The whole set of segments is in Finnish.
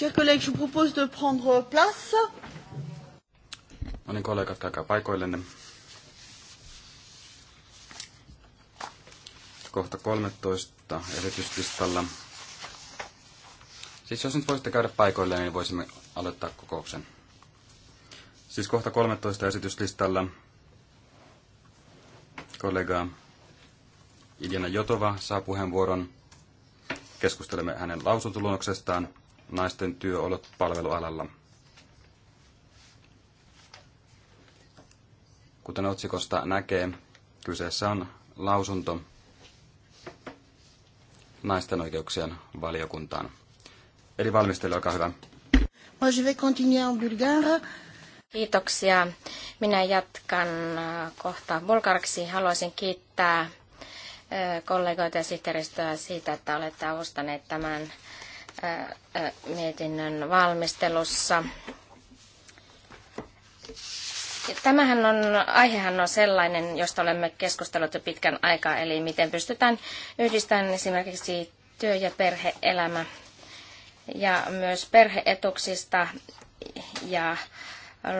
Chers collègues, je vous propose de prendre place. No niin, kollegat, käykää paikoillenne. Kohta 13 esityslistalla. Siis jos nyt voisitte käydä paikoille, niin voisimme aloittaa kokouksen. Siis kohta 13 esityslistalla kollega Iljana Jotova saa puheenvuoron. Keskustelemme hänen lausuntoluonnoksestaan – naisten työolot palvelualalla. Kuten otsikosta näkee, kyseessä on lausunto naisten oikeuksien valiokuntaan. Eli valmistelu, olkaa hyvä. Moi, je vais Kiitoksia. Minä jatkan äh, kohta bulgariksi. Haluaisin kiittää äh, kollegoita ja sihteeristöä siitä, että olette avustaneet tämän mietinnön valmistelussa. Tämähän on, aihehan on sellainen, josta olemme keskustelleet jo pitkän aikaa, eli miten pystytään yhdistämään esimerkiksi työ- ja perheelämä ja myös perheetuksista ja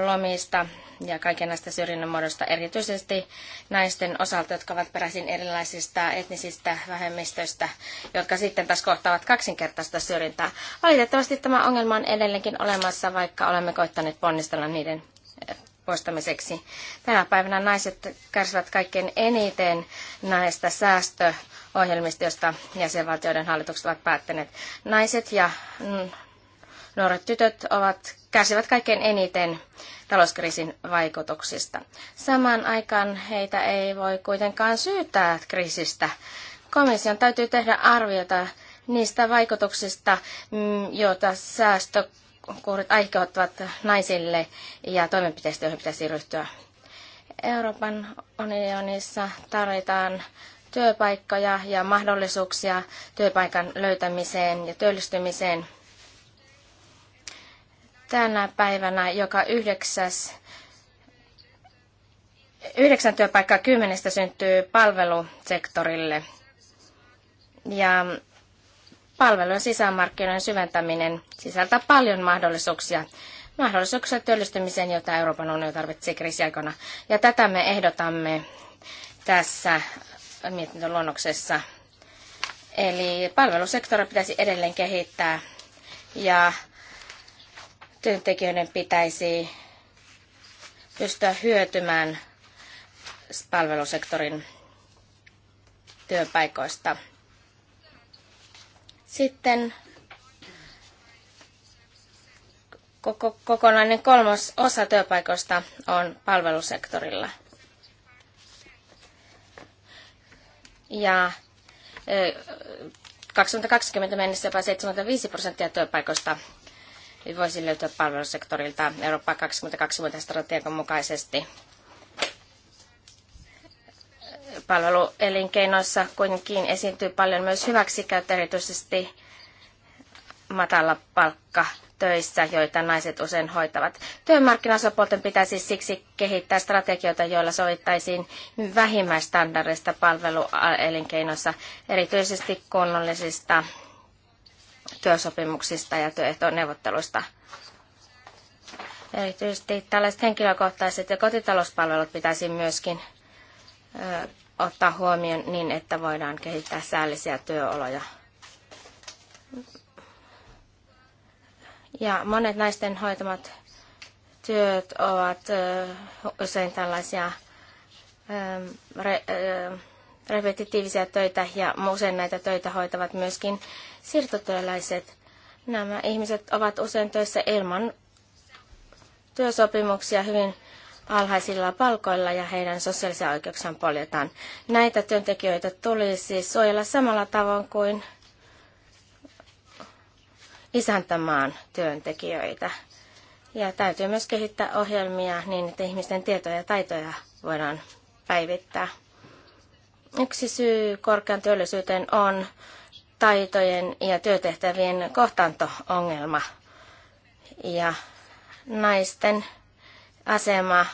lomista ja kaikenlaista syrjinnän muodosta, erityisesti naisten osalta, jotka ovat peräisin erilaisista etnisistä vähemmistöistä, jotka sitten taas kohtaavat kaksinkertaista syrjintää. Valitettavasti tämä ongelma on edelleenkin olemassa, vaikka olemme koittaneet ponnistella niiden eh, poistamiseksi. Tänä päivänä naiset kärsivät kaikkein eniten näistä säästöohjelmista, joista jäsenvaltioiden hallitukset ovat päättäneet. Naiset ja mm, Nuoret tytöt ovat, kärsivät kaikkein eniten talouskriisin vaikutuksista. Samaan aikaan heitä ei voi kuitenkaan syyttää kriisistä. Komission täytyy tehdä arviota niistä vaikutuksista, mm, joita säästökuurit aiheuttavat naisille ja toimenpiteistä, joihin pitäisi ryhtyä. Euroopan unionissa tarvitaan työpaikkoja ja mahdollisuuksia työpaikan löytämiseen ja työllistymiseen – tänä päivänä joka yhdeksäs, yhdeksän työpaikkaa kymmenestä syntyy palvelusektorille. Ja palvelujen sisämarkkinoiden syventäminen sisältää paljon mahdollisuuksia mahdollisuuksia työllistymiseen, jota Euroopan unioni tarvitsee kriisiaikana. Ja tätä me ehdotamme tässä mietintöluonnoksessa. Eli palvelusektoria pitäisi edelleen kehittää ja työntekijöiden pitäisi pystyä hyötymään palvelusektorin työpaikoista. Sitten koko, kokonainen kolmas osa työpaikoista on palvelusektorilla. Ja 2020 mennessä jopa 75 prosenttia työpaikoista voisin löytyä palvelusektorilta Eurooppa 2020 strategian mukaisesti. Palveluelinkeinoissa kuitenkin esiintyy paljon myös hyväksikäyttöä, erityisesti matala palkka töissä, joita naiset usein hoitavat. Työmarkkinasopuolten pitäisi siksi kehittää strategioita, joilla sovittaisiin vähimmäistandardeista palveluelinkeinoissa, erityisesti kunnollisista työsopimuksista ja työehtoneuvotteluista. Erityisesti tällaiset henkilökohtaiset ja kotitalouspalvelut pitäisi myöskin ö, ottaa huomioon niin, että voidaan kehittää säällisiä työoloja. Ja monet naisten hoitamat työt ovat usein tällaisia repetitiivisiä töitä ja usein näitä töitä hoitavat myöskin siirtotyöläiset. Nämä ihmiset ovat usein töissä ilman työsopimuksia hyvin alhaisilla palkoilla ja heidän sosiaalisia oikeuksiaan poljetaan. Näitä työntekijöitä tulisi suojella samalla tavoin kuin isäntämaan työntekijöitä. Ja täytyy myös kehittää ohjelmia niin, että ihmisten tietoja ja taitoja voidaan päivittää. Yksi syy korkean työllisyyteen on taitojen ja työtehtävien kohtanto ongelma ja naisten asema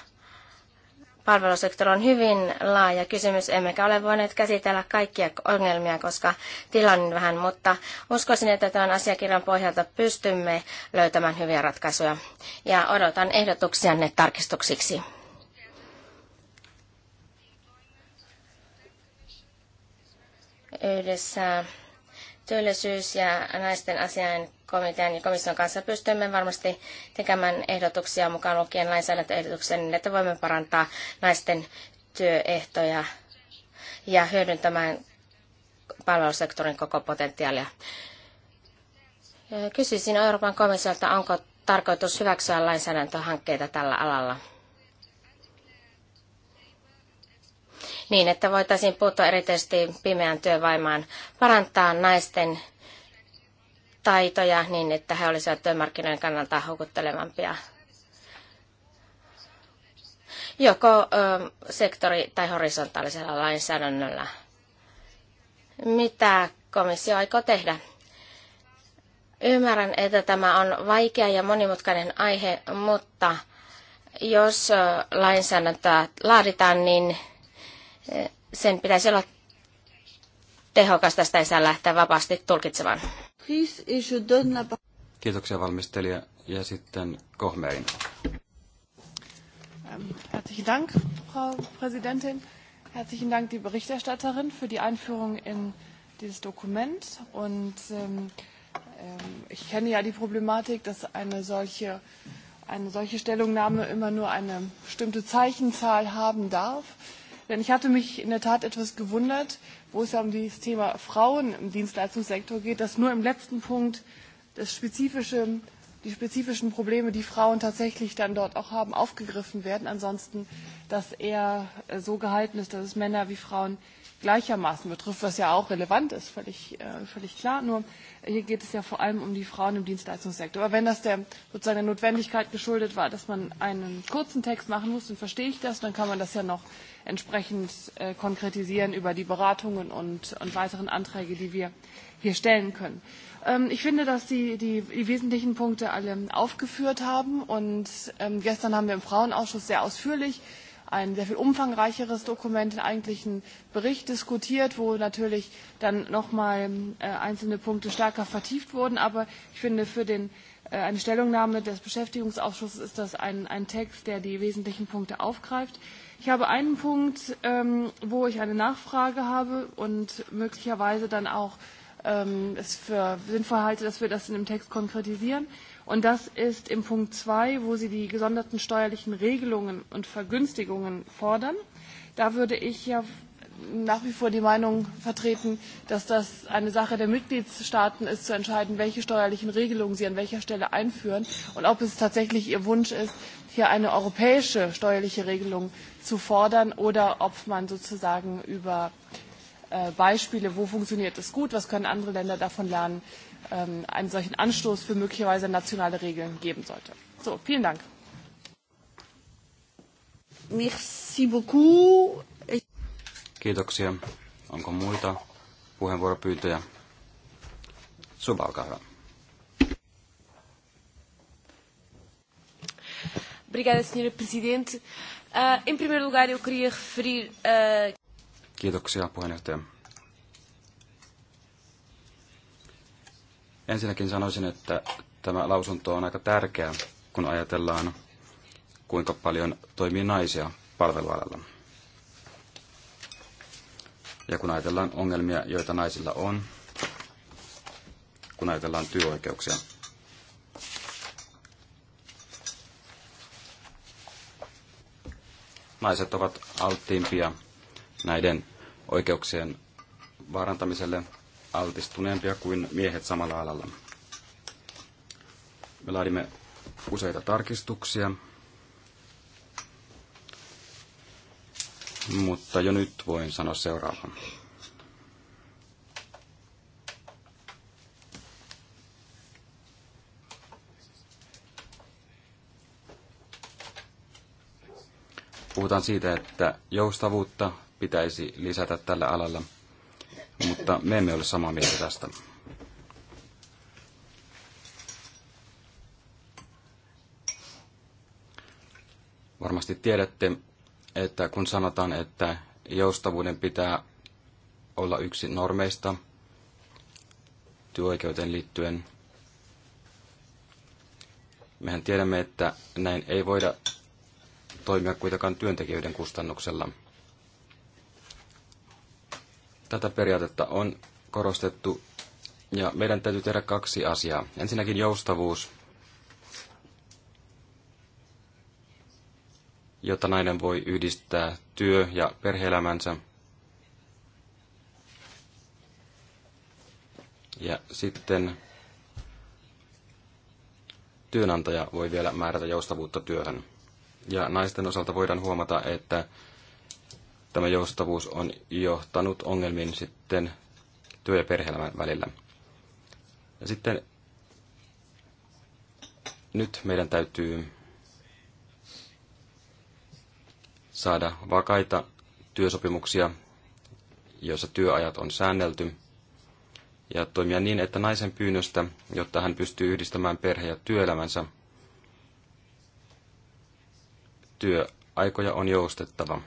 palvelusektori on hyvin laaja kysymys, emmekä ole voineet käsitellä kaikkia ongelmia, koska tilanne vähän, mutta uskoisin, että tämän asiakirjan pohjalta pystymme löytämään hyviä ratkaisuja ja odotan ehdotuksianne tarkistuksiksi. Yhdessä työllisyys- ja naisten asiain komitean ja komission kanssa pystymme varmasti tekemään ehdotuksia mukaan lukien lainsäädäntöehdotuksen, niin, että voimme parantaa naisten työehtoja ja hyödyntämään palvelusektorin koko potentiaalia. Kysyisin Euroopan komissiolta, onko tarkoitus hyväksyä lainsäädäntöhankkeita tällä alalla. niin, että voitaisiin puuttua erityisesti pimeän työvaimaan, parantaa naisten taitoja niin, että he olisivat työmarkkinoiden kannalta houkuttelevampia joko ö, sektori- tai horisontaalisella lainsäädännöllä. Mitä komissio aikoo tehdä? Ymmärrän, että tämä on vaikea ja monimutkainen aihe, mutta jos lainsäädäntöä laaditaan, niin sen pitäisi olla tehokasta, sitä ei saa lähteä vapaasti tulkitsemaan. Kiitoksia valmistelija ja sitten Kohmerin. Ähm, herzlichen Dank, Frau Präsidentin. Herzlichen Dank, die Berichterstatterin, für die Einführung in dieses Dokument. Und ähm, ähm, ich kenne ja die Problematik, dass eine solche, eine solche Stellungnahme immer nur eine bestimmte Zeichenzahl haben darf. Äh, Denn ich hatte mich in der Tat etwas gewundert, wo es ja um das Thema Frauen im Dienstleistungssektor geht, dass nur im letzten Punkt das spezifische, die spezifischen Probleme, die Frauen tatsächlich dann dort auch haben, aufgegriffen werden. Ansonsten, dass er so gehalten ist, dass es Männer wie Frauen gleichermaßen betrifft, was ja auch relevant ist, völlig, äh, völlig klar. Nur äh, hier geht es ja vor allem um die Frauen im Dienstleistungssektor. Aber wenn das der, sozusagen der Notwendigkeit geschuldet war, dass man einen kurzen Text machen muss, dann verstehe ich das, dann kann man das ja noch entsprechend äh, konkretisieren über die Beratungen und, und weiteren Anträge, die wir hier stellen können. Ähm, ich finde, dass Sie die, die wesentlichen Punkte alle aufgeführt haben und ähm, gestern haben wir im Frauenausschuss sehr ausführlich äh, ein sehr viel umfangreicheres Dokument, den eigentlichen Bericht diskutiert, wo natürlich dann nochmal äh, einzelne Punkte stärker vertieft wurden. Aber ich finde, für den, äh, eine Stellungnahme des Beschäftigungsausschusses ist das ein, ein Text, der die wesentlichen Punkte aufgreift. Ich habe einen Punkt, ähm, wo ich eine Nachfrage habe und möglicherweise dann auch ähm, es für sinnvoll halte, dass wir das in dem Text konkretisieren. Und das ist im Punkt 2, wo Sie die gesonderten steuerlichen Regelungen und Vergünstigungen fordern. Da würde ich ja nach wie vor die Meinung vertreten, dass das eine Sache der Mitgliedstaaten ist, zu entscheiden, welche steuerlichen Regelungen sie an welcher Stelle einführen und ob es tatsächlich ihr Wunsch ist, hier eine europäische steuerliche Regelung zu fordern oder ob man sozusagen über äh, Beispiele, wo funktioniert es gut, was können andere Länder davon lernen, ähm, einen solchen Anstoß für möglicherweise nationale Regeln geben sollte. So, vielen Dank. Merci beaucoup. Kiitoksia. Onko muita puheenvuoropyyntöjä? Suva, olkaa hyvä. Obrigada, Sra. Presidente. Uh, em primeiro lugar, eu queria referir... Uh... Kiitoksia, puheenjohtaja. Ensinnäkin sanoisin, että tämä lausunto on aika tärkeä, kun ajatellaan, kuinka paljon toimii naisia palvelualalla. Ja kun ajatellaan ongelmia, joita naisilla on, kun ajatellaan työoikeuksia. Naiset ovat alttiimpia näiden oikeuksien vaarantamiselle altistuneempia kuin miehet samalla alalla. Me laadimme useita tarkistuksia, mutta jo nyt voin sanoa seuraavan. Puhutaan siitä, että joustavuutta pitäisi lisätä tällä alalla – mutta me emme ole samaa mieltä tästä. Varmasti tiedätte, että kun sanotaan, että joustavuuden pitää olla yksi normeista työoikeuteen liittyen, mehän tiedämme, että näin ei voida toimia kuitenkaan työntekijöiden kustannuksella – Tätä periaatetta on korostettu ja meidän täytyy tehdä kaksi asiaa. Ensinnäkin joustavuus, jotta nainen voi yhdistää työ- ja perheelämänsä. Ja sitten työnantaja voi vielä määrätä joustavuutta työhön. Ja naisten osalta voidaan huomata, että tämä joustavuus on johtanut ongelmiin sitten työ- ja perheelämän välillä. Ja sitten nyt meidän täytyy saada vakaita työsopimuksia, joissa työajat on säännelty, ja toimia niin, että naisen pyynnöstä, jotta hän pystyy yhdistämään perhe- ja työelämänsä, työaikoja on joustettava.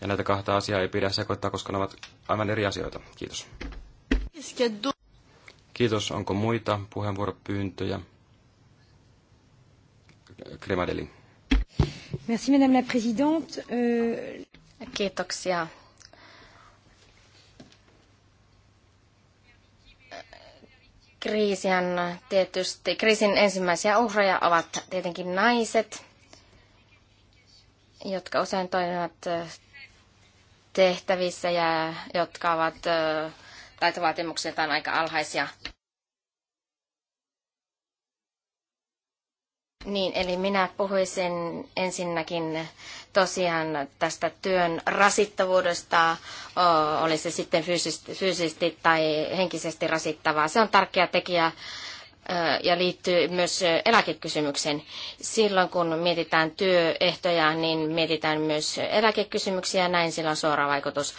Ja näitä kahta asiaa ei pidä sekoittaa, koska ne ovat aivan eri asioita. Kiitos. Kiitos. Onko muita puheenvuoropyyntöjä? Kremadeli. Merci, madame la présidente. Euh, Kiitoksia. Kriisian tietysti, kriisin ensimmäisiä uhreja ovat tietenkin naiset, jotka usein toimivat tehtävissä ja jotka ovat taitovaatimuksiltaan aika alhaisia. Niin, eli minä puhuisin ensinnäkin tosiaan tästä työn rasittavuudesta, oli se sitten fyysisesti, fyysisesti tai henkisesti rasittavaa. Se on tärkeä tekijä ja liittyy myös eläkekysymykseen. Silloin kun mietitään työehtoja, niin mietitään myös eläkekysymyksiä ja näin sillä on suora vaikutus.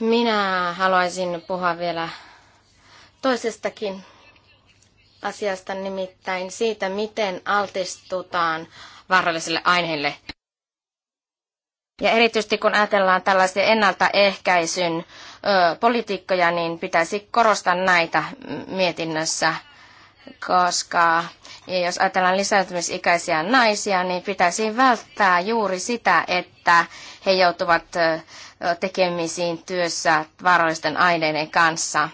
Minä haluaisin puhua vielä toisestakin asiasta, nimittäin siitä, miten altistutaan vaaralliselle aineelle. Ja erityisesti kun ajatellaan tällaisia ennaltaehkäisyn ö, politiikkoja, niin pitäisi korostaa näitä mietinnössä koska ja jos ajatellaan lisääntymisikäisiä naisia, niin pitäisi välttää juuri sitä, että he joutuvat tekemisiin työssä vaarallisten aineiden kanssa.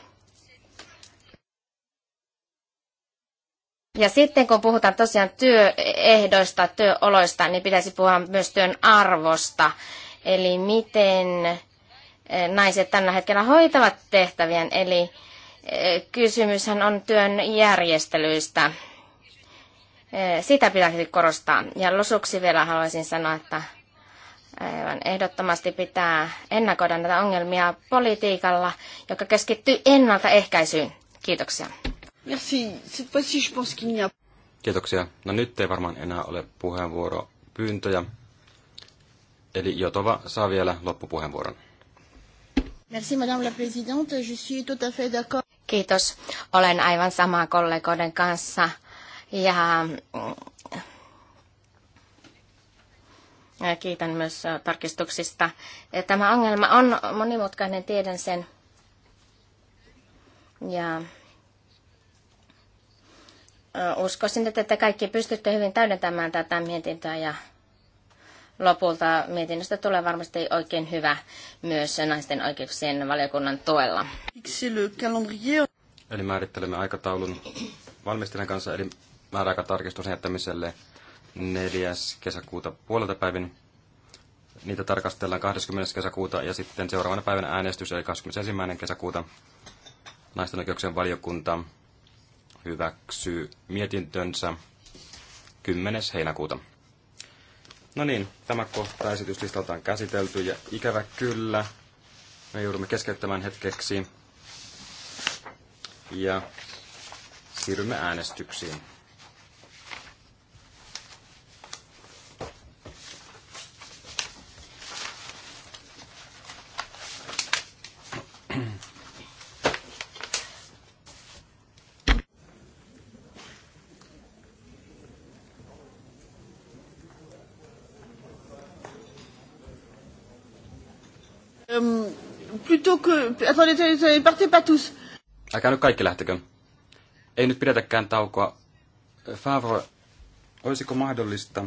Ja sitten kun puhutaan tosiaan työehdoista, työoloista, niin pitäisi puhua myös työn arvosta. Eli miten naiset tällä hetkellä hoitavat tehtävien, eli kysymyshän on työn järjestelyistä. Eh, sitä pitäisi korostaa. Ja losuksi vielä haluaisin sanoa, että ehdottomasti pitää ennakoida näitä ongelmia politiikalla, joka keskittyy ennaltaehkäisyyn. Kiitoksia. Kiitoksia. No nyt ei varmaan enää ole puheenvuoropyyntöjä. Eli Jotova saa vielä loppupuheenvuoron. Merci, madame la présidente. Je suis tout à fait d'accord. Kiitos. Olen aivan samaa kollegoiden kanssa. Ja mm, kiitän myös tarkistuksista. Tämä ongelma on monimutkainen, tiedän sen. Ja uskoisin, että te kaikki pystytte hyvin täydentämään tätä mietintöä ja lopulta mietinnöstä tulee varmasti oikein hyvä myös naisten oikeuksien valiokunnan tuella. Eli määrittelemme aikataulun valmistelijan kanssa, eli määräaikatarkistuksen jättämiselle 4. kesäkuuta puolelta päivin. Niitä tarkastellaan 20. kesäkuuta ja sitten seuraavana päivänä äänestys, eli 21. kesäkuuta naisten oikeuksien valiokunta hyväksyy mietintönsä 10. heinäkuuta. No niin, tämä kohta esityslistalta on käsitelty ja ikävä kyllä me joudumme keskeyttämään hetkeksi ja siirrymme äänestyksiin. attendez, attendez, partez pas tous. Älkää nyt kaikki lähtekö. Ei nyt pidetäkään taukoa. Favre, olisiko mahdollista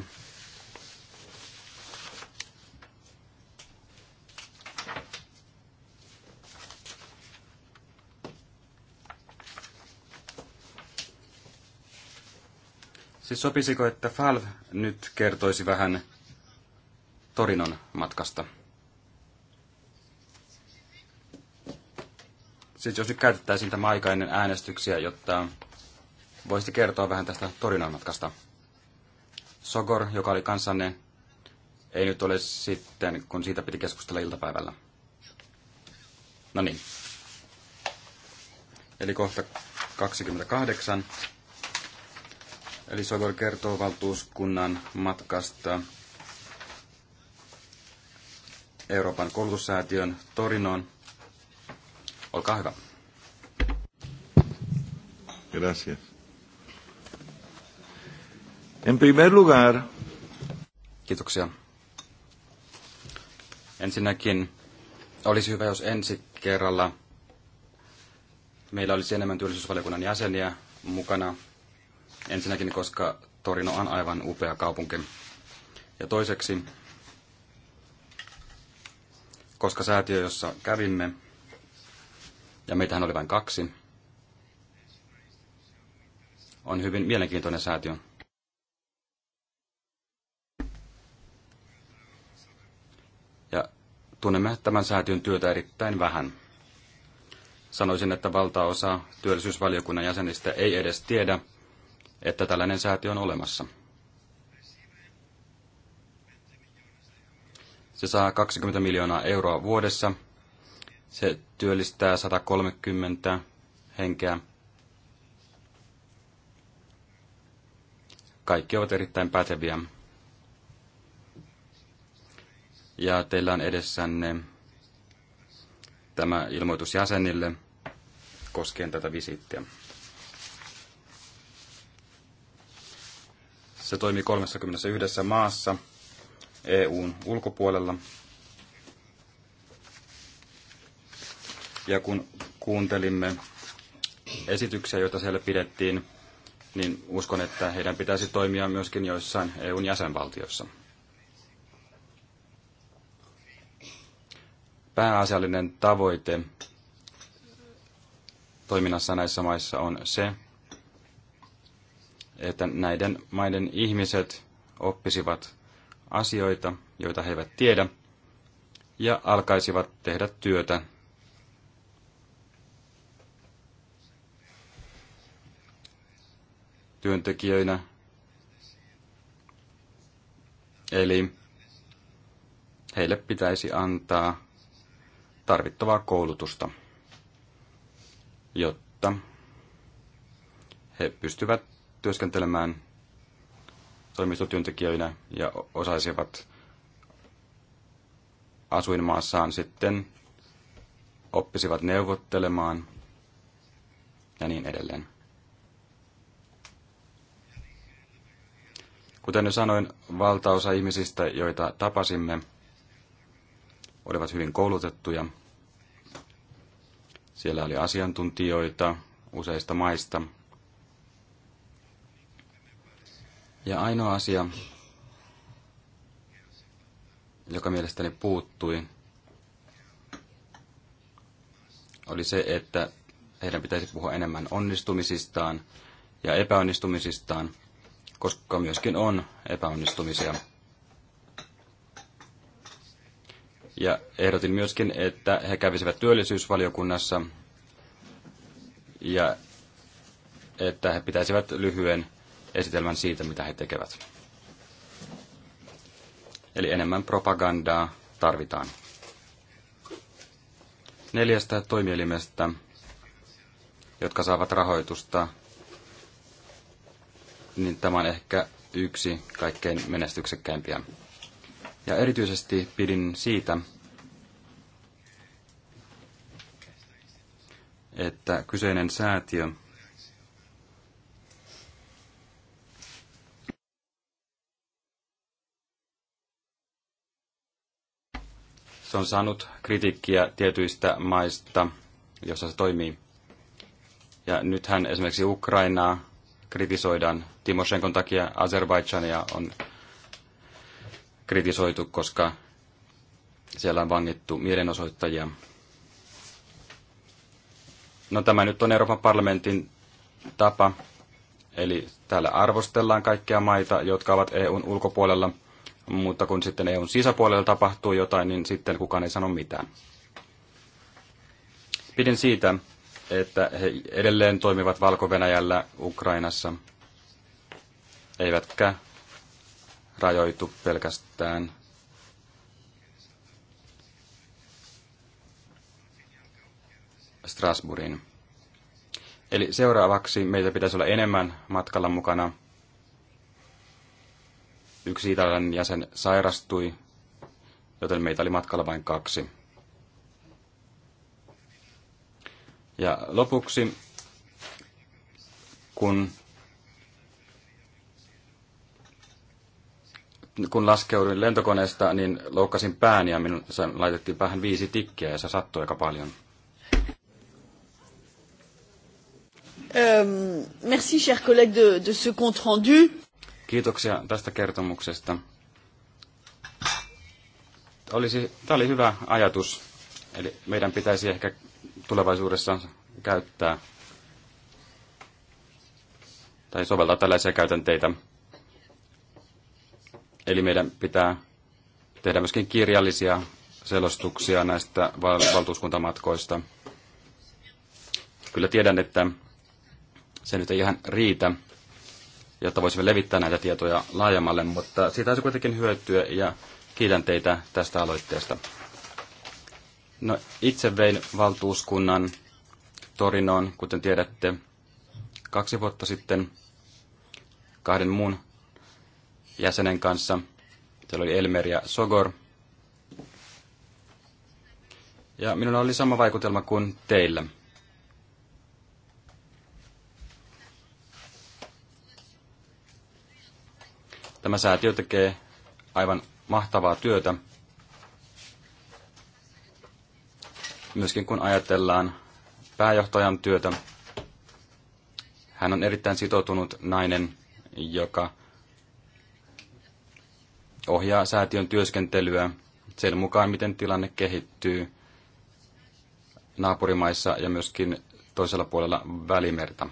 Siis sopisiko, että Falv nyt kertoisi vähän Torinon matkasta? Siis jos nyt käytettäisiin tämä aika ennen äänestyksiä, jotta voisitte kertoa vähän tästä torinoimatkasta. matkasta. Sogor, joka oli kanssanne, ei nyt ole sitten, kun siitä piti keskustella iltapäivällä. No niin. Eli kohta 28. Eli Sogor kertoo valtuuskunnan matkasta Euroopan koulutussäätiön Torinoon Olkaa hyvä. Gracias. En primer lugar. Kiitoksia. Ensinnäkin olisi hyvä, jos ensi kerralla meillä olisi enemmän työllisyysvaliokunnan jäseniä mukana. Ensinnäkin, koska Torino on aivan upea kaupunki. Ja toiseksi, koska säätiö, jossa kävimme, ja meitähän oli vain kaksi. On hyvin mielenkiintoinen säätiö. Ja tunnemme tämän säätiön työtä erittäin vähän. Sanoisin, että valtaosa työllisyysvaliokunnan jäsenistä ei edes tiedä, että tällainen säätiö on olemassa. Se saa 20 miljoonaa euroa vuodessa se työllistää 130 henkeä. Kaikki ovat erittäin päteviä. Ja teillä on edessänne tämä ilmoitus jäsenille koskien tätä visiittiä. Se toimii 31 maassa EUn ulkopuolella Ja kun kuuntelimme esityksiä, joita siellä pidettiin, niin uskon, että heidän pitäisi toimia myöskin joissain EUn jäsenvaltioissa. Pääasiallinen tavoite toiminnassa näissä maissa on se, että näiden maiden ihmiset oppisivat asioita, joita he eivät tiedä, ja alkaisivat tehdä työtä työntekijöinä. Eli heille pitäisi antaa tarvittavaa koulutusta, jotta he pystyvät työskentelemään toimistotyöntekijöinä ja osaisivat asuinmaassaan sitten oppisivat neuvottelemaan ja niin edelleen. Kuten jo sanoin, valtaosa ihmisistä, joita tapasimme, olivat hyvin koulutettuja. Siellä oli asiantuntijoita useista maista. Ja ainoa asia, joka mielestäni puuttui, oli se, että heidän pitäisi puhua enemmän onnistumisistaan ja epäonnistumisistaan – koska myöskin on epäonnistumisia. Ja ehdotin myöskin, että he kävisivät työllisyysvaliokunnassa ja että he pitäisivät lyhyen esitelmän siitä, mitä he tekevät. Eli enemmän propagandaa tarvitaan. Neljästä toimielimestä, jotka saavat rahoitusta niin tämä on ehkä yksi kaikkein menestyksekkäimpiä. Ja erityisesti pidin siitä, että kyseinen säätiö se on saanut kritiikkiä tietyistä maista, jossa se toimii. Ja nythän esimerkiksi Ukrainaa kritisoidaan. Timoshenkon takia Azerbaidžania on kritisoitu, koska siellä on vangittu mielenosoittajia. No tämä nyt on Euroopan parlamentin tapa, eli täällä arvostellaan kaikkia maita, jotka ovat EUn ulkopuolella, mutta kun sitten EUn sisäpuolella tapahtuu jotain, niin sitten kukaan ei sano mitään. Pidin siitä, että he edelleen toimivat Valko-Venäjällä, Ukrainassa, eivätkä rajoitu pelkästään Strasbourgin. Eli seuraavaksi meitä pitäisi olla enemmän matkalla mukana. Yksi italian jäsen sairastui, joten meitä oli matkalla vain kaksi. Ja lopuksi, kun, kun laskeuduin lentokoneesta, niin loukkasin pääni ja minun laitettiin päähän viisi tikkiä ja se sattui aika paljon. Ähm, merci, cher collègue, de, de ce compte rendu. Kiitoksia tästä kertomuksesta. Olisi, tämä oli hyvä ajatus. Eli meidän pitäisi ehkä tulevaisuudessa käyttää tai soveltaa tällaisia käytänteitä. Eli meidän pitää tehdä myöskin kirjallisia selostuksia näistä val- valtuuskuntamatkoista. Kyllä tiedän, että se nyt ei ihan riitä, jotta voisimme levittää näitä tietoja laajemmalle, mutta siitä olisi kuitenkin hyötyä ja kiitän teitä tästä aloitteesta. No, itse vein valtuuskunnan Torinoon, kuten tiedätte, kaksi vuotta sitten kahden muun jäsenen kanssa. Siellä oli Elmer ja Sogor. Ja minulla oli sama vaikutelma kuin teillä. Tämä säätiö tekee aivan mahtavaa työtä. myöskin kun ajatellaan pääjohtajan työtä. Hän on erittäin sitoutunut nainen, joka ohjaa säätiön työskentelyä sen mukaan, miten tilanne kehittyy naapurimaissa ja myöskin toisella puolella välimerta.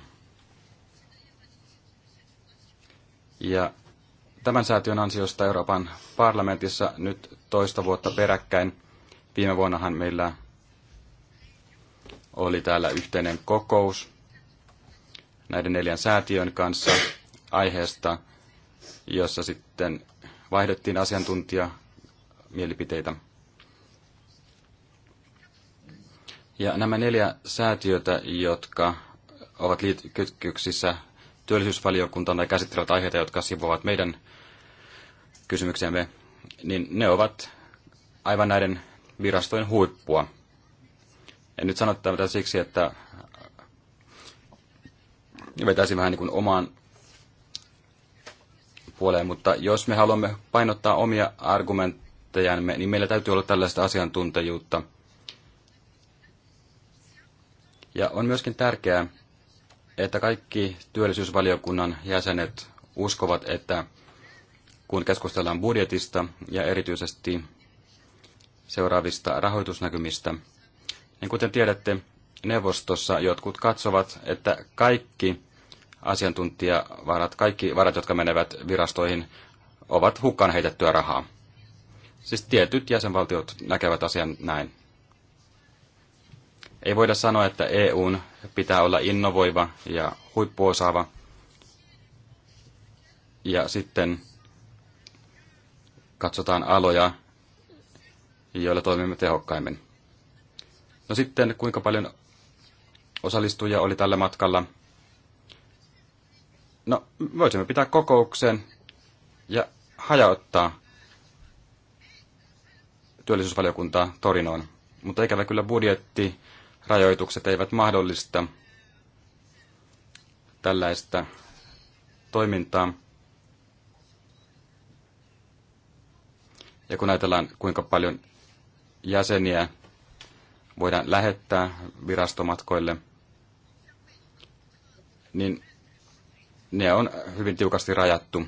Ja tämän säätiön ansiosta Euroopan parlamentissa nyt toista vuotta peräkkäin. Viime vuonnahan meillä oli täällä yhteinen kokous näiden neljän säätiön kanssa aiheesta, jossa sitten vaihdettiin mielipiteitä. Ja nämä neljä säätiötä, jotka ovat kytkyksissä työllisyysvaliokuntaan tai käsittelevät aiheita, jotka sivuavat meidän kysymyksemme, niin ne ovat aivan näiden virastojen huippua. En nyt sano tätä siksi, että vetäisin vähän niin kuin omaan puoleen, mutta jos me haluamme painottaa omia argumenttejamme, niin meillä täytyy olla tällaista asiantuntijuutta. Ja on myöskin tärkeää, että kaikki työllisyysvaliokunnan jäsenet uskovat, että kun keskustellaan budjetista ja erityisesti seuraavista rahoitusnäkymistä – niin kuten tiedätte, neuvostossa jotkut katsovat, että kaikki asiantuntijavarat, kaikki varat, jotka menevät virastoihin, ovat hukkaan heitettyä rahaa. Siis tietyt jäsenvaltiot näkevät asian näin. Ei voida sanoa, että EUn pitää olla innovoiva ja huippuosaava. Ja sitten katsotaan aloja, joilla toimimme tehokkaimmin. No sitten, kuinka paljon osallistujia oli tällä matkalla? No, voisimme pitää kokouksen ja hajauttaa työllisyysvaliokuntaa Torinoon. Mutta ikävä kyllä budjettirajoitukset eivät mahdollista tällaista toimintaa. Ja kun ajatellaan, kuinka paljon jäseniä voidaan lähettää virastomatkoille, niin ne on hyvin tiukasti rajattu.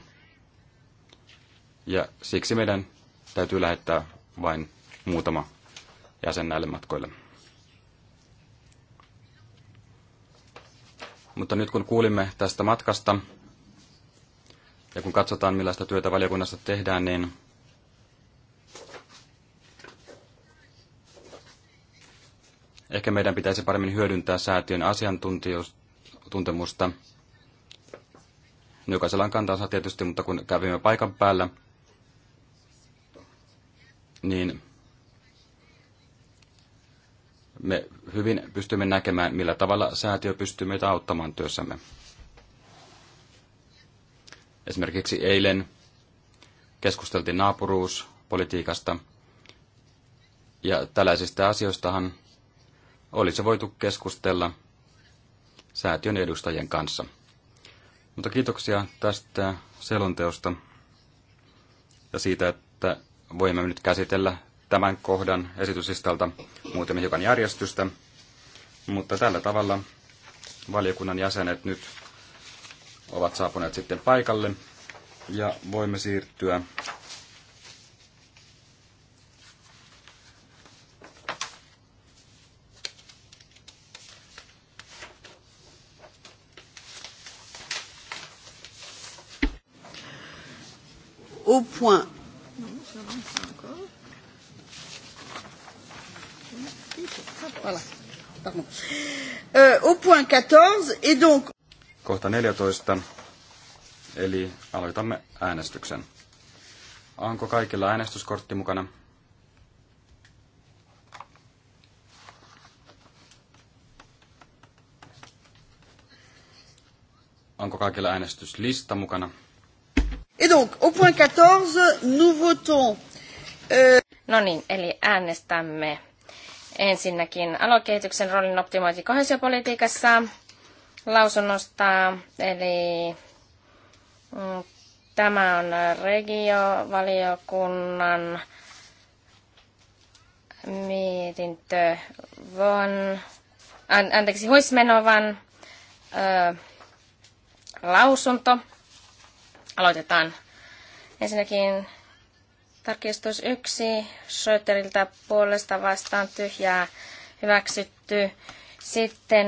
Ja siksi meidän täytyy lähettää vain muutama jäsen näille matkoille. Mutta nyt kun kuulimme tästä matkasta ja kun katsotaan millaista työtä valiokunnassa tehdään, niin Ehkä meidän pitäisi paremmin hyödyntää säätiön asiantuntemusta. Jokaisella on kantansa tietysti, mutta kun kävimme paikan päällä, niin me hyvin pystymme näkemään, millä tavalla säätiö pystyy meitä auttamaan työssämme. Esimerkiksi eilen keskusteltiin naapuruuspolitiikasta, ja tällaisista asioistahan olisi voitu keskustella säätiön edustajien kanssa. Mutta kiitoksia tästä selonteosta ja siitä, että voimme nyt käsitellä tämän kohdan esityslistalta muuten hiukan järjestystä. Mutta tällä tavalla valiokunnan jäsenet nyt ovat saapuneet sitten paikalle ja voimme siirtyä au point. Voilà. Pardon. Euh, au point 14 et donc. Kohta 14. Eli aloitamme äänestyksen. Onko kaikilla äänestyskortti mukana? Onko kaikilla äänestyslista mukana? donc, au point 14, nous votons... Euh... No niin, eli äänestämme ensinnäkin alokehityksen roolin optimointi kohesiopolitiikassa lausunnosta, eli mm, tämä on regiovaliokunnan mietintö von, an, anteeksi, huismenovan ö, lausunto. Aloitetaan Ensinnäkin tarkistus yksi Schröteriltä puolesta vastaan tyhjää hyväksytty. Sitten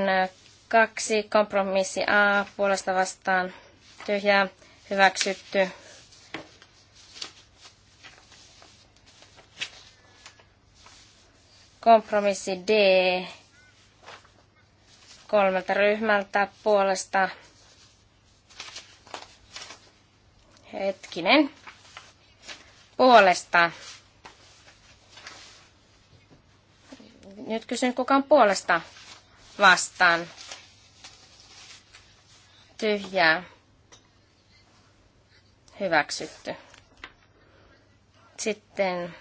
kaksi kompromissi A puolesta vastaan tyhjää hyväksytty. Kompromissi D kolmelta ryhmältä puolesta hetkinen, puolesta. Nyt kysyn, kuka on puolesta vastaan. Tyhjää. Hyväksytty. Sitten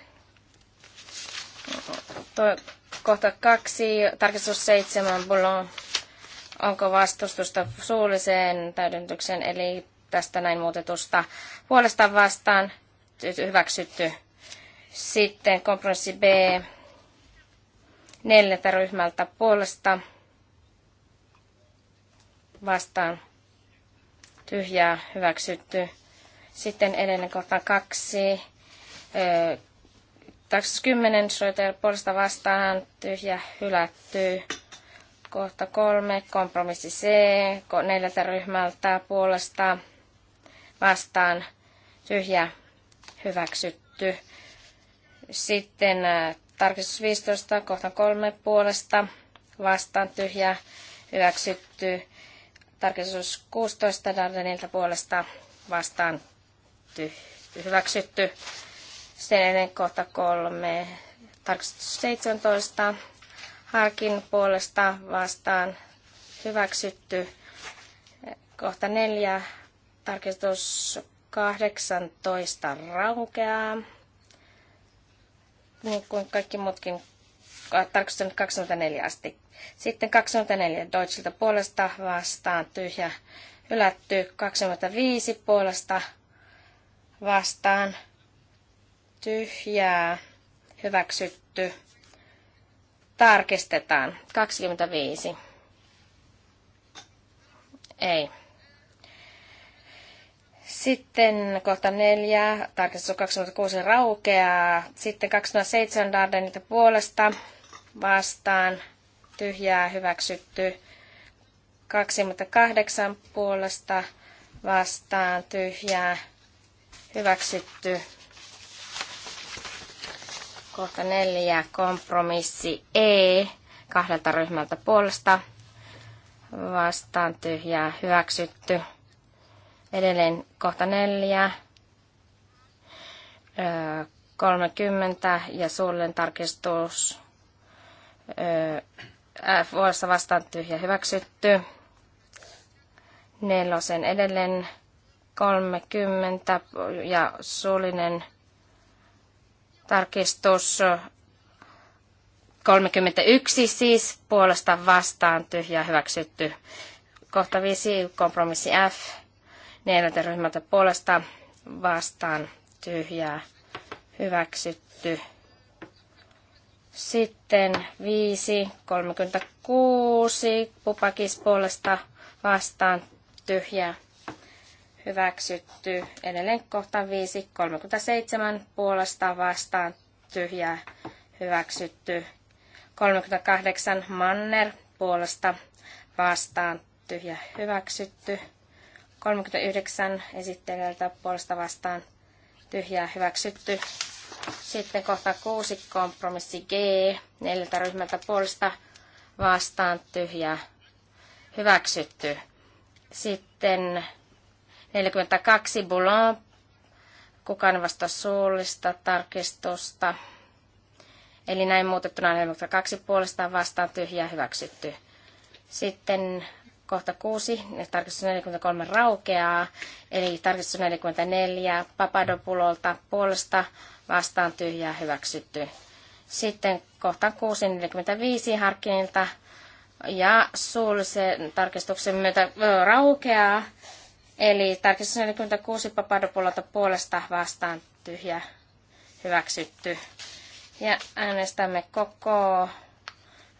toi, kohta kaksi, tarkistus seitsemän, onko vastustusta suulliseen täydentykseen, eli tästä näin muutetusta puolesta vastaan hyväksytty. Sitten kompromissi B neljältä ryhmältä puolesta vastaan tyhjää hyväksytty. Sitten edellinen kohta kaksi. Taksi 10 Schröter puolesta vastaan tyhjä hylätty. Kohta kolme kompromissi C neljältä ryhmältä puolesta vastaan tyhjä hyväksytty. Sitten äh, tarkistus 15 kohta kolme puolesta vastaan tyhjä hyväksytty. Tarkistus 16 Dardenilta puolesta vastaan tyhjä hyväksytty. Sen ennen kohta kolme tarkistus 17 Harkin puolesta vastaan hyväksytty. Kohta neljä Tarkistus 18 raukeaa, niin kuin kaikki muutkin tarkistus 24 asti. Sitten 24 Deutschilta puolesta vastaan tyhjä ylätty. 25 puolesta vastaan tyhjää hyväksytty. Tarkistetaan. 25. Ei. Sitten kohta neljä, tarkistus 26 raukeaa. Sitten 27 Dardenilta puolesta vastaan tyhjää hyväksytty. 28 puolesta vastaan tyhjää hyväksytty. Kohta neljä, kompromissi E kahdelta ryhmältä puolesta vastaan tyhjää hyväksytty. Edelleen kohta neljä, 30 ja suullinen tarkistus vuodessa vastaan tyhjä hyväksytty. Nelosen edelleen 30 ja suullinen tarkistus 31 siis puolesta vastaan tyhjä hyväksytty. Kohta 5 kompromissi F neljältä ryhmältä puolesta vastaan tyhjää hyväksytty. Sitten 5, 36, pupakis puolesta vastaan tyhjää hyväksytty. Edelleen kohta 5, 37 puolesta vastaan tyhjää hyväksytty. 38 manner puolesta vastaan tyhjä hyväksytty. 39 esittelijältä puolesta vastaan tyhjää hyväksytty. Sitten kohta 6 kompromissi G neljältä ryhmältä puolesta vastaan tyhjää hyväksytty. Sitten 42 Boulon kukaan vasta suullista tarkistusta. Eli näin muutettuna 42 puolestaan vastaan tyhjää hyväksytty. Sitten kohta 6, tarkistus 43 raukeaa, eli tarkistus 44 Papadopulolta puolesta vastaan tyhjää hyväksytty. Sitten kohta 45 Harkinilta ja suullisen tarkistuksen myötä raukeaa, eli tarkistus 46 Papadopulolta puolesta vastaan tyhjää hyväksytty. Ja äänestämme koko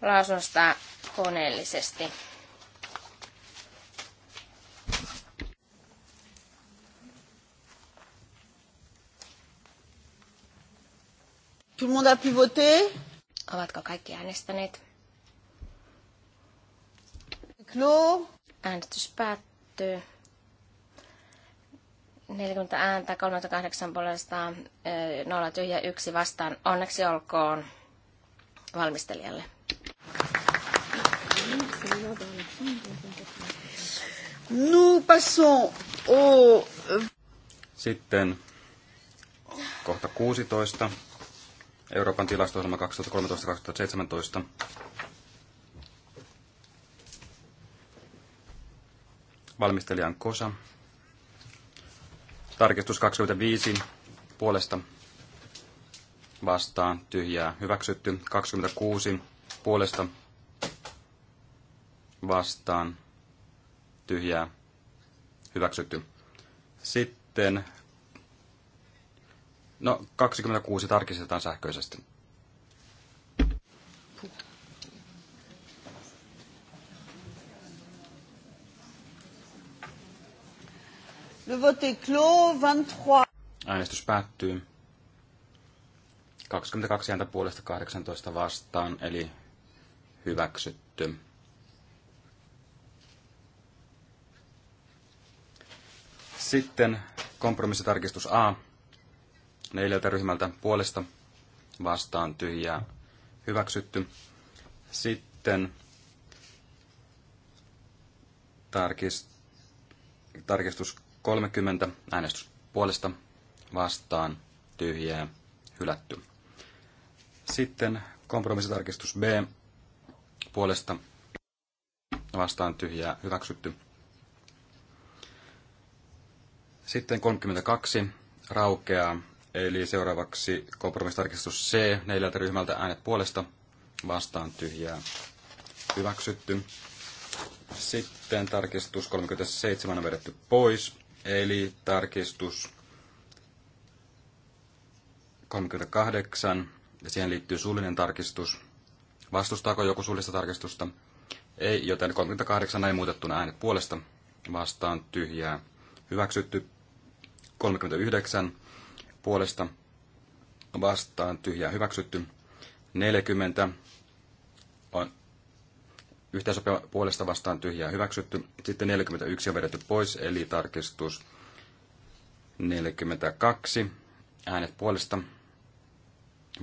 lausunnosta koneellisesti. Tout le monde a pu voter? Ovatko kaikki äänestäneet? Clos. Äänestys päättyy. 40 ääntä, 38 puolesta, 0 tyhjä, 1 vastaan. Onneksi olkoon valmistelijalle. Nous passons au... Sitten kohta 16. Euroopan tilasto 2013-2017. Valmistelijan Kosa. Tarkistus 25 puolesta vastaan tyhjää hyväksytty. 26 puolesta vastaan tyhjää hyväksytty. Sitten No, 26 tarkistetaan sähköisesti. Le vote est clos, 23. Äänestys päättyy. 22 ääntä puolesta 18 vastaan, eli hyväksytty. Sitten kompromissitarkistus A neljältä ryhmältä puolesta vastaan tyhjää hyväksytty. Sitten tarkistus 30 äänestys puolesta vastaan tyhjää hylätty. Sitten kompromissitarkistus B puolesta vastaan tyhjää hyväksytty. Sitten 32 raukeaa Eli seuraavaksi kompromistarkistus C neljältä ryhmältä äänet puolesta vastaan tyhjää hyväksytty. Sitten tarkistus 37 on vedetty pois, eli tarkistus 38, ja siihen liittyy suullinen tarkistus. Vastustaako joku suullista tarkistusta? Ei, joten 38 näin muutettuna äänet puolesta vastaan tyhjää. Hyväksytty 39 puolesta vastaan tyhjää hyväksytty. 40 on yhteensopiva puolesta vastaan tyhjää hyväksytty. Sitten 41 on vedetty pois, eli tarkistus 42. Äänet puolesta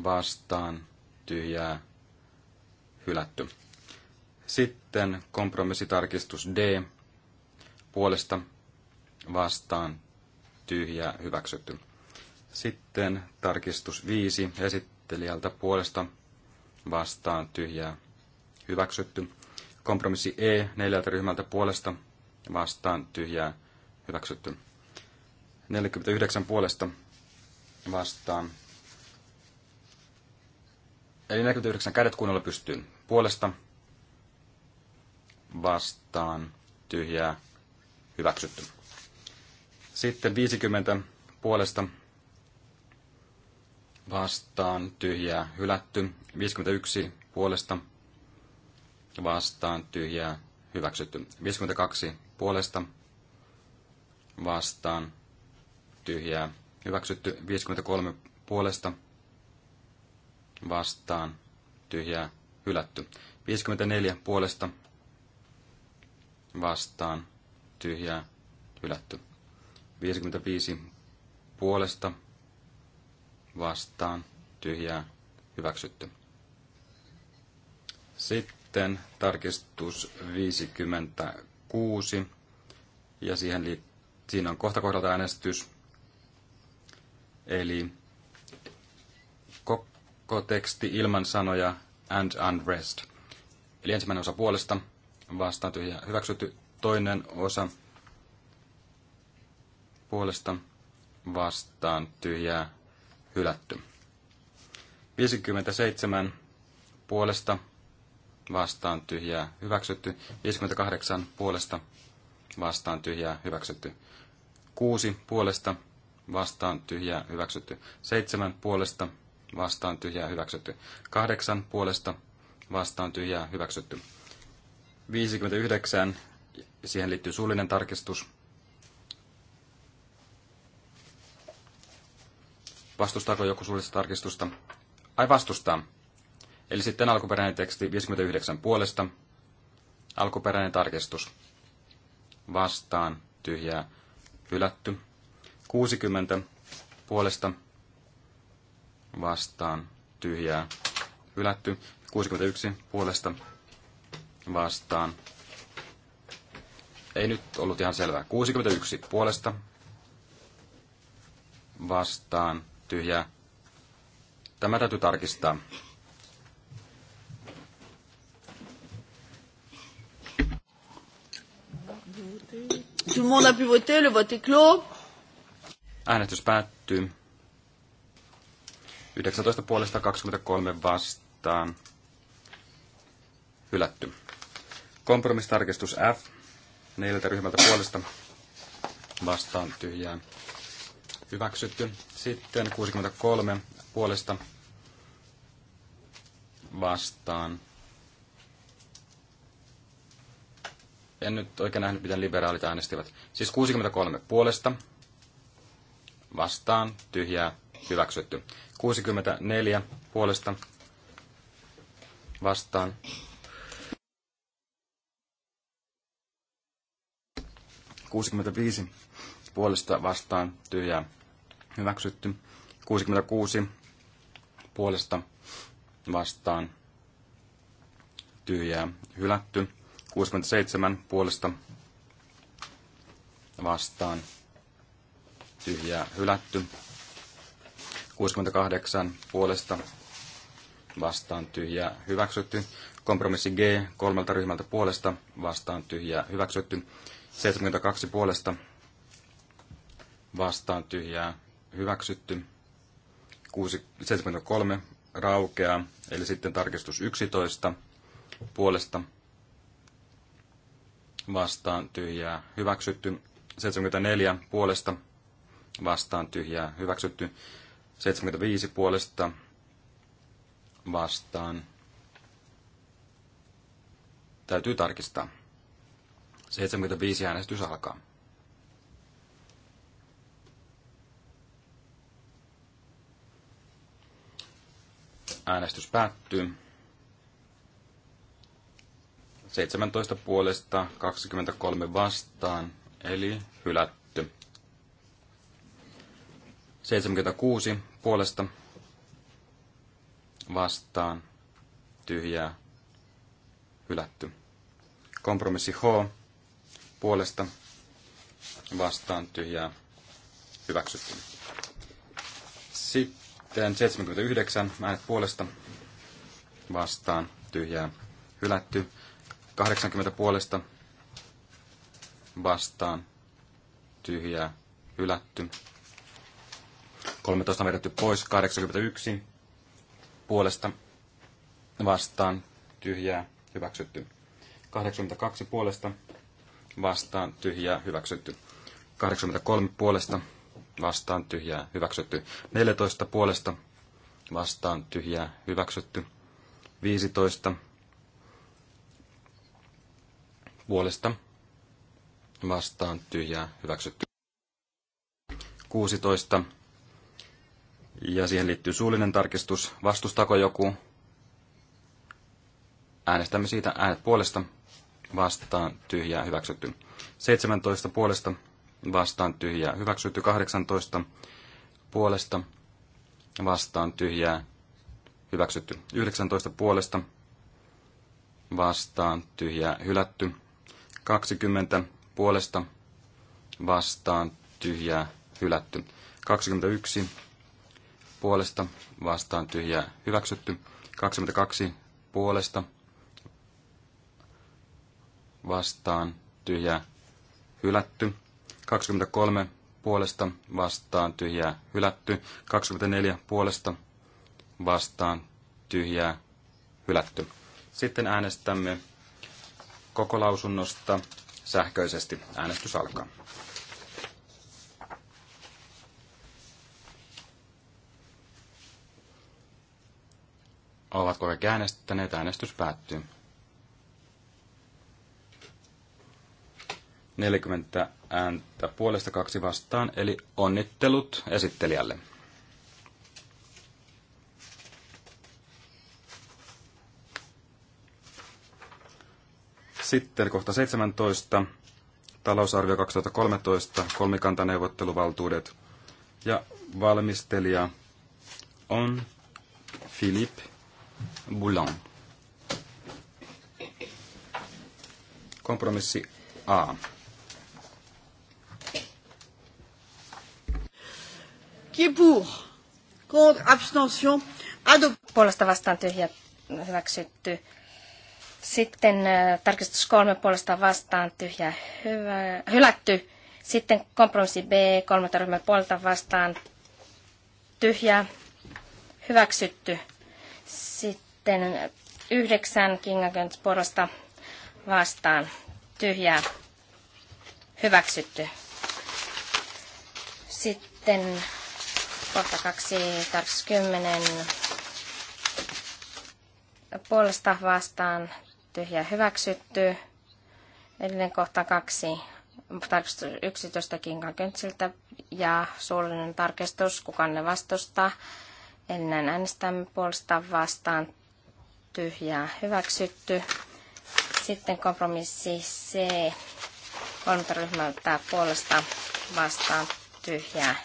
vastaan tyhjää hylätty. Sitten kompromissitarkistus D puolesta vastaan tyhjää hyväksytty. Sitten tarkistus 5 esittelijältä puolesta vastaan tyhjää hyväksytty. Kompromissi E neljältä ryhmältä puolesta vastaan tyhjää hyväksytty. 49 puolesta vastaan. Eli 49 kädet kunnolla pystyy Puolesta vastaan tyhjää hyväksytty. Sitten 50 puolesta vastaan tyhjää hylätty. 51 puolesta vastaan tyhjää hyväksytty. 52 puolesta vastaan tyhjää hyväksytty. 53 puolesta vastaan tyhjää hylätty. 54 puolesta vastaan tyhjää hylätty. 55 puolesta vastaan, vastaan tyhjää hyväksytty. Sitten tarkistus 56 ja siihen li- siinä on kohta kohdalta äänestys. Eli koko teksti ilman sanoja and unrest. Eli ensimmäinen osa puolesta vastaan tyhjää hyväksytty. Toinen osa puolesta vastaan tyhjää hylätty. 57 puolesta vastaan tyhjää hyväksytty. 58 puolesta vastaan tyhjää hyväksytty. 6 puolesta vastaan tyhjää hyväksytty. 7 puolesta vastaan tyhjää hyväksytty. 8 puolesta vastaan tyhjää hyväksytty. 59 siihen liittyy suullinen tarkistus Vastustaako joku suullista tarkistusta? Ai vastustaa. Eli sitten alkuperäinen teksti 59 puolesta. Alkuperäinen tarkistus. Vastaan. Tyhjää. Hylätty. 60 puolesta. Vastaan. Tyhjää. Hylätty. 61 puolesta. Vastaan. Ei nyt ollut ihan selvää. 61 puolesta. Vastaan tyhjää. Tämä täytyy tarkistaa. Tout le monde a pu voter, le vote est clos. Äänestys päättyy. 19 puolesta 23 vastaan. Hylätty. Kompromistarkistus F. Neljältä ryhmältä puolesta vastaan tyhjää hyväksytty. Sitten 63 puolesta vastaan. En nyt oikein nähnyt, miten liberaalit äänestivät. Siis 63 puolesta vastaan, tyhjää, hyväksytty. 64 puolesta vastaan. Kuusikymmentäviisi puolesta vastaan tyhjää hyväksytty. 66 puolesta vastaan tyhjää hylätty. 67 puolesta vastaan tyhjää hylätty. 68 puolesta vastaan tyhjää hyväksytty. Kompromissi G kolmelta ryhmältä puolesta vastaan tyhjää hyväksytty. 72 puolesta vastaan tyhjää hyväksytty. 6, 73 raukeaa, eli sitten tarkistus 11 puolesta vastaan tyhjää hyväksytty. 74 puolesta vastaan tyhjää hyväksytty. 75 puolesta vastaan täytyy tarkistaa. 75 äänestys alkaa. Äänestys päättyy. 17 puolesta 23 vastaan, eli hylätty. 76 puolesta vastaan, tyhjää, hylätty. Kompromissi H puolesta vastaan, tyhjää, hyväksytty. Sitten sitten 79 äänet puolesta vastaan tyhjää hylätty. 80 puolesta vastaan tyhjää hylätty. 13 on vedetty pois, 81 puolesta vastaan tyhjää hyväksytty. 82 puolesta vastaan tyhjää hyväksytty. 83 puolesta vastaan tyhjää hyväksytty. 14 puolesta vastaan tyhjää hyväksytty. 15 puolesta vastaan tyhjää hyväksytty. 16 ja siihen liittyy suullinen tarkistus. Vastustako joku? Äänestämme siitä äänet puolesta vastaan tyhjää hyväksytty. 17 puolesta vastaan tyhjää hyväksytty 18 puolesta vastaan tyhjää hyväksytty 19 puolesta vastaan tyhjää hylätty 20 puolesta vastaan tyhjää hylätty 21 puolesta vastaan tyhjää hyväksytty 22 puolesta vastaan tyhjää hylätty 23 puolesta vastaan tyhjää hylätty. 24 puolesta vastaan tyhjää hylätty. Sitten äänestämme koko lausunnosta sähköisesti. Äänestys alkaa. Ovatko kaikki äänestäneet? Äänestys päättyy. 40 ääntä puolesta kaksi vastaan, eli onnittelut esittelijälle. Sitten kohta 17, talousarvio 2013, kolmikantaneuvotteluvaltuudet ja valmistelija on Philippe Boulan. Kompromissi A Qui est pour? Contre, abstention, adopté. Puolesta vastaan tyhjä, hyväksytty. Sitten äh, tarkistus kolme puolesta vastaan tyhjä, hyvä, hylätty. Sitten kompromissi B, kolmatta ryhmän puolta vastaan tyhjä, hyväksytty. Sitten yhdeksän Kingagöns puolesta vastaan tyhjää, hyväksytty. Sitten kohta 2, tarkistus 10, puolesta vastaan, tyhjä hyväksytty. Edellinen kohta 2, tarkistus 11 kinkakyntsiltä ja suullinen tarkistus, kukaan ne vastustaa. Eli äänestämme puolesta vastaan, tyhjää hyväksytty. Sitten kompromissi C, kolmatta ryhmältä puolesta vastaan, tyhjää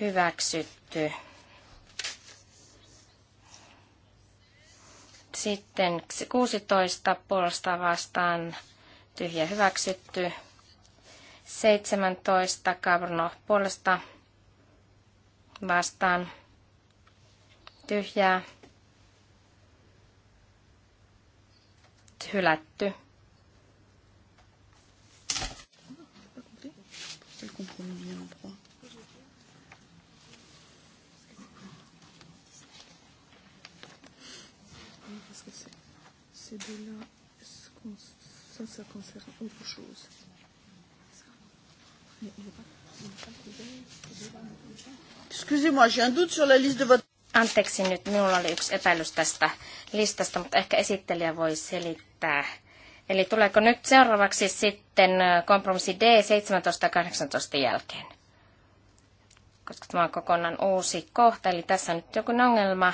hyväksytty. Sitten 16 puolesta vastaan tyhjä hyväksytty. 17 Cabrno puolesta vastaan tyhjää hylätty. Okay. ces deux là ça, ça concerne autre chose. Excusez-moi, j'ai un doute sur la liste de votre... Anteeksi nyt, minulla oli yksi epäilys tästä listasta, mutta ehkä esittelijä voi selittää. Eli tuleeko nyt seuraavaksi sitten kompromissi D 17 18 jälkeen? Koska tämä on kokonaan uusi kohta, eli tässä on nyt joku ongelma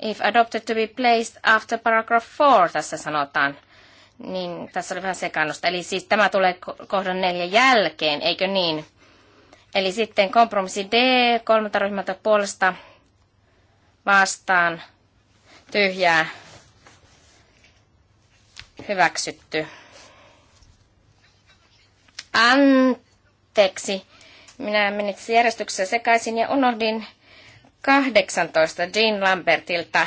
if adopted to be placed after paragraph 4, tässä sanotaan. Niin tässä oli vähän sekannusta. Eli siis tämä tulee kohdan neljä jälkeen, eikö niin? Eli sitten kompromissi D kolmelta ryhmältä puolesta vastaan tyhjää hyväksytty. Anteeksi, minä menin järjestyksessä sekaisin ja unohdin 18 Jean Lambertilta.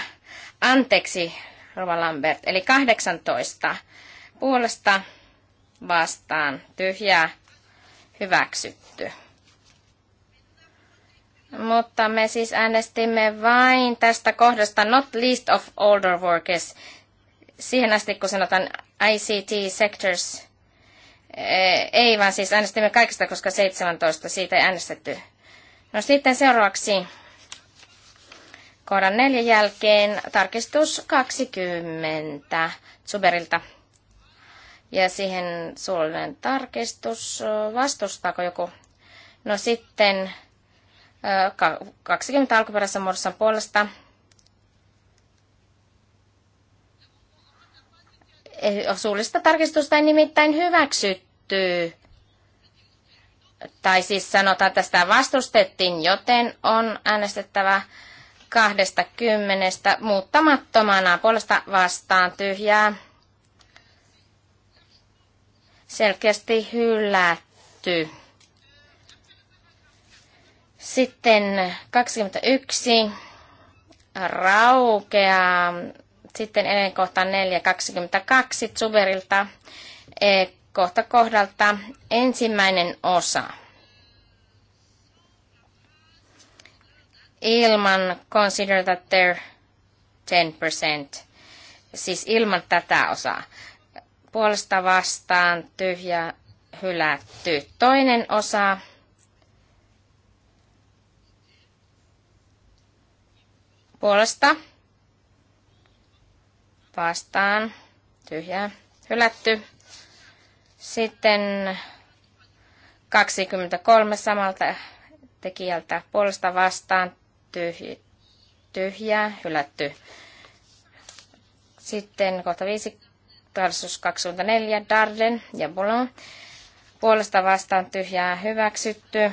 Anteeksi, Rova Lambert. Eli 18 puolesta vastaan tyhjää hyväksytty. Mutta me siis äänestimme vain tästä kohdasta not least of older workers. Siihen asti, kun sanotaan ICT sectors, eh, ei vaan siis äänestimme kaikista, koska 17 siitä ei äänestetty. No sitten seuraavaksi kohdan neljä jälkeen tarkistus 20 Zuberilta. Ja siihen suullinen tarkistus, vastustaako joku? No sitten 20 alkuperäisessä muodossa puolesta. Suullista tarkistusta ei nimittäin hyväksytty. Tai siis sanotaan, että sitä vastustettiin, joten on äänestettävä kahdesta kymmenestä muuttamattomana puolesta vastaan tyhjää. Selkeästi hylätty. Sitten 21 raukeaa. Sitten ennen kohta 4.22 Zuberilta kohta kohdalta ensimmäinen osa. ilman consider that they're 10%, siis ilman tätä osaa. Puolesta vastaan tyhjä hylätty. Toinen osa puolesta vastaan tyhjä hylätty. Sitten 23 samalta tekijältä puolesta vastaan tyhj, tyhjä, hylätty. Sitten kohta 5, tarkistus 24, Darden ja Boulon. Puolesta vastaan tyhjää hyväksytty.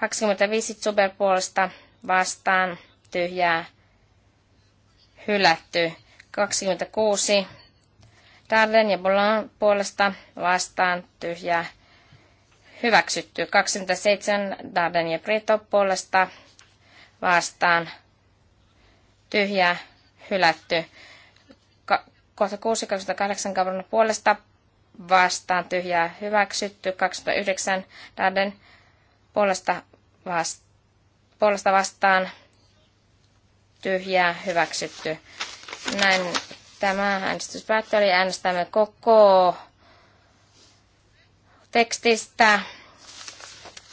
25 Zuber puolesta vastaan tyhjää hylätty. 26 Darden ja Boulon puolesta vastaan tyhjää hyväksytty. 27 Darden ja Brito puolesta vastaan tyhjää hylätty. Ka- kohta 68 2008 puolesta vastaan tyhjää hyväksytty. 2009 Darden puolesta, vast- puolesta vastaan tyhjää hyväksytty. Näin tämä äänestys päättyi. Eli äänestämme koko tekstistä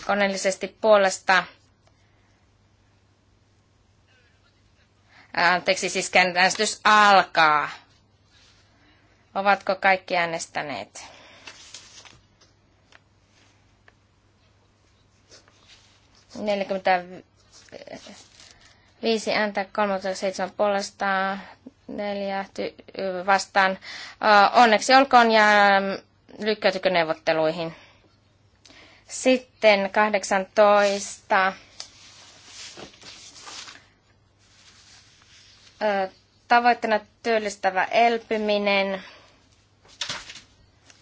koneellisesti puolesta Anteeksi, siis äänestys alkaa. Ovatko kaikki äänestäneet? viisi ääntä, 37 puolesta, neljä ty- vastaan. Onneksi olkoon ja lykkäytykö neuvotteluihin. Sitten 18. tavoitteena työllistävä elpyminen.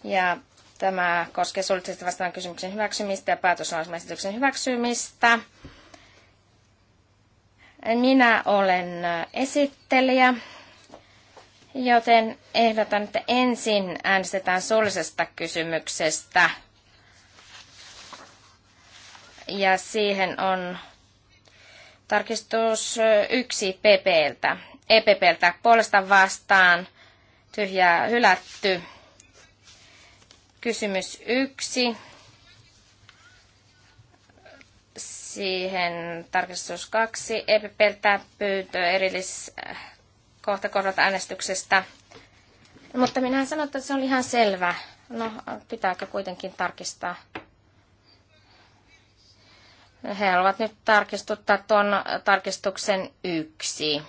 Ja tämä koskee suullisesti vastaan kysymyksen hyväksymistä ja päätöslausumaesityksen hyväksymistä. Minä olen esittelijä, joten ehdotan, että ensin äänestetään suullisesta kysymyksestä. Ja siihen on tarkistus yksi PPltä. EPPltä puolesta vastaan tyhjää hylätty. Kysymys yksi. Siihen tarkistus kaksi. EPPltä pyyntö erillis kohta äänestyksestä. Mutta minähän sanoin, että se oli ihan selvä. No, pitääkö kuitenkin tarkistaa? He haluavat nyt tarkistuttaa tuon tarkistuksen yksi.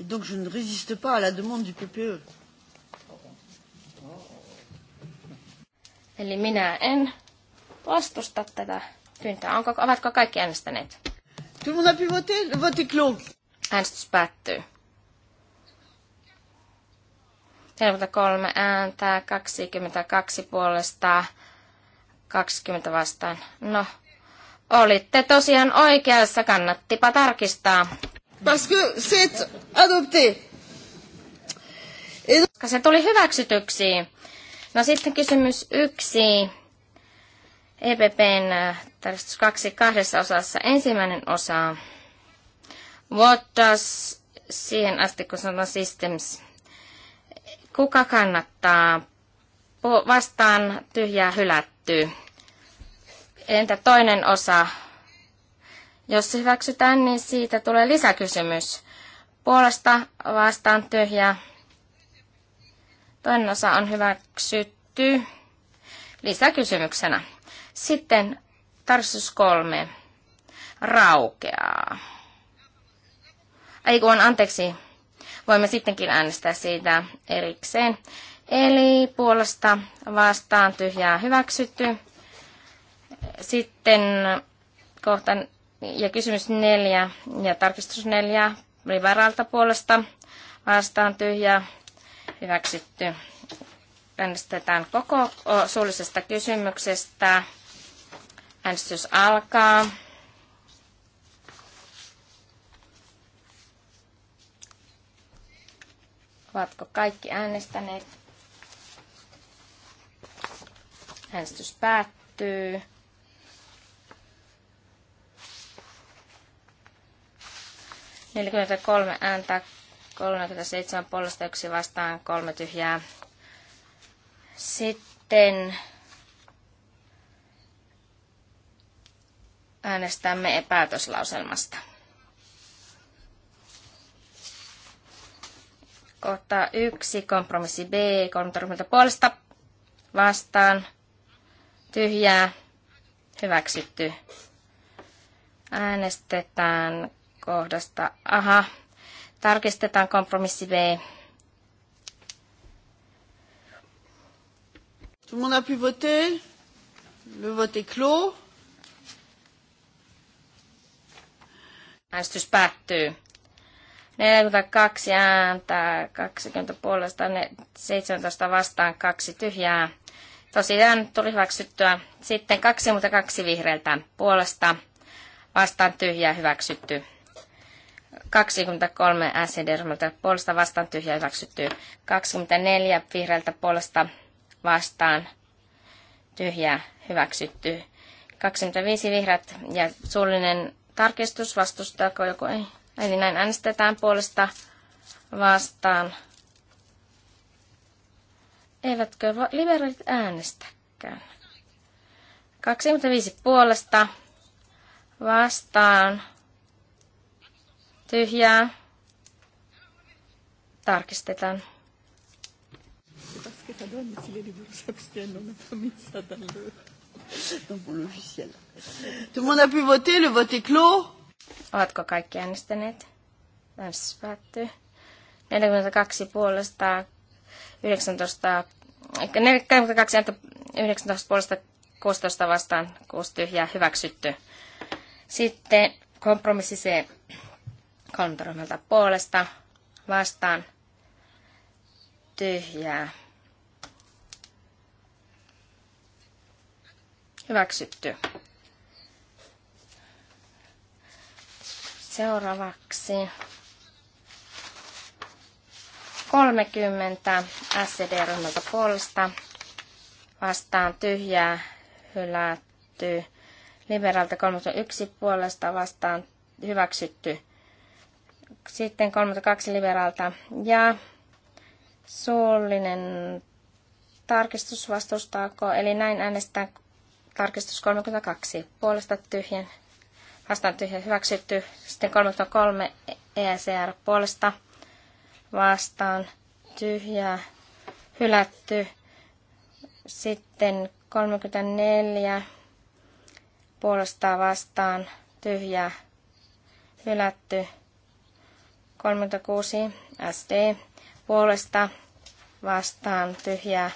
Et donc je ne résiste pas à la demande du PPE. Eli minä en vastusta tätä pyyntöä. Onko, ovatko kaikki äänestäneet? Tout le monde a pu voter? Le vote est clos. Äänestys päättyy. 43 ääntä, 22 puolesta, 20 vastaan. No, olitte tosiaan oikeassa, kannattipa tarkistaa. Parce que c'est adopté. Koska se tuli hyväksytyksi. No sitten kysymys yksi. EPPn äh, tarkistus kaksi kahdessa osassa. Ensimmäinen osa. What does, siihen asti kun sanotaan systems. Kuka kannattaa? Vastaan tyhjää hylättyy. Entä toinen osa? Jos se hyväksytään, niin siitä tulee lisäkysymys. Puolesta vastaan tyhjä. Toinen osa on hyväksytty lisäkysymyksenä. Sitten tarsus kolme raukeaa. Ei kun anteeksi, voimme sittenkin äänestää siitä erikseen. Eli puolesta vastaan tyhjää hyväksytty. Sitten kohta ja kysymys neljä ja tarkistus neljä liberaalta puolesta vastaan tyhjää hyväksytty. Äänestetään koko suullisesta kysymyksestä. Äänestys alkaa. Ovatko kaikki äänestäneet? Äänestys päättyy. 43 ääntä, 37 puolesta, yksi vastaan, kolme tyhjää. Sitten äänestämme päätöslauselmasta. Kohta yksi, kompromissi B, 30 puolesta, vastaan, tyhjää, hyväksytty. Äänestetään kohdasta. Aha, tarkistetaan kompromissi B. Tout le monde a pu voter. Le vote est clos. Äänestys päättyy. 42 ääntä, 20 puolesta, 17 vastaan, kaksi tyhjää. Tosiaan tuli hyväksyttyä. Sitten kaksi, mutta kaksi vihreältä puolesta. Vastaan tyhjää hyväksytty. 23 SED-ryhmältä puolesta vastaan tyhjä hyväksytty. 24 vihreältä puolesta vastaan tyhjä hyväksytty. 25 vihreät ja suullinen tarkistus vastustaako joku ei. Eli näin äänestetään puolesta vastaan. Eivätkö liberaalit äänestäkään? 25 puolesta vastaan Tyhjää. Tarkistetaan. Tout le monde a pu voter, le vote est clos. Ovatko kaikki äänestäneet? Äänestys päättyy. 42 puolesta, 19, 42 19 puolesta 16 vastaan, 6 tyhjää hyväksytty. Sitten kompromissi se Kantoryhmältä puolesta vastaan tyhjää. Hyväksytty. Seuraavaksi 30 SCD-ryhmältä puolesta vastaan tyhjää hylätty. Liberalta 31 puolesta vastaan hyväksytty. Sitten 32 liberaalta. Ja suullinen tarkistus vastustaako, eli näin äänestää tarkistus 32. Puolesta tyhjän, vastaan tyhjä hyväksytty. Sitten 33 ECR puolesta vastaan tyhjä hylätty. Sitten 34 puolesta vastaan tyhjä hylätty. 36 SD puolesta vastaan tyhjää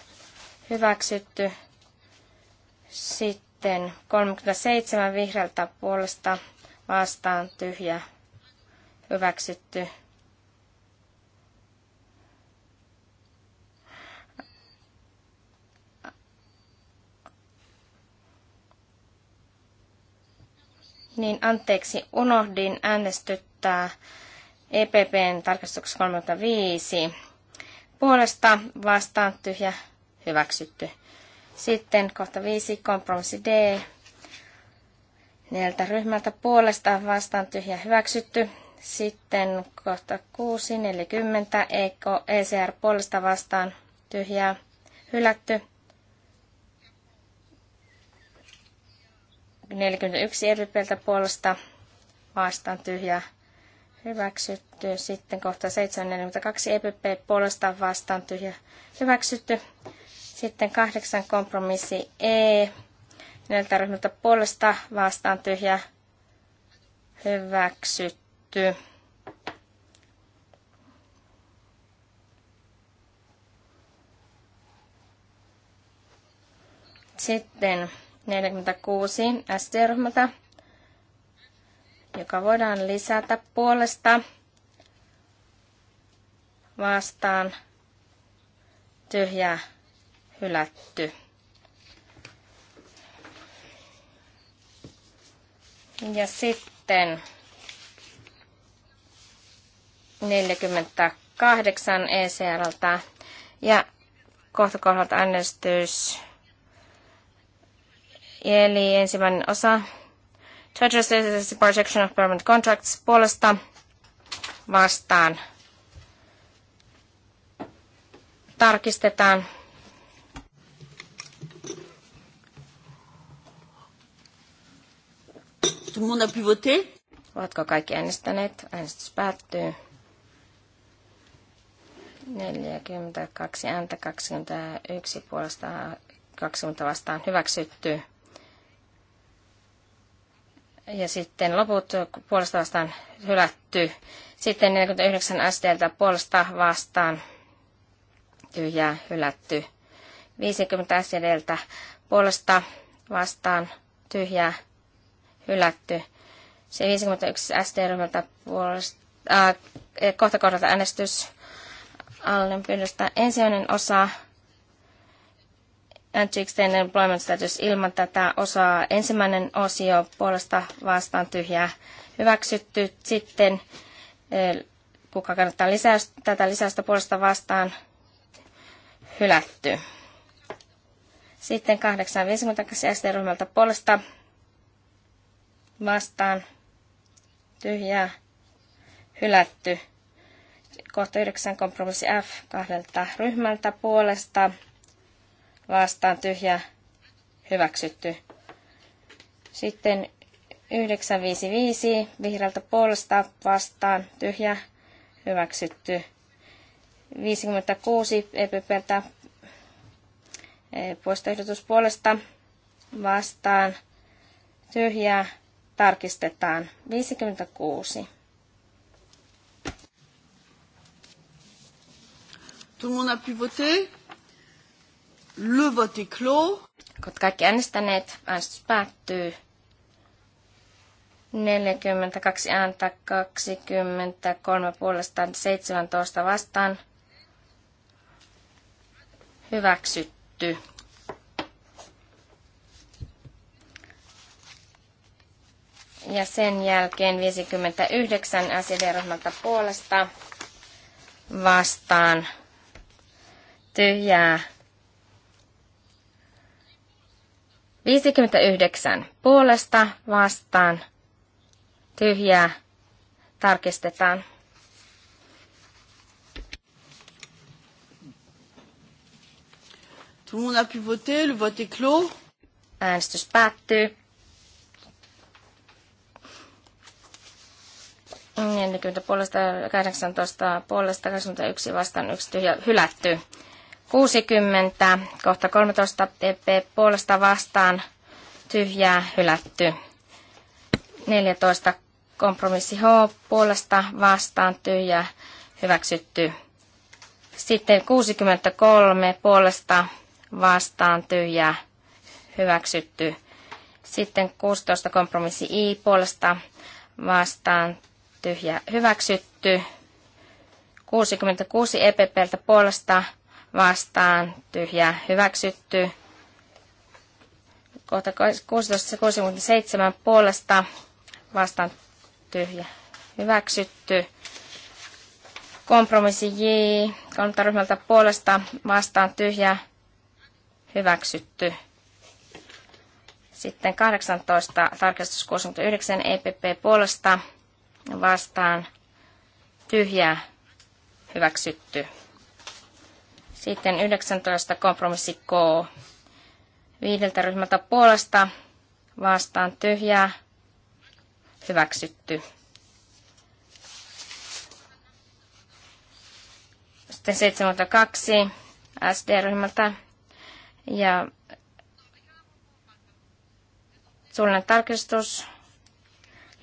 hyväksytty. Sitten 37 vihreältä puolesta vastaan tyhjä hyväksytty. Niin anteeksi, unohdin äänestyttää EPPn tarkastuksessa 35 puolesta vastaan tyhjä hyväksytty. Sitten kohta 5 kompromissi D neljältä ryhmältä puolesta vastaan tyhjä hyväksytty. Sitten kohta 6, 40, EK, ECR puolesta vastaan tyhjää hylätty. 41 EPPltä puolesta vastaan tyhjää hyväksytty. Sitten kohta 742 EPP puolesta vastaan tyhjä hyväksytty. Sitten kahdeksan kompromissi E. Neljältä ryhmältä puolesta vastaan tyhjä hyväksytty. Sitten 46 SD-ryhmältä joka voidaan lisätä puolesta vastaan tyhjä hylätty. Ja sitten 48 ECRltä ja kohtakohdalta äänestys. Eli ensimmäinen osa To address protection of permanent contracts puolesta vastaan. Tarkistetaan. Tout le monde a pu voter? Ovatko kaikki äänestäneet? Äänestys päättyy. 42 ääntä, 21 puolesta, 20 vastaan hyväksytty ja sitten loput puolesta vastaan hylätty. Sitten 49 asteelta puolesta vastaan tyhjää hylätty. 50 asteelta puolesta vastaan tyhjää hylätty. Se 51 SD-ryhmältä puolesta, äh, kohta kohdalta äänestys Allen pyydöstä ensimmäinen osa anti-extended employment status ilman tätä osaa. Ensimmäinen osio puolesta vastaan tyhjää hyväksytty. Sitten eh, kuka kannattaa lisäys, tätä lisäystä puolesta vastaan hylätty. Sitten 852 ST-ryhmältä puolesta vastaan tyhjää hylätty. Kohta 9 kompromissi F kahdelta ryhmältä puolesta vastaan tyhjä, hyväksytty. Sitten 955 vihreältä puolesta vastaan tyhjä hyväksytty. 56 EPPltä e, poistoehdotus puolesta vastaan tyhjää tarkistetaan 56. Tout le monde a pu voter? Le vote est clos. Kun kaikki äänestäneet, äänestys päättyy. 42 ääntä, 23 puolestaan, 17 vastaan. Hyväksytty. Ja sen jälkeen 59 sed puolesta vastaan tyhjää 59 puolesta vastaan tyhjää tarkistetaan. Tout le monde a pu voter, le vote est clos. Äänestys päättyy. 40 puolesta, 18 puolesta, 21 vastaan, yksi tyhjä hylätty. 60, kohta 13 EP puolesta vastaan, tyhjää hylätty. 14 kompromissi H puolesta vastaan, tyhjää hyväksytty. Sitten 63 puolesta vastaan, tyhjää hyväksytty. Sitten 16 kompromissi I puolesta vastaan, tyhjä hyväksytty. 66 EPPltä puolesta vastaan tyhjä hyväksytty. Kohta 1667 puolesta vastaan tyhjä hyväksytty. Kompromissi J kantaryhmältä puolesta vastaan tyhjä hyväksytty. Sitten 18 tarkastus 69 EPP puolesta vastaan tyhjä hyväksytty. Sitten 19 kompromissi K. Viideltä ryhmältä puolesta vastaan tyhjää. Hyväksytty. Sitten 72 SD-ryhmältä ja suullinen tarkistus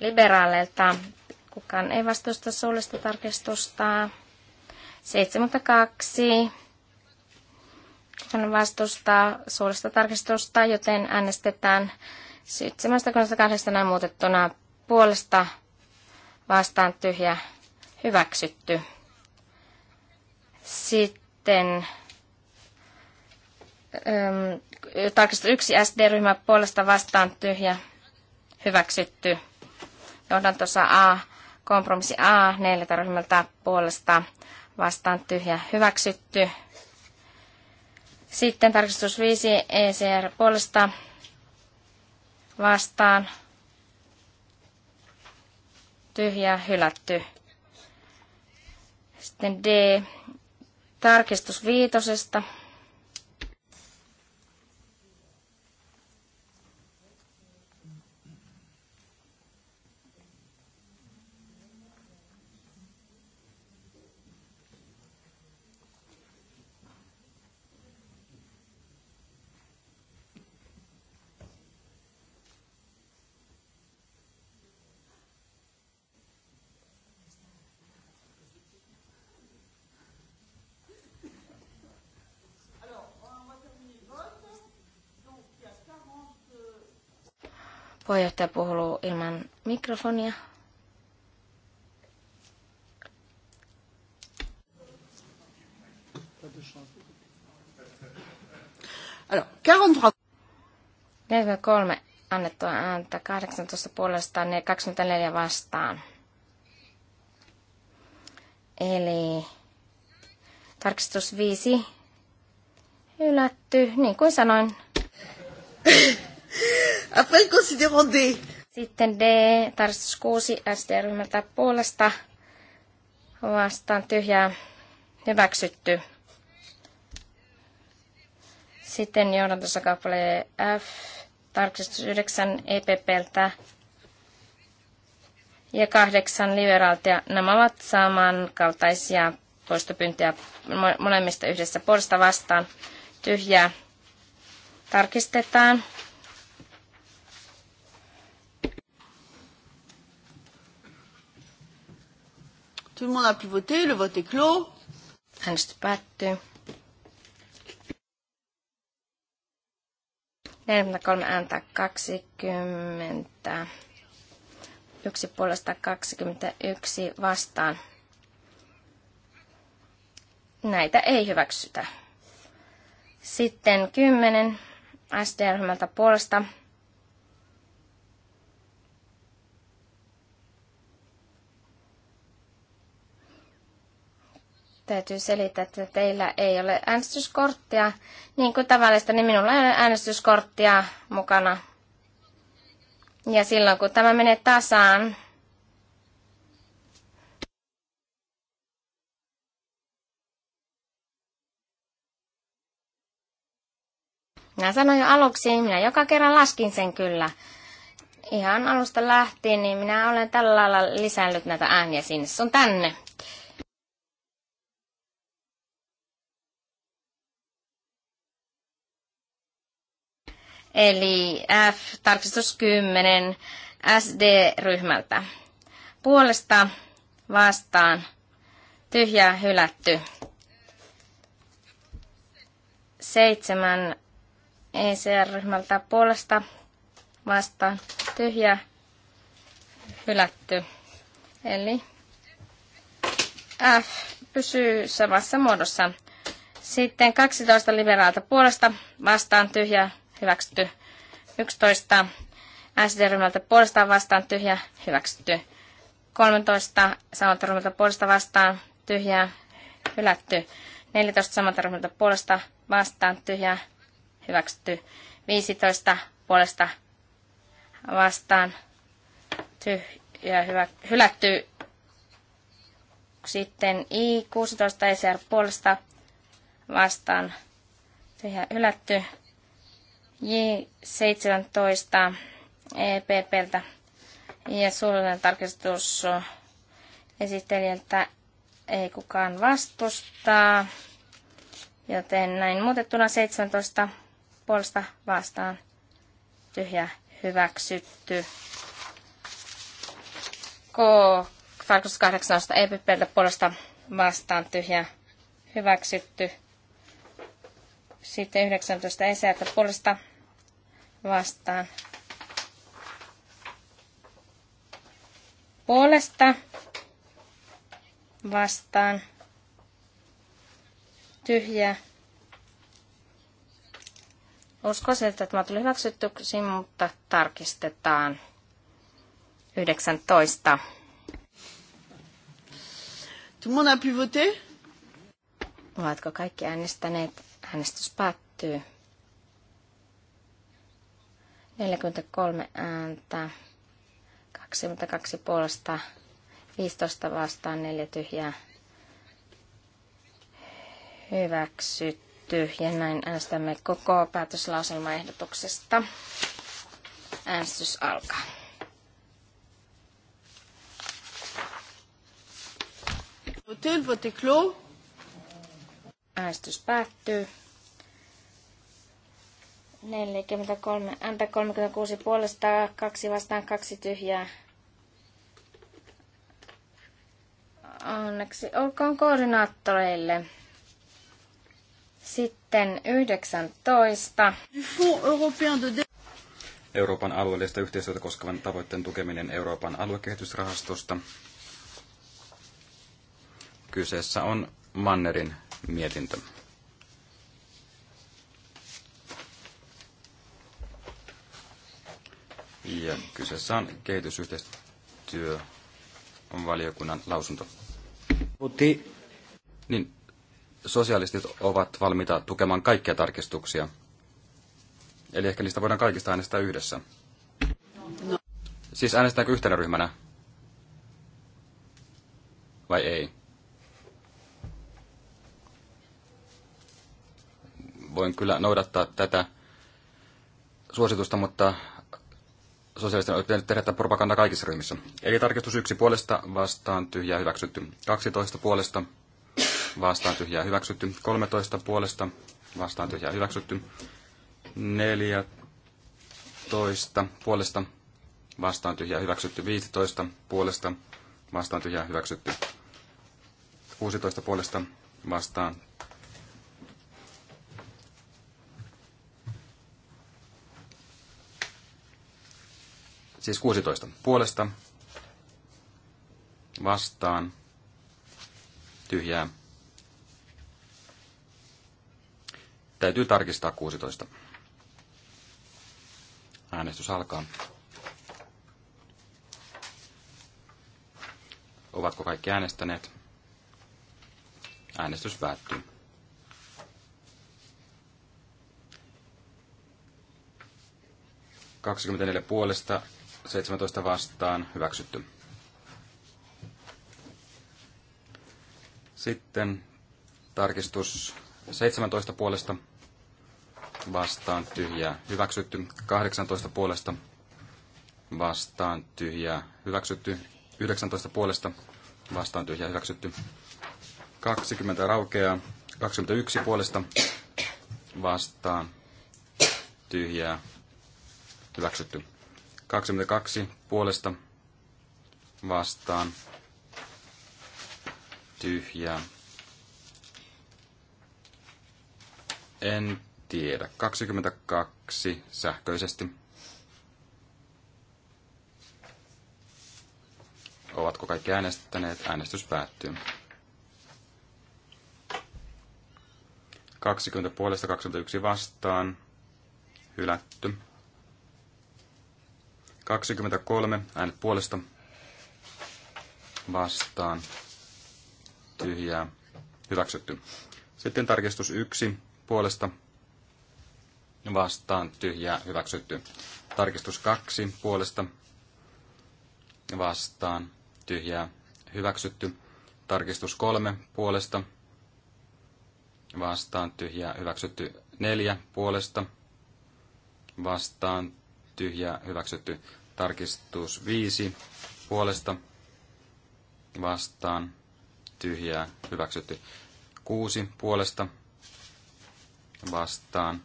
liberaaleilta. Kukaan ei vastusta suullista tarkistusta. 72 hän vastustaa suullista tarkistusta, joten äänestetään 78 näin muutettuna puolesta vastaan tyhjä hyväksytty. Sitten ähm, tarkistus 1 SD-ryhmä puolesta vastaan tyhjä hyväksytty. Johdantosa A, kompromissi A, neljältä ryhmältä puolesta vastaan tyhjä hyväksytty. Sitten tarkistus 5 ECR puolesta vastaan. Tyhjä hylätty. Sitten D. Tarkistus viitosesta Puheenjohtaja puhuu ilman mikrofonia. Alors, 43 annettua ääntä, 18 puolesta, 24 vastaan. Eli tarkistus 5 hylätty, niin kuin sanoin. Après considérant Sitten D, tarkistus 6 SD-ryhmältä puolesta vastaan tyhjää hyväksytty. Sitten johdantossa kappale F, tarkistus 9 EPPltä ja kahdeksan liberaaltia. Nämä ovat samankaltaisia poistopyyntöjä molemmista yhdessä puolesta vastaan. Tyhjää tarkistetaan. Tout le monde a pu voter, le vote est clos. Äänestys päättyy. 43 ääntä 20. Yksi puolesta 21 vastaan. Näitä ei hyväksytä. Sitten 10 SD-ryhmältä puolesta Täytyy selittää, että teillä ei ole äänestyskorttia. Niin kuin tavallista, niin minulla ei ole äänestyskorttia mukana. Ja silloin kun tämä menee tasaan, Minä sanoin jo aluksi, minä joka kerran laskin sen kyllä. Ihan alusta lähtien, niin minä olen tällä lailla lisännyt näitä ääniä sinne sun tänne. eli F, tarkistus 10 SD-ryhmältä. Puolesta vastaan tyhjä hylätty. Seitsemän ECR-ryhmältä puolesta vastaan tyhjä hylätty. Eli F pysyy samassa muodossa. Sitten 12 liberaalta puolesta vastaan tyhjä hyväksytty. 11 SD-ryhmältä puolestaan vastaan tyhjä, hyväksytty. 13 samalta ryhmältä puolesta vastaan tyhjä, hylätty. 14 samalta ryhmältä puolesta vastaan tyhjä, hyväksytty. 15 puolesta vastaan tyhjä, hyvä, hylätty. Sitten I16 ECR puolesta vastaan tyhjä, hylätty. J17 EPPltä ja suullinen tarkistus esittelijältä ei kukaan vastustaa. Joten näin muutettuna 17 puolesta vastaan tyhjä hyväksytty. K. Tarkoitus 18 EPPltä puolesta vastaan tyhjä hyväksytty. Sitten 19 ESEältä puolesta vastaan. Puolesta vastaan. Tyhjä. Uskoisin, että mä tulin hyväksyttyksi, mutta tarkistetaan. 19. Tout monde a pu voter? Ovatko kaikki äänestäneet? Äänestys päättyy. 43 ääntä, 22 puolesta, 15 vastaan, 4 tyhjää. Hyväksytty. Ja näin äänestämme koko päätöslauselmaehdotuksesta. Äänestys alkaa. Äänestys päättyy. 43, anta 36 puolesta, kaksi vastaan, kaksi tyhjää. Onneksi olkoon koordinaattoreille. Sitten 19. Euroopan alueellista yhteistyötä koskevan tavoitteen tukeminen Euroopan aluekehitysrahastosta. Kyseessä on Mannerin mietintö. Ja kyseessä on kehitysyhteistyö on valiokunnan lausunto. Puti. Niin, sosialistit ovat valmiita tukemaan kaikkia tarkistuksia. Eli ehkä niistä voidaan kaikista äänestää yhdessä. No. Siis äänestääkö yhtenä ryhmänä? Vai ei? Voin kyllä noudattaa tätä suositusta, mutta sosiaalisten olisi pitänyt tehdä propaganda kaikissa ryhmissä. Eli tarkistus yksi puolesta vastaan tyhjää hyväksytty. 12 puolesta vastaan tyhjää hyväksytty. 13 puolesta vastaan tyhjää hyväksytty. 14 puolesta vastaan tyhjää hyväksytty. 15 puolesta vastaan tyhjää hyväksytty. 16 puolesta vastaan Siis 16 puolesta vastaan tyhjää. Täytyy tarkistaa 16. Äänestys alkaa. Ovatko kaikki äänestäneet? Äänestys päättyy. Kaksikymmentäneljä puolesta, 17 vastaan hyväksytty. Sitten tarkistus 17 puolesta vastaan tyhjää hyväksytty. 18 puolesta vastaan tyhjää hyväksytty. 19 puolesta vastaan tyhjää hyväksytty. 20 raukeaa. 21 puolesta vastaan tyhjää hyväksytty. 22 puolesta vastaan tyhjää. En tiedä. 22 sähköisesti. Ovatko kaikki äänestäneet? Äänestys päättyy. 20 puolesta 21 vastaan. Hylätty. 23 äänet puolesta vastaan tyhjää hyväksytty. Sitten tarkistus 1 puolesta vastaan tyhjää hyväksytty. Tarkistus 2 puolesta vastaan tyhjää hyväksytty. Tarkistus 3 puolesta vastaan tyhjää hyväksytty. 4 puolesta vastaan tyhjää hyväksytty. Tarkistus 5 puolesta vastaan tyhjää hyväksytty. 6 puolesta vastaan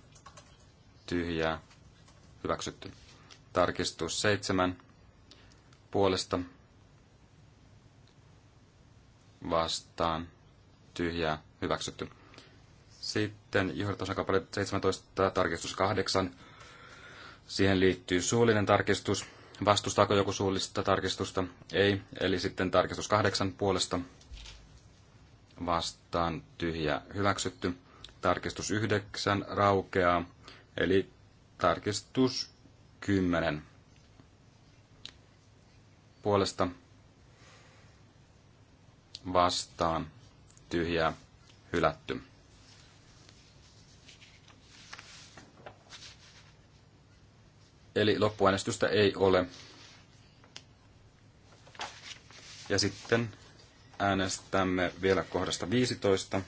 tyhjää hyväksytty. Tarkistus 7 puolesta vastaan tyhjää hyväksytty. Sitten johdatusakapalit 17, tarkistus 8 Siihen liittyy suullinen tarkistus. Vastustaako joku suullista tarkistusta? Ei. Eli sitten tarkistus kahdeksan puolesta vastaan tyhjä hyväksytty. Tarkistus yhdeksän raukeaa. Eli tarkistus kymmenen puolesta vastaan tyhjää hylätty. Eli loppuäänestystä ei ole. Ja sitten äänestämme vielä kohdasta 15.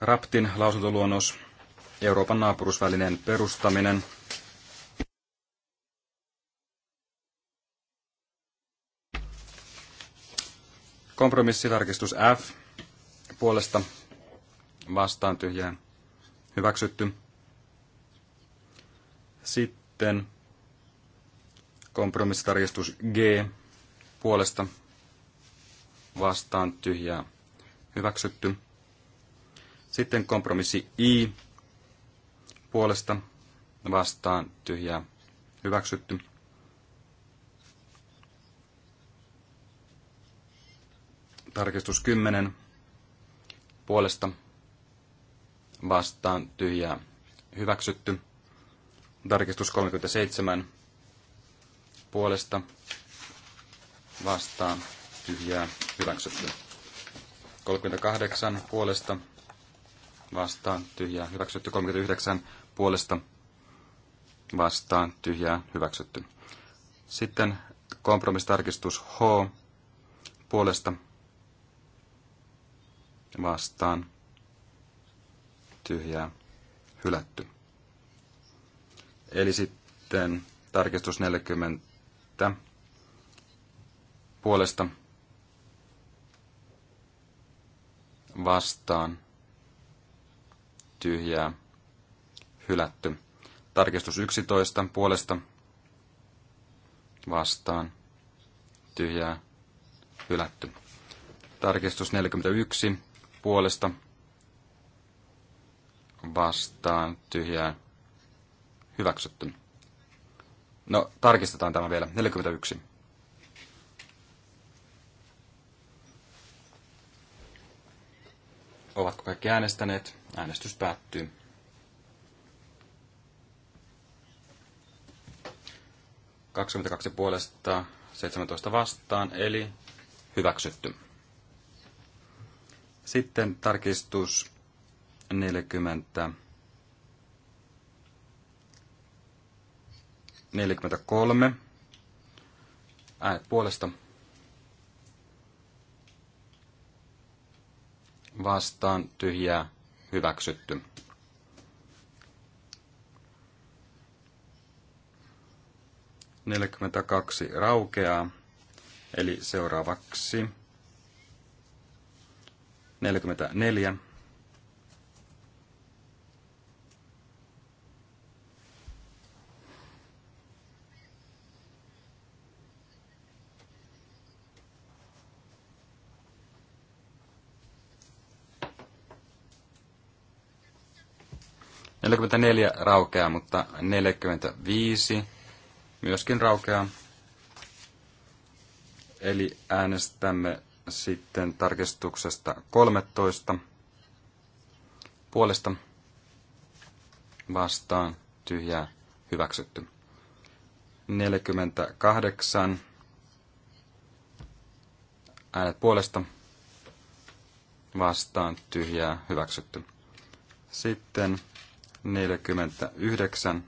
Raptin lausuntoluonnos Euroopan naapurusvälineen perustaminen – Kompromissitarkistus F puolesta vastaan tyhjään hyväksytty. Sitten kompromissitarkistus G puolesta vastaan tyhjää hyväksytty. Sitten kompromissi I puolesta vastaan tyhjää hyväksytty. Tarkistus 10 puolesta vastaan tyhjää hyväksytty. Tarkistus 37 puolesta vastaan tyhjää hyväksytty. 38 puolesta vastaan tyhjää hyväksytty. 39 puolesta vastaan tyhjää hyväksytty. Sitten kompromistarkistus H puolesta vastaan tyhjää hylätty. Eli sitten tarkistus 40 puolesta vastaan tyhjää hylätty. Tarkistus 11 puolesta vastaan tyhjää hylätty. Tarkistus 41 puolesta vastaan tyhjään hyväksytty. No, tarkistetaan tämä vielä. 41. Ovatko kaikki äänestäneet? Äänestys päättyy. Kaksikymmentäkaksi puolesta, 17 vastaan, eli hyväksytty. Sitten tarkistus 40. 43. Äänet puolesta. Vastaan tyhjää hyväksytty. kaksi raukeaa, eli seuraavaksi 44. neljä raukeaa, mutta 45 myöskin raukeaa. Eli äänestämme sitten tarkistuksesta 13 puolesta vastaan tyhjää hyväksytty. 48 äänet puolesta vastaan tyhjää hyväksytty. Sitten 49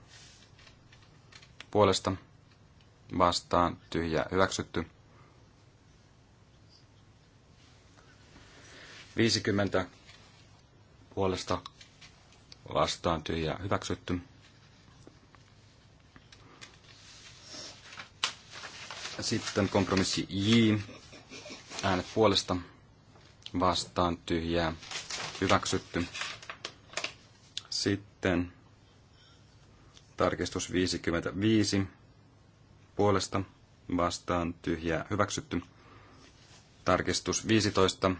puolesta vastaan tyhjää hyväksytty. 50 puolesta vastaan tyhjää hyväksytty. Sitten kompromissi J. Äänet puolesta vastaan tyhjää hyväksytty. Sitten tarkistus 55 puolesta vastaan tyhjää hyväksytty. Tarkistus 15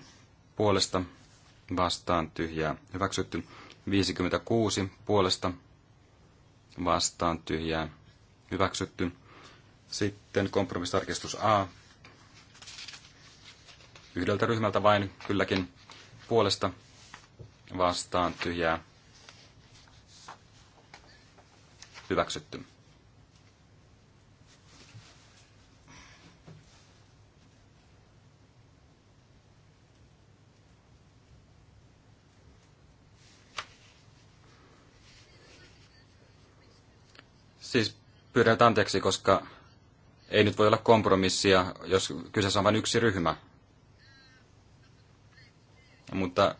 puolesta vastaan tyhjää hyväksytty. 56 puolesta vastaan tyhjää hyväksytty. Sitten kompromistarkistus A. Yhdeltä ryhmältä vain kylläkin puolesta vastaan tyhjää hyväksytty. Siis pyydän anteeksi, koska ei nyt voi olla kompromissia, jos kyseessä on vain yksi ryhmä. Mutta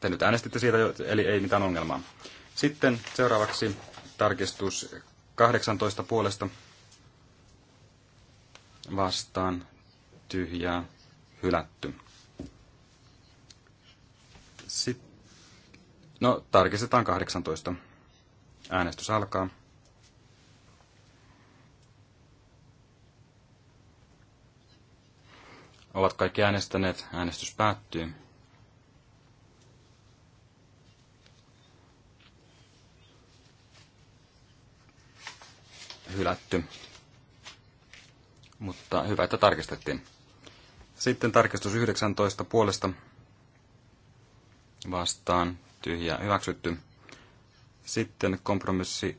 te nyt äänestitte siitä, eli ei mitään ongelmaa. Sitten seuraavaksi tarkistus 18 puolesta vastaan tyhjää hylätty. Sitten, no tarkistetaan 18. Äänestys alkaa. Ovat kaikki äänestäneet. Äänestys päättyy. Hylätty. Mutta hyvä, että tarkistettiin. Sitten tarkistus 19 puolesta vastaan tyhjä hyväksytty. Sitten kompromissi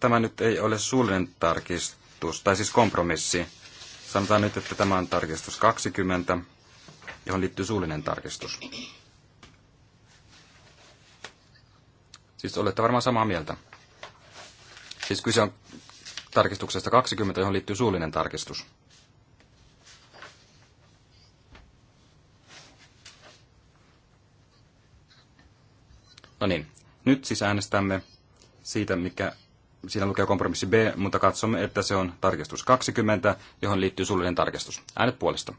tämä nyt ei ole suullinen tarkistus, tai siis kompromissi. Sanotaan nyt, että tämä on tarkistus 20, johon liittyy suullinen tarkistus. Siis olette varmaan samaa mieltä. Siis kyse on tarkistuksesta 20, johon liittyy suullinen tarkistus. No niin, nyt siis äänestämme siitä, mikä siinä lukee kompromissi B, mutta katsomme, että se on tarkistus 20, johon liittyy suullinen tarkistus. Äänet puolesta.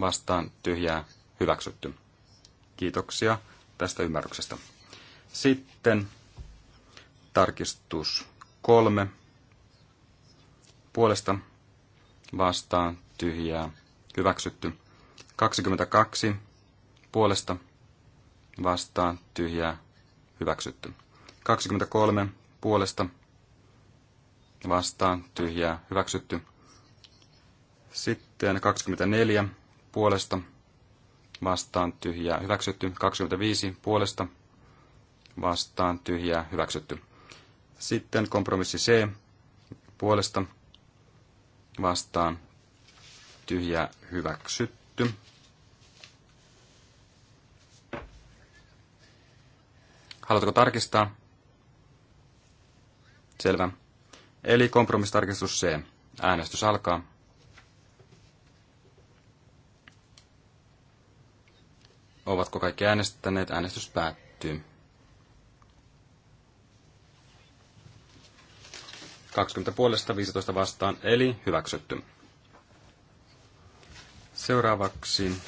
Vastaan tyhjää hyväksytty. Kiitoksia tästä ymmärryksestä. Sitten tarkistus 3. Puolesta vastaan tyhjää hyväksytty. 22. Puolesta vastaan tyhjää hyväksytty. 23 puolesta vastaan tyhjää hyväksytty. Sitten 24 puolesta vastaan tyhjää hyväksytty. 25 puolesta vastaan tyhjää hyväksytty. Sitten kompromissi C puolesta vastaan tyhjää hyväksytty. Haluatko tarkistaa? Selvä. Eli kompromistarkistus C. Äänestys alkaa. Ovatko kaikki äänestäneet? Äänestys päättyy. 20 puolesta 15 vastaan, eli hyväksytty. Seuraavaksi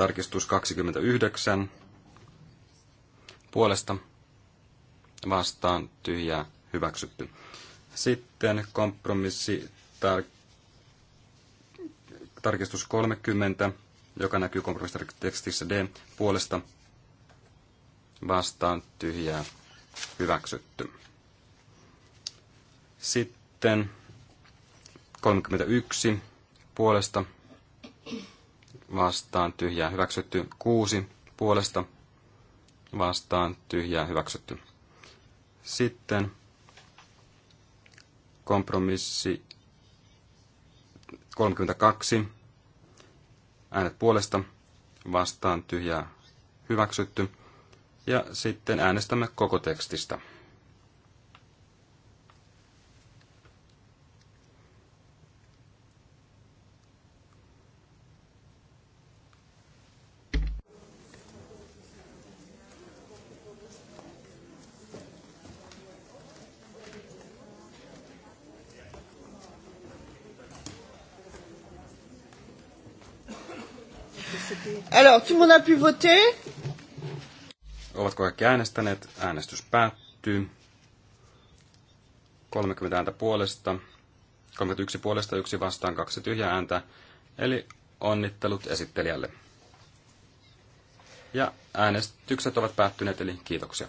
Tarkistus 29 puolesta vastaan tyhjää hyväksytty. Sitten kompromissi tar- tarkistus 30, joka näkyy kompromissitekstissä D puolesta vastaan tyhjää hyväksytty. Sitten 31 puolesta vastaan tyhjää hyväksytty. Kuusi puolesta vastaan tyhjää hyväksytty. Sitten kompromissi 32. Äänet puolesta vastaan tyhjää hyväksytty. Ja sitten äänestämme koko tekstistä. pu voter? Ovatko kaikki äänestäneet? Äänestys päättyy. 30 ääntä puolesta, 31 puolesta, yksi vastaan, kaksi tyhjää ääntä. Eli onnittelut esittelijälle. Ja äänestykset ovat päättyneet, eli kiitoksia.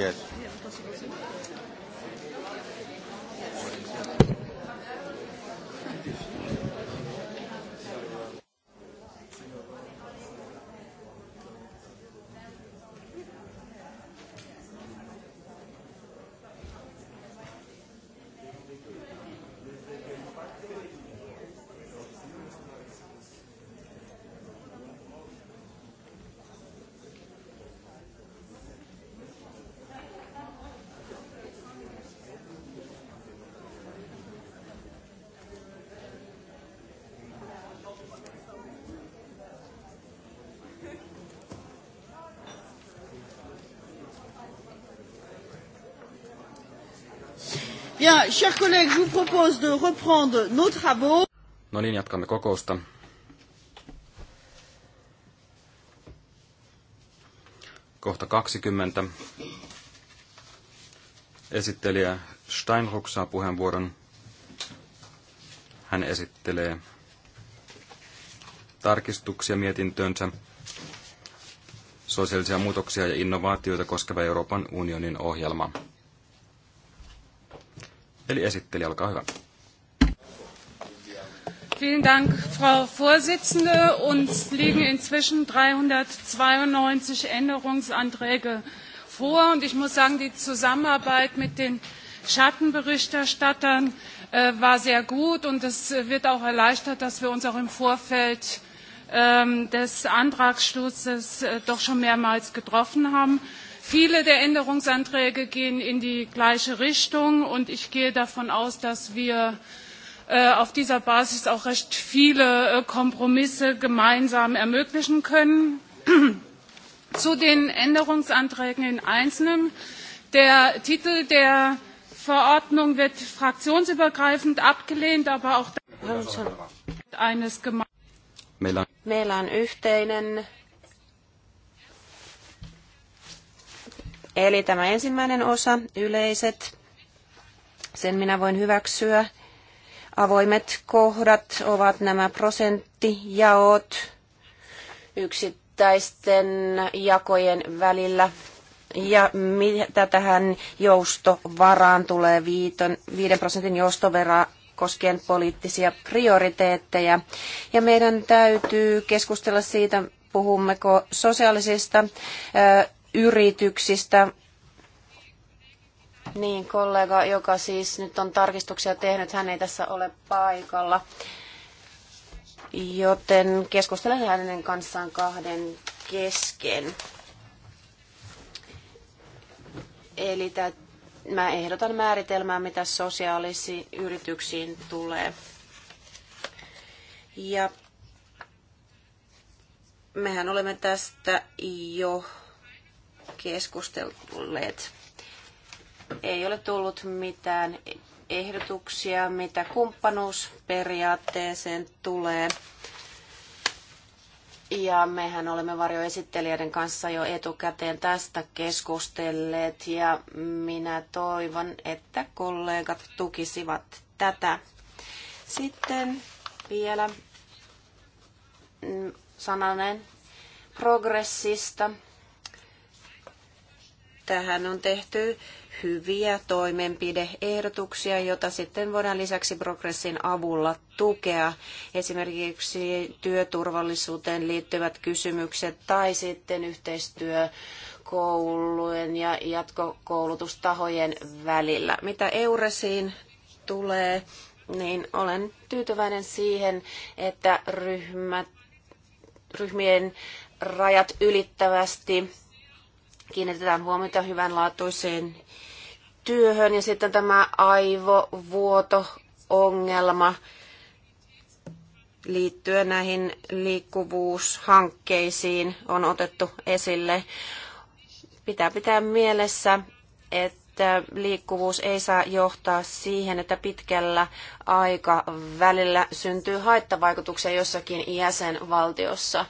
Yes. Ja, chers collègues, je vous propose de reprendre nos travaux. No niin, jatkamme kokousta. Kohta 20. Esittelijä Steinruck saa puheenvuoron. Hän esittelee tarkistuksia mietintöönsä, sosiaalisia muutoksia ja innovaatioita koskeva Euroopan unionin ohjelma. Eli esitteli, olkaa hyvä. Vielen Dank, Frau Vorsitzende. Uns liegen inzwischen 392 Änderungsanträge vor. Und ich muss sagen, die Zusammenarbeit mit den Schattenberichterstattern äh, war sehr gut. Und es wird auch erleichtert, dass wir uns auch im Vorfeld ähm, des Antragsstoßes äh, doch schon mehrmals getroffen haben. Viele der Änderungsanträge gehen in die gleiche Richtung und ich gehe davon aus, dass wir äh, auf dieser Basis auch recht viele äh, Kompromisse gemeinsam ermöglichen können. Zu den Änderungsanträgen in Einzelnen. Der Titel der Verordnung wird fraktionsübergreifend abgelehnt, aber auch eines Meillä on yhteinen Eli tämä ensimmäinen osa, yleiset, sen minä voin hyväksyä. Avoimet kohdat ovat nämä prosenttijaot yksittäisten jakojen välillä. Ja mitä tähän joustovaraan tulee, 5 prosentin joustovera koskien poliittisia prioriteetteja. Ja meidän täytyy keskustella siitä, puhummeko sosiaalisista yrityksistä. Niin, kollega, joka siis nyt on tarkistuksia tehnyt, hän ei tässä ole paikalla. Joten keskustelen hänen kanssaan kahden kesken. Eli mä ehdotan määritelmää, mitä sosiaalisiin yrityksiin tulee. Ja mehän olemme tästä jo keskustelleet. Ei ole tullut mitään ehdotuksia, mitä kumppanuusperiaatteeseen tulee. Ja mehän olemme varjoesittelijöiden kanssa jo etukäteen tästä keskustelleet ja minä toivon, että kollegat tukisivat tätä. Sitten vielä mm, sananen progressista. Tähän on tehty hyviä toimenpideehdotuksia, joita sitten voidaan lisäksi progressin avulla tukea. Esimerkiksi työturvallisuuteen liittyvät kysymykset tai sitten yhteistyö koulujen ja jatkokoulutustahojen välillä. Mitä Euresiin tulee, niin olen tyytyväinen siihen, että ryhmät, ryhmien rajat ylittävästi kiinnitetään huomiota hyvänlaatuiseen työhön ja sitten tämä aivovuoto-ongelma liittyen näihin liikkuvuushankkeisiin on otettu esille. Pitää pitää mielessä, että liikkuvuus ei saa johtaa siihen, että pitkällä aikavälillä syntyy haittavaikutuksia jossakin jäsenvaltiossa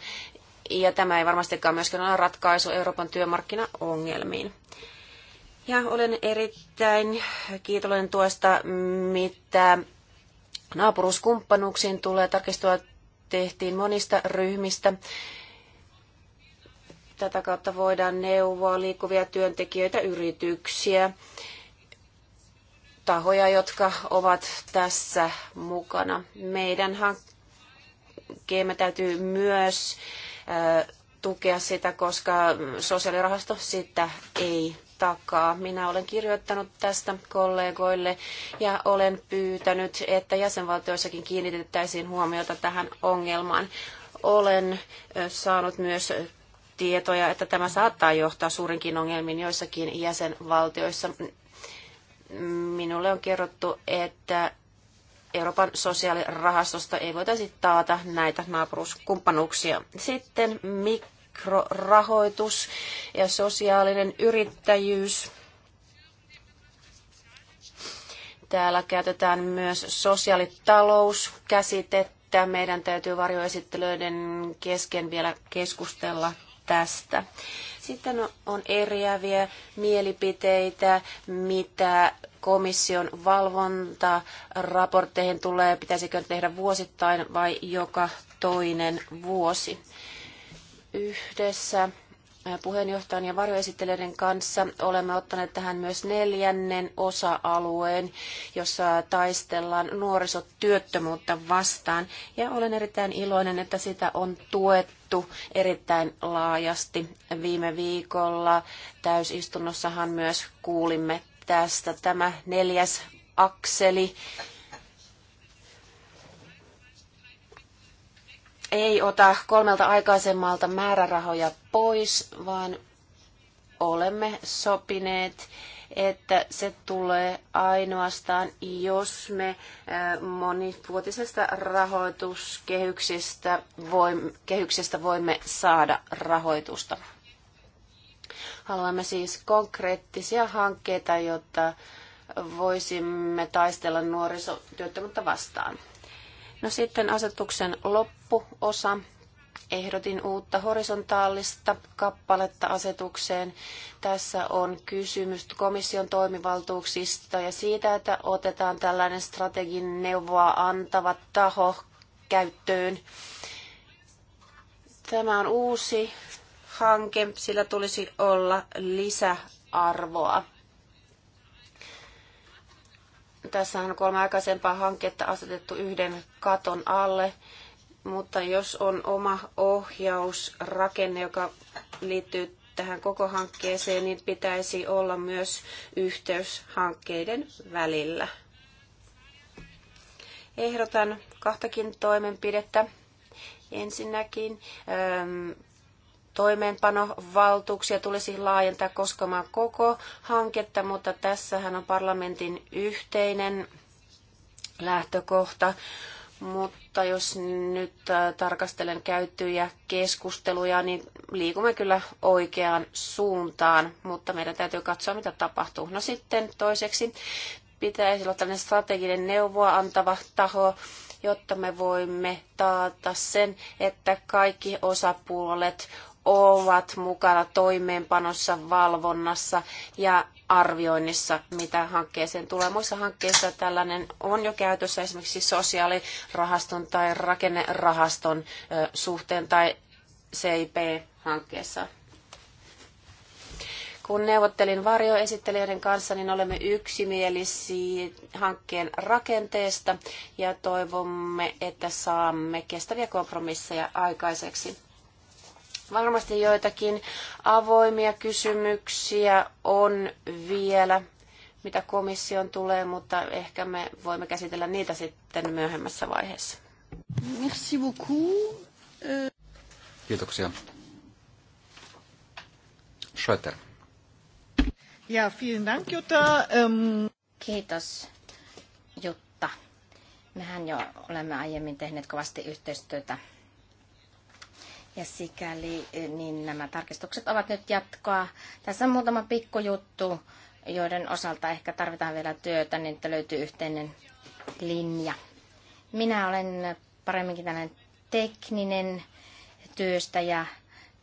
ja tämä ei varmastikaan myöskään ole ratkaisu Euroopan työmarkkinaongelmiin. Ja olen erittäin kiitollinen tuosta, mitä naapuruskumppanuuksiin tulee. Tarkistua tehtiin monista ryhmistä. Tätä kautta voidaan neuvoa liikkuvia työntekijöitä, yrityksiä, tahoja, jotka ovat tässä mukana. Meidän hankkeemme täytyy myös äh, tukea sitä, koska sosiaalirahasto sitä ei takaa. Minä olen kirjoittanut tästä kollegoille ja olen pyytänyt, että jäsenvaltioissakin kiinnitettäisiin huomiota tähän ongelmaan. Olen saanut myös tietoja, että tämä saattaa johtaa suurinkin ongelmiin joissakin jäsenvaltioissa. Minulle on kerrottu, että Euroopan sosiaalirahastosta ei voitaisi taata näitä naapuruskumppanuuksia. Sitten mikrorahoitus ja sosiaalinen yrittäjyys. Täällä käytetään myös sosiaalitalouskäsitettä. Meidän täytyy varjoesittelyiden kesken vielä keskustella tästä. Sitten on eriäviä mielipiteitä, mitä komission valvontaraportteihin tulee, pitäisikö tehdä vuosittain vai joka toinen vuosi. Yhdessä puheenjohtajan ja varjoesittelijöiden kanssa olemme ottaneet tähän myös neljännen osa-alueen, jossa taistellaan nuorisotyöttömyyttä vastaan. Ja olen erittäin iloinen, että sitä on tuettu pohdittu erittäin laajasti viime viikolla. Täysistunnossahan myös kuulimme tästä tämä neljäs akseli. Ei ota kolmelta aikaisemmalta määrärahoja pois, vaan olemme sopineet että se tulee ainoastaan, jos me monivuotisesta rahoituskehyksestä voimme, kehyksestä voimme saada rahoitusta. Haluamme siis konkreettisia hankkeita, jotta voisimme taistella nuorisotyöttömyyttä vastaan. No sitten asetuksen loppuosa ehdotin uutta horisontaalista kappaletta asetukseen. Tässä on kysymys komission toimivaltuuksista ja siitä, että otetaan tällainen strategin neuvoa antava taho käyttöön. Tämä on uusi hanke, sillä tulisi olla lisäarvoa. Tässä on kolme aikaisempaa hanketta asetettu yhden katon alle. Mutta jos on oma ohjausrakenne, joka liittyy tähän koko hankkeeseen, niin pitäisi olla myös yhteys hankkeiden välillä. Ehdotan kahtakin toimenpidettä. Ensinnäkin ähm, toimeenpanovaltuuksia tulisi laajentaa koskemaan koko hanketta, mutta tässähän on parlamentin yhteinen lähtökohta mutta jos nyt äh, tarkastelen käyttöjä keskusteluja, niin liikumme kyllä oikeaan suuntaan, mutta meidän täytyy katsoa, mitä tapahtuu. No sitten toiseksi pitäisi olla tällainen strateginen neuvoa antava taho, jotta me voimme taata sen, että kaikki osapuolet ovat mukana toimeenpanossa, valvonnassa ja arvioinnissa, mitä hankkeeseen tulee. Muissa hankkeissa tällainen on jo käytössä esimerkiksi sosiaalirahaston tai rakennerahaston suhteen tai CIP-hankkeessa. Kun neuvottelin varjoesittelijöiden kanssa, niin olemme yksimielisiä hankkeen rakenteesta ja toivomme, että saamme kestäviä kompromisseja aikaiseksi. Varmasti joitakin avoimia kysymyksiä on vielä, mitä komission tulee, mutta ehkä me voimme käsitellä niitä sitten myöhemmässä vaiheessa. Merci beaucoup. Euh. Kiitoksia. Schröter. Ja, vielen Dank, Jutta. Um... Kiitos, Jutta. Mehän jo olemme aiemmin tehneet kovasti yhteistyötä ja sikäli eh, niin nämä tarkistukset ovat nyt jatkoa. Tässä on muutama pikkujuttu, joiden osalta ehkä tarvitaan vielä työtä, niin että löytyy yhteinen linja. Minä olen paremminkin tällainen tekninen työstäjä,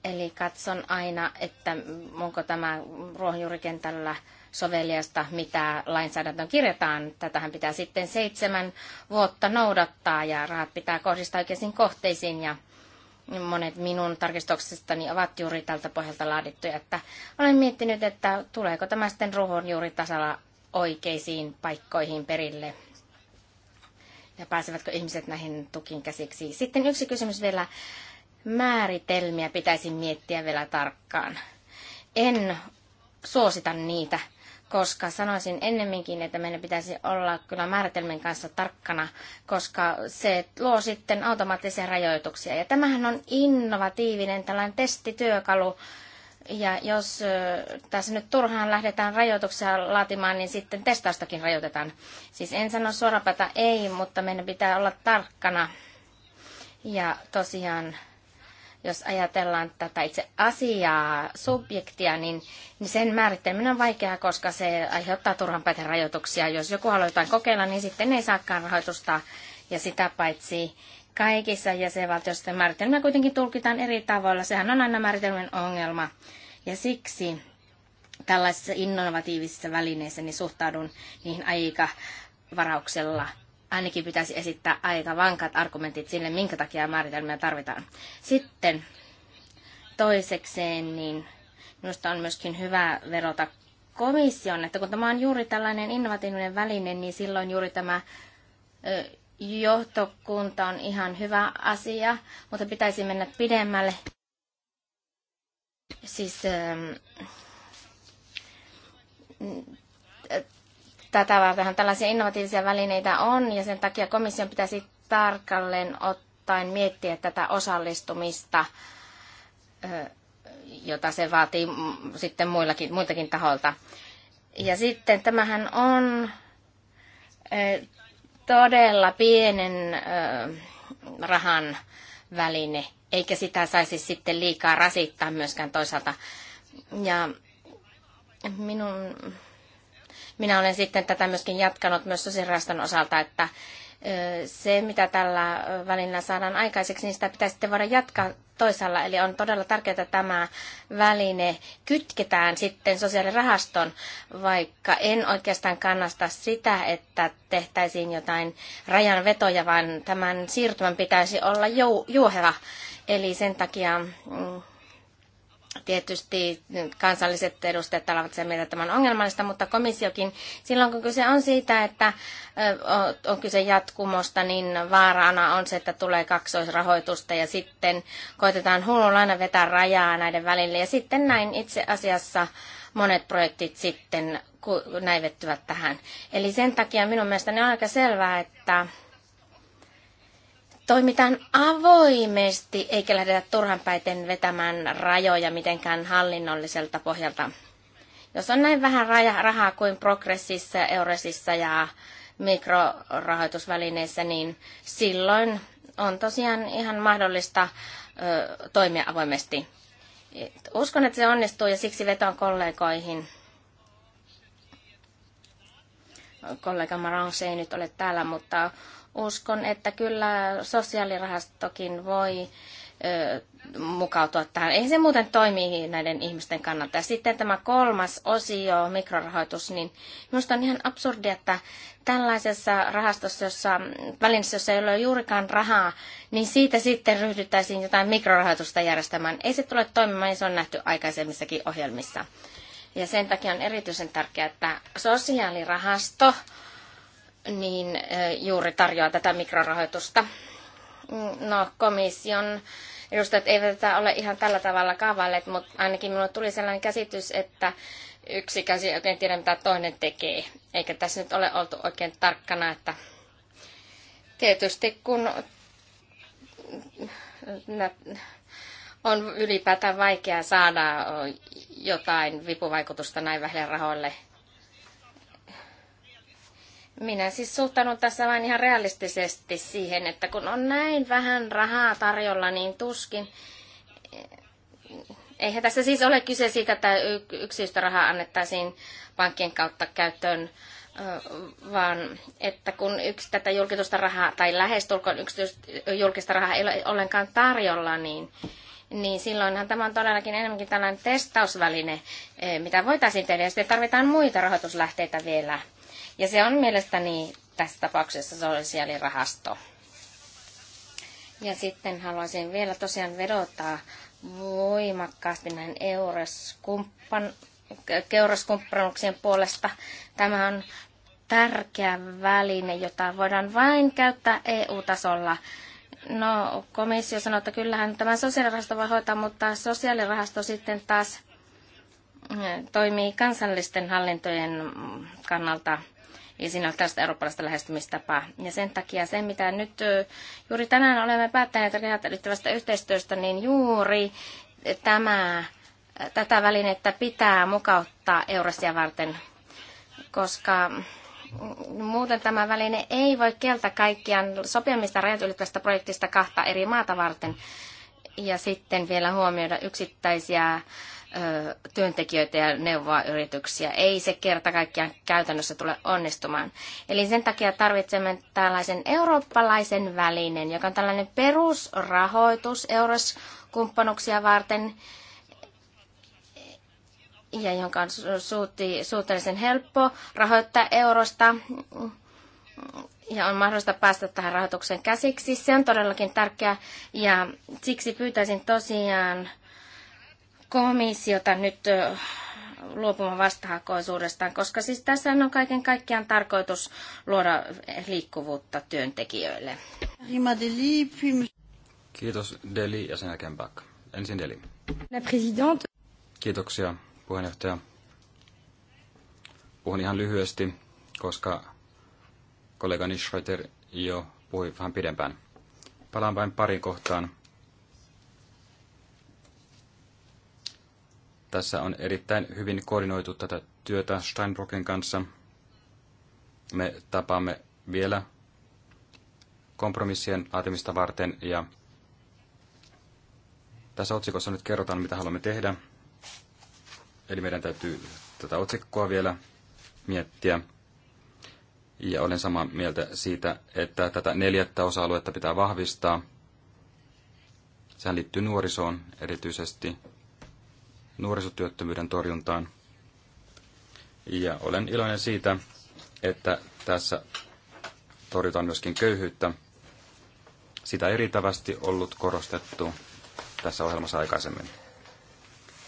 eli katson aina, että onko tämä ruohonjuurikentällä soveliasta, mitä lainsäädäntöön kirjataan. Tätähän pitää sitten seitsemän vuotta noudattaa ja rahat pitää kohdistaa oikeisiin kohteisiin ja Monet minun tarkistuksestani ovat juuri tältä pohjalta laadittuja, että olen miettinyt, että tuleeko tämä sitten tasalla oikeisiin paikkoihin perille ja pääsevätkö ihmiset näihin tukin käsiksi. Sitten yksi kysymys vielä. Määritelmiä pitäisi miettiä vielä tarkkaan. En suosita niitä koska sanoisin ennemminkin, että meidän pitäisi olla kyllä määritelmien kanssa tarkkana, koska se luo sitten automaattisia rajoituksia. Ja tämähän on innovatiivinen tällainen testityökalu, ja jos tässä nyt turhaan lähdetään rajoituksia laatimaan, niin sitten testaustakin rajoitetaan. Siis en sano suorapäätä ei, mutta meidän pitää olla tarkkana. Ja tosiaan jos ajatellaan tätä itse asiaa, subjektia, niin, niin sen määrittelminen on vaikeaa, koska se aiheuttaa turhan päitä rajoituksia. Jos joku haluaa jotain kokeilla, niin sitten ei saakaan rahoitusta. Ja sitä paitsi kaikissa jäsenvaltioissa määritelmä kuitenkin tulkitaan eri tavoilla. Sehän on aina määritelmän ongelma. Ja siksi tällaisissa innovatiivisissa välineissä niin suhtaudun niihin aika varauksella ainakin pitäisi esittää aika vankat argumentit sille, minkä takia määritelmiä tarvitaan. Sitten toisekseen, niin minusta on myöskin hyvä verota komission, että kun tämä on juuri tällainen innovatiivinen väline, niin silloin juuri tämä johtokunta on ihan hyvä asia, mutta pitäisi mennä pidemmälle. Siis Tätä vartenhan tällaisia innovatiivisia välineitä on ja sen takia komission pitäisi tarkalleen ottaen miettiä tätä osallistumista, jota se vaatii sitten muillakin, muiltakin taholta. Ja sitten tämähän on todella pienen rahan väline, eikä sitä saisi sitten liikaa rasittaa myöskään toisaalta. Ja minun minä olen sitten tätä myöskin jatkanut myös sosiaaliraston osalta, että se, mitä tällä välillä saadaan aikaiseksi, niin sitä pitäisi sitten voida jatkaa toisaalla. Eli on todella tärkeää, että tämä väline kytketään sitten sosiaalirahaston, vaikka en oikeastaan kannasta sitä, että tehtäisiin jotain rajanvetoja, vaan tämän siirtymän pitäisi olla jou- juoheva. Eli sen takia mm, Tietysti kansalliset edustajat alavat sen mieltä tämän ongelmallista, mutta komissiokin silloin kun kyse on siitä, että on kyse jatkumosta, niin vaarana on se, että tulee kaksoisrahoitusta ja sitten koitetaan hullulla aina vetää rajaa näiden välille. Ja sitten näin itse asiassa monet projektit sitten näivettyvät tähän. Eli sen takia minun mielestäni on aika selvää, että toimitaan avoimesti eikä lähdetä turhanpäiten vetämään rajoja mitenkään hallinnolliselta pohjalta. Jos on näin vähän rahaa kuin progressissa, euresissa ja mikrorahoitusvälineissä, niin silloin on tosiaan ihan mahdollista ö, toimia avoimesti. Uskon, että se onnistuu ja siksi vetoan kollegoihin kollega Marange ei nyt ole täällä, mutta uskon, että kyllä sosiaalirahastokin voi ö, mukautua tähän. Eihän se muuten toimi näiden ihmisten kannalta. Ja sitten tämä kolmas osio, mikrorahoitus, niin minusta on ihan absurdi, että tällaisessa rahastossa, jossa välineessä, jossa ei ole juurikaan rahaa, niin siitä sitten ryhdyttäisiin jotain mikrorahoitusta järjestämään. Ei se tule toimimaan, ja se on nähty aikaisemmissakin ohjelmissa. Ja sen takia on erityisen tärkeää, että sosiaalirahasto niin juuri tarjoaa tätä mikrorahoitusta. Mm, no, komission edustajat eivät tätä ole ihan tällä tavalla kaavailleet, mutta ainakin minulle tuli sellainen käsitys, että yksi käsi oikein tiedä, mitä toinen tekee. Eikä tässä nyt ole oltu oikein tarkkana, että tietysti kun on ylipäätään vaikea saada jotain vipuvaikutusta näin vähille rahoille. Minä siis suhtaudun tässä vain ihan realistisesti siihen, että kun on näin vähän rahaa tarjolla, niin tuskin. Eihän tässä siis ole kyse siitä, että yksityistä rahaa annettaisiin pankkien kautta käyttöön, vaan että kun yksi tätä julkista rahaa tai lähestulkoon yksityistä, julkista rahaa ei ole ollenkaan tarjolla, niin niin silloinhan tämä on todellakin enemmänkin tällainen testausväline, eh, mitä voitaisiin tehdä, ja sitten tarvitaan muita rahoituslähteitä vielä. Ja se on mielestäni tässä tapauksessa sosiaalirahasto. Ja sitten haluaisin vielä tosiaan vedota voimakkaasti näin euroskumppan, puolesta. Tämä on tärkeä väline, jota voidaan vain käyttää EU-tasolla No, komissio sanoi, että kyllähän tämä sosiaalirahasto voi hoitaa, mutta sosiaalirahasto sitten taas eh, toimii kansallisten hallintojen kannalta ja siinä on tästä eurooppalaista lähestymistapaa. Ja sen takia se, mitä nyt eh, juuri tänään olemme päättäneet rajat yhteistyöstä, niin juuri tämä, eh, tätä välinettä pitää mukauttaa Eurasia varten, koska Muuten tämä väline ei voi kieltää kaikkiaan sopimista rajat ylittävästä projektista kahta eri maata varten. Ja sitten vielä huomioida yksittäisiä työntekijöitä ja neuvoa yrityksiä. Ei se kerta kaikkiaan käytännössä tule onnistumaan. Eli sen takia tarvitsemme tällaisen eurooppalaisen välinen, joka on tällainen perusrahoitus euroskumppanuksia varten, ja jonka on suutti, suhteellisen helppo rahoittaa eurosta ja on mahdollista päästä tähän rahoitukseen käsiksi. Se on todellakin tärkeää ja siksi pyytäisin tosiaan komissiota nyt luopumaan vastahakoisuudestaan, koska siis tässä on kaiken kaikkiaan tarkoitus luoda liikkuvuutta työntekijöille. Kiitos Deli ja sen jälkeen Back. Ensin Deli. La présidente. Kiitoksia puheenjohtaja. Puhun ihan lyhyesti, koska kollegani Schroeder jo puhui vähän pidempään. Palaan vain pariin kohtaan. Tässä on erittäin hyvin koordinoitu tätä työtä Steinbrocken kanssa. Me tapaamme vielä kompromissien laatimista varten ja tässä otsikossa nyt kerrotaan, mitä haluamme tehdä Eli meidän täytyy tätä otsikkoa vielä miettiä. Ja olen samaa mieltä siitä, että tätä neljättä osa-aluetta pitää vahvistaa. Sehän liittyy nuorisoon erityisesti nuorisotyöttömyyden torjuntaan. Ja olen iloinen siitä, että tässä torjutaan myöskin köyhyyttä. Sitä ei riittävästi ollut korostettu tässä ohjelmassa aikaisemmin.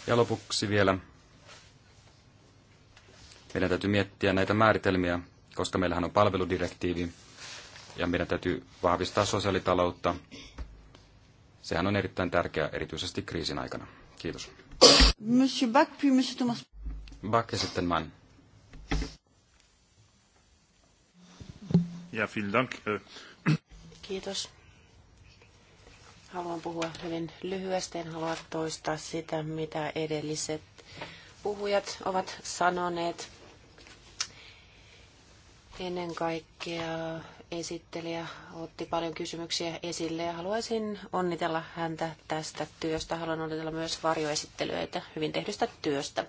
Ja lopuksi vielä meidän täytyy miettiä näitä määritelmiä, koska meillähän on palveludirektiivi ja meidän täytyy vahvistaa sosiaalitaloutta. Sehän on erittäin tärkeää erityisesti kriisin aikana. Kiitos. Monsieur Bach, puis Monsieur Thomas. Bach ja sitten Mann. Ja, vielen Dank. Kiitos. Haluan puhua hyvin lyhyesti, en halua toistaa sitä, mitä edelliset puhujat ovat sanoneet. Ennen kaikkea esittelijä otti paljon kysymyksiä esille ja haluaisin onnitella häntä tästä työstä. Haluan onnitella myös varjoesittelyitä hyvin tehdystä työstä.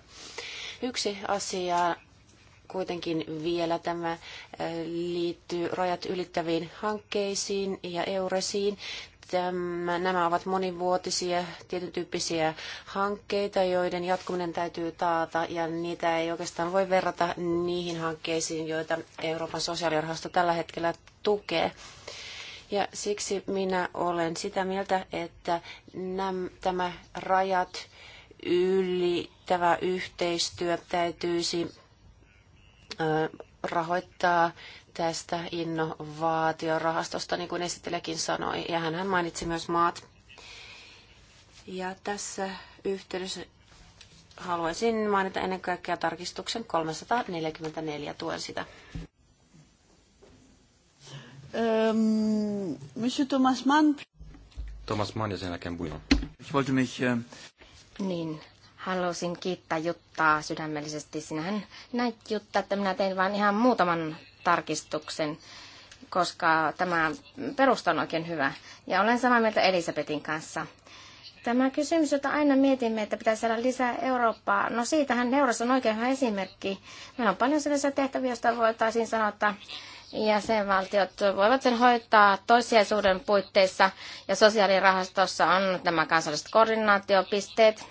Yksi asia kuitenkin vielä tämä liittyy rajat ylittäviin hankkeisiin ja euresiin. Tämä, ehm, nämä ovat monivuotisia, tietyn tyyppisiä hankkeita, joiden jatkuminen täytyy taata, ja niitä ei oikeastaan voi verrata niihin hankkeisiin, joita Euroopan sosiaalirahasto tällä hetkellä tukee. Ja siksi minä olen sitä mieltä, että nämä, tämä rajat ylittävä yhteistyö täytyisi rahoittaa tästä innovaatiorahastosta, niin kuin esittelijäkin sanoi, ja hän mainitsi myös maat. Ja tässä yhteydessä haluaisin mainita ennen kaikkea tarkistuksen 344, tuen sitä. Ähm, Monsieur Thomas Mann. Thomas Mann ja sen jälkeen Bujon. mich, äh... Niin, halusin kiittää Juttaa sydämellisesti. Sinähän näit Jutta, että minä tein vain ihan muutaman tarkistuksen, koska tämä perusta on oikein hyvä. Ja olen samaa mieltä Elisabetin kanssa. Tämä kysymys, jota aina mietimme, että pitäisi saada lisää Eurooppaa, no siitähän neurossa on oikein hyvä esimerkki. Meillä on paljon sellaisia tehtäviä, joista voitaisiin sanoa, että jäsenvaltiot voivat sen hoitaa toissijaisuuden puitteissa ja sosiaalirahastossa on nämä kansalliset koordinaatiopisteet,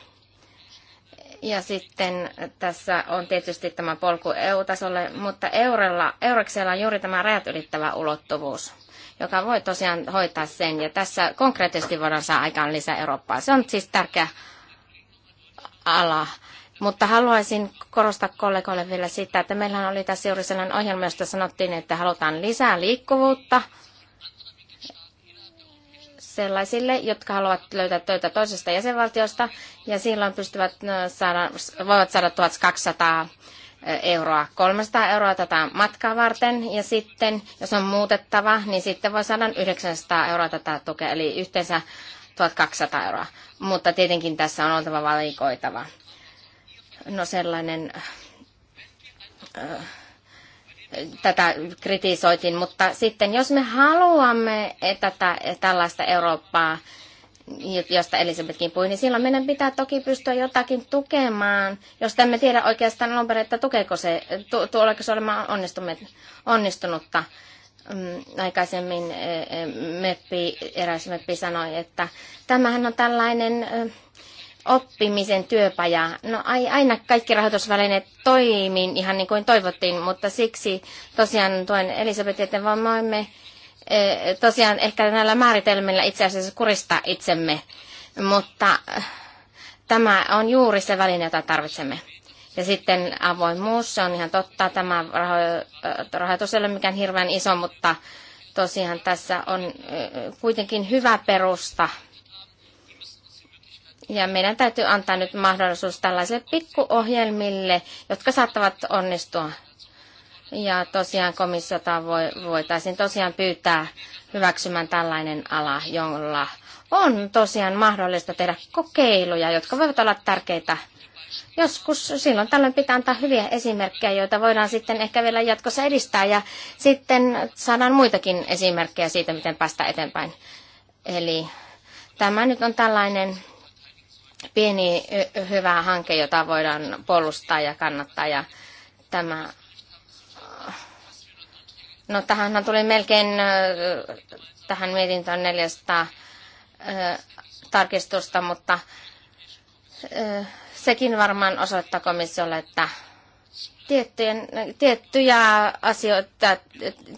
ja sitten tässä on tietysti tämä polku EU-tasolle, mutta eurolla, euroksella on juuri tämä rajat ylittävä ulottuvuus, joka voi tosiaan hoitaa sen. Ja tässä konkreettisesti voidaan saada aikaan lisää Eurooppaa. Se on siis tärkeä ala. Mutta haluaisin korostaa kollegoille vielä sitä, että meillähän oli tässä juuri sellainen ohjelma, josta sanottiin, että halutaan lisää liikkuvuutta – sellaisille, jotka haluavat löytää töitä toisesta jäsenvaltiosta ja silloin pystyvät saada, voivat saada 1200 euroa, 300 euroa tätä matkaa varten ja sitten, jos on muutettava, niin sitten voi saada 900 euroa tätä tukea, eli yhteensä 1200 euroa. Mutta tietenkin tässä on oltava valikoitava. No sellainen äh, tätä kritisoitin, mutta sitten jos me haluamme tätä, tällaista Eurooppaa, josta Elisabetkin puhui, niin silloin meidän pitää toki pystyä jotakin tukemaan, jos emme tiedä oikeastaan alun perin, että tukeeko se, tu, tu, oliko se olemaan onnistunutta. Mm, aikaisemmin eh, eh, meppi, eräs meppi sanoi, että tämähän on tällainen eh, oppimisen työpaja. No aina kaikki rahoitusvälineet toimii ihan niin kuin toivottiin, mutta siksi tosiaan tuen Elisabetin, että voimme e, tosiaan ehkä näillä määritelmillä itse asiassa kuristaa itsemme, mutta e, tämä on juuri se väline, jota tarvitsemme. Ja sitten avoimuus, se on ihan totta, tämä e, rahoitus ei ole mikään hirveän iso, mutta tosiaan tässä on kuitenkin hyvä perusta ja meidän täytyy antaa nyt mahdollisuus tällaisille pikkuohjelmille, jotka saattavat onnistua. Ja tosiaan komissiota voitaisiin tosiaan pyytää hyväksymään tällainen ala, jolla on tosiaan mahdollista tehdä kokeiluja, jotka voivat olla tärkeitä. Joskus silloin tällöin pitää antaa hyviä esimerkkejä, joita voidaan sitten ehkä vielä jatkossa edistää ja sitten saadaan muitakin esimerkkejä siitä, miten päästä eteenpäin. Eli tämä nyt on tällainen pieni hyvä hanke, jota voidaan puolustaa ja kannattaa. Ja tämä No tähän tuli melkein tähän mietintöön 400 tarkistusta, mutta sekin varmaan osoittaa komissiolle, että tiettyjen, tiettyjä asioita,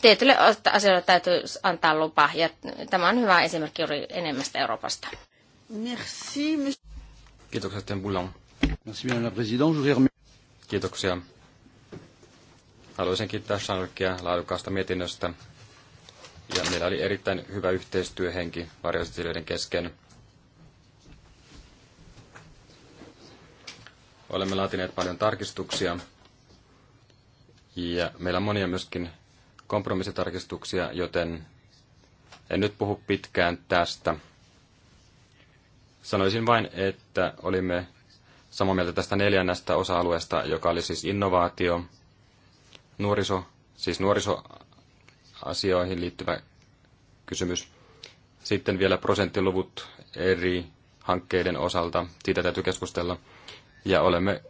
tietylle asioille täytyy antaa lupa. Ja tämä on hyvä esimerkki juuri enemmästä Euroopasta. Merci. Kiitoksia, Sten Boulon. Kiitoksia. Haluaisin kiittää Shanrikia laadukkaasta mietinnöstä. Ja meillä oli erittäin hyvä yhteistyöhenki varjoesittelijöiden kesken. Olemme laatineet paljon tarkistuksia. Ja meillä on monia myöskin kompromissitarkistuksia, joten en nyt puhu pitkään tästä. Sanoisin vain, että olimme samaa mieltä tästä neljännestä osa-alueesta, joka oli siis innovaatio, nuoriso, siis nuorisoasioihin liittyvä kysymys. Sitten vielä prosenttiluvut eri hankkeiden osalta, siitä täytyy keskustella. Ja olemme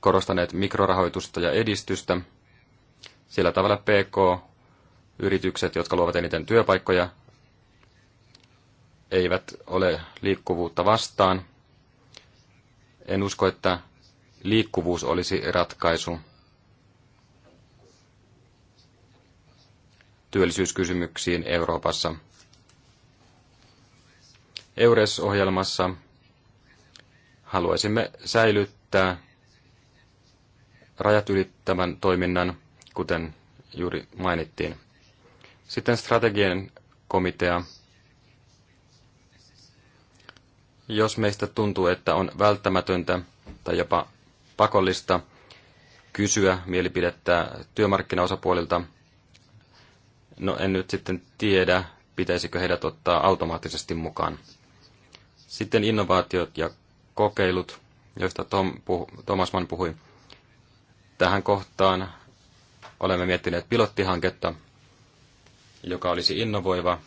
korostaneet mikrorahoitusta ja edistystä. Sillä tavalla PK-yritykset, jotka luovat eniten työpaikkoja, eivät ole liikkuvuutta vastaan. En usko, että liikkuvuus olisi ratkaisu työllisyyskysymyksiin Euroopassa. EURES-ohjelmassa haluaisimme säilyttää rajat ylittävän toiminnan, kuten juuri mainittiin. Sitten strategian komitea Jos meistä tuntuu, että on välttämätöntä tai jopa pakollista kysyä mielipidettä työmarkkinaosapuolilta, no en nyt sitten tiedä, pitäisikö heidät ottaa automaattisesti mukaan. Sitten innovaatiot ja kokeilut, joista Tom puhu, Thomas Mann puhui. Tähän kohtaan olemme miettineet pilottihanketta, joka olisi innovoiva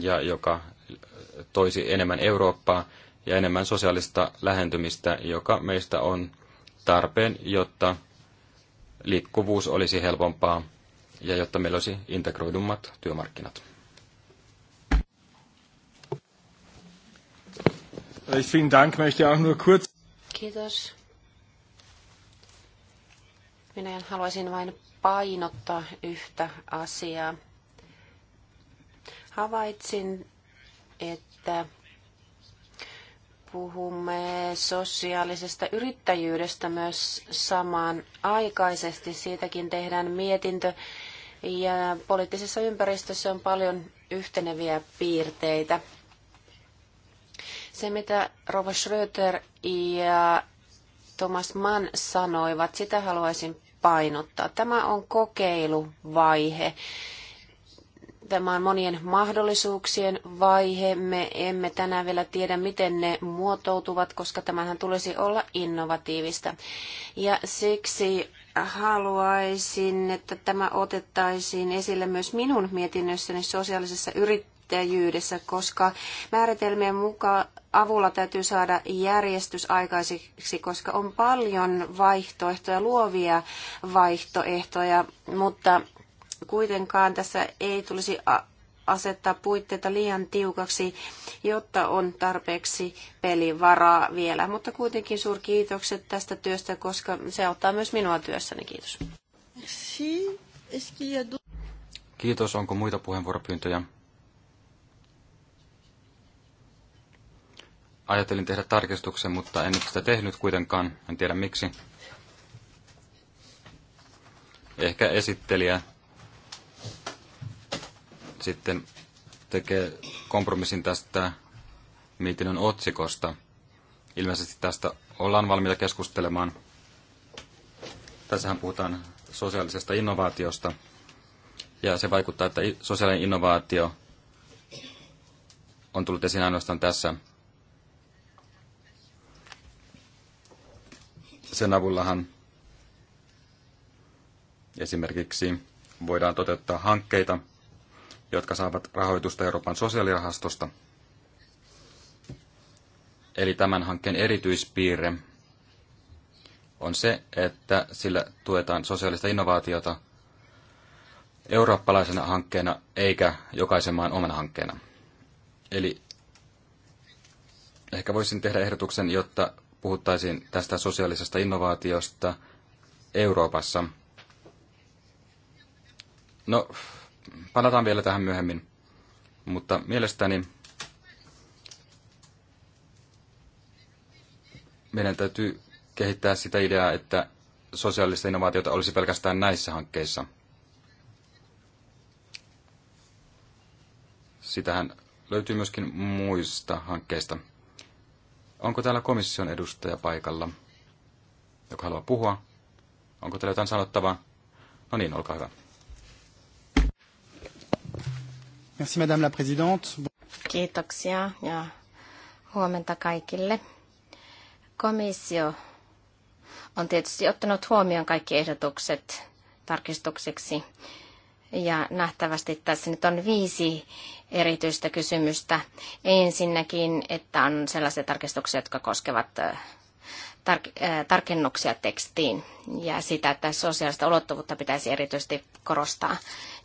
ja joka toisi enemmän Eurooppaa ja enemmän sosiaalista lähentymistä, joka meistä on tarpeen, jotta liikkuvuus olisi helpompaa ja jotta meillä olisi integroidummat työmarkkinat. Dank, möchte auch nur kurz. Kiitos. Minä haluaisin vain painottaa yhtä asiaa. Havaitsin, että puhumme sosiaalisesta yrittäjyydestä myös samaan aikaisesti. Siitäkin tehdään mietintö ja poliittisessa ympäristössä on paljon yhteneviä piirteitä. Se, mitä Rova Schröter ja Thomas Mann sanoivat, sitä haluaisin painottaa. Tämä on kokeiluvaihe. Tämä on monien mahdollisuuksien vaihe. Me emme tänään vielä tiedä, miten ne muotoutuvat, koska tämähän tulisi olla innovatiivista. Ja siksi haluaisin, että tämä otettaisiin esille myös minun mietinnössäni sosiaalisessa yrittäjyydessä, koska määritelmien mukaan avulla täytyy saada järjestys aikaiseksi, koska on paljon vaihtoehtoja, luovia vaihtoehtoja, mutta Kuitenkaan tässä ei tulisi asettaa puitteita liian tiukaksi, jotta on tarpeeksi pelivaraa vielä. Mutta kuitenkin suuri kiitokset tästä työstä, koska se auttaa myös minua työssäni. Kiitos. Kiitos. Onko muita puheenvuoropyyntöjä? Ajattelin tehdä tarkistuksen, mutta en nyt sitä tehnyt kuitenkaan. En tiedä miksi. Ehkä esittelijä sitten tekee kompromissin tästä mietinnön otsikosta. Ilmeisesti tästä ollaan valmiita keskustelemaan. Tässähän puhutaan sosiaalisesta innovaatiosta. Ja se vaikuttaa, että sosiaalinen innovaatio on tullut esiin ainoastaan tässä. Sen avullahan esimerkiksi voidaan toteuttaa hankkeita, jotka saavat rahoitusta Euroopan sosiaalirahastosta. Eli tämän hankkeen erityispiirre on se, että sillä tuetaan sosiaalista innovaatiota eurooppalaisena hankkeena eikä jokaisen maan omana hankkeena. Eli ehkä voisin tehdä ehdotuksen, jotta puhuttaisiin tästä sosiaalisesta innovaatiosta Euroopassa. No, Palataan vielä tähän myöhemmin, mutta mielestäni meidän täytyy kehittää sitä ideaa, että sosiaalista innovaatiota olisi pelkästään näissä hankkeissa. Sitähän löytyy myöskin muista hankkeista. Onko täällä komission edustaja paikalla, joka haluaa puhua? Onko täällä jotain sanottavaa? No niin, olkaa hyvä. Merci Madame la Présidente. Kiitoksia ja huomenta kaikille. Komissio on tietysti ottanut huomioon kaikki ehdotukset tarkistukseksi. Ja nähtävästi tässä nyt on viisi erityistä kysymystä. Ensinnäkin, että on sellaisia tarkistuksia, jotka koskevat tar- tarkennuksia tekstiin ja sitä, että sosiaalista ulottuvuutta pitäisi erityisesti korostaa.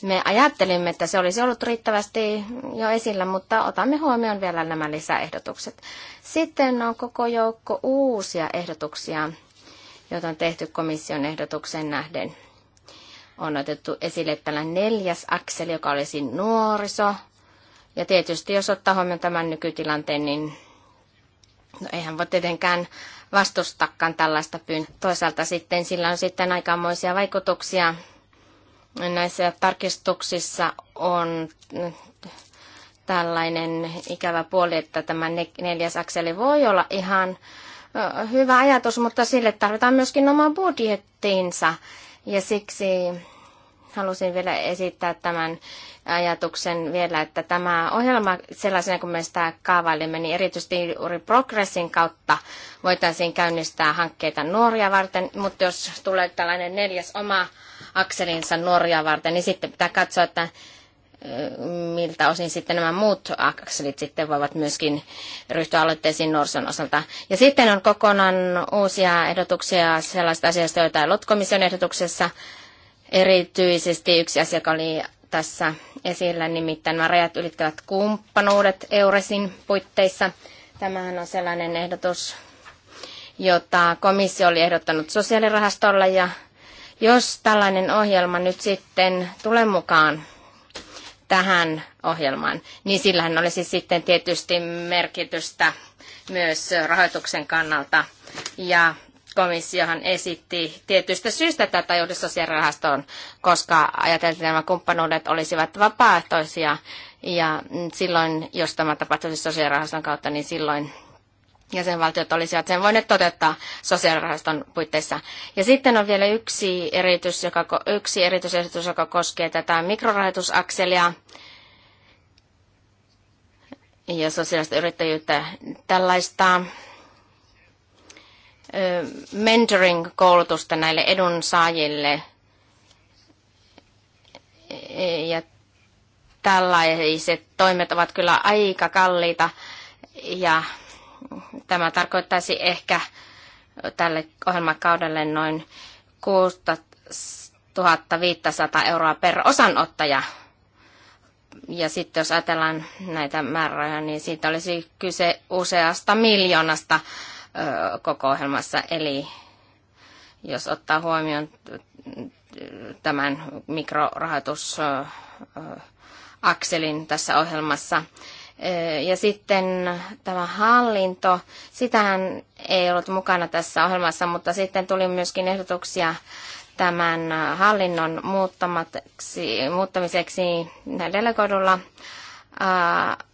Me ajattelimme, että se olisi ollut riittävästi jo esillä, mutta otamme huomioon vielä nämä lisäehdotukset. Sitten on koko joukko uusia ehdotuksia, joita on tehty komission ehdotukseen nähden. On otettu esille tällä neljäs akseli, joka olisi nuoriso. Ja tietysti jos ottaa huomioon tämän nykytilanteen, niin no eihän voi tietenkään vastustakaan tällaista pyyntöä. Toisaalta sitten sillä on sitten aikamoisia vaikutuksia. Näissä tarkistuksissa on tällainen ikävä puoli, että tämä neljäs akseli voi olla ihan hyvä ajatus, mutta sille tarvitaan myöskin oma budjettiinsa. Ja siksi halusin vielä esittää tämän ajatuksen vielä, että tämä ohjelma sellaisena kuin me sitä kaavailimme, niin erityisesti juuri Progressin kautta voitaisiin käynnistää hankkeita nuoria varten, mutta jos tulee tällainen neljäs oma akselinsa nuoria varten, niin sitten pitää katsoa, että miltä osin sitten nämä muut akselit sitten voivat myöskin ryhtyä aloitteisiin nuorison osalta. Ja sitten on kokonaan uusia ehdotuksia sellaista asiasta, joita ei ollut komission ehdotuksessa, Erityisesti yksi asia, joka oli tässä esillä, nimittäin nämä rajat ylittävät kumppanuudet Euresin puitteissa. Tämähän on sellainen ehdotus, jota komissio oli ehdottanut sosiaalirahastolla ja jos tällainen ohjelma nyt sitten tulee mukaan tähän ohjelmaan, niin sillähän olisi sitten tietysti merkitystä myös rahoituksen kannalta. Ja komissiohan esitti tietystä syystä tätä johdistosjärjestelmärahastoon, koska ajateltiin, että nämä kumppanuudet olisivat vapaaehtoisia. Ja silloin, jos tämä tapahtuisi sosiaalirahaston kautta, niin silloin jäsenvaltiot olisivat sen voineet toteuttaa sosiaalirahaston puitteissa. Ja sitten on vielä yksi, eritys, joka, yksi erityisesitys, joka koskee tätä mikrorahoitusakselia ja sosiaalista yrittäjyyttä tällaista mentoring-koulutusta näille edunsaajille. E, ja tällaiset toimet ovat kyllä aika kalliita ja tämä tarkoittaisi ehkä tälle ohjelmakaudelle noin 6500 euroa per osanottaja. Ja sitten jos ajatellaan näitä määrärajoja, niin siitä olisi kyse useasta miljoonasta koko ohjelmassa. Eli jos ottaa huomioon tämän mikrorahoitusakselin tässä ohjelmassa, ja sitten tämä hallinto, sitähän ei ollut mukana tässä ohjelmassa, mutta sitten tuli myöskin ehdotuksia tämän hallinnon muuttamiseksi delegoidulla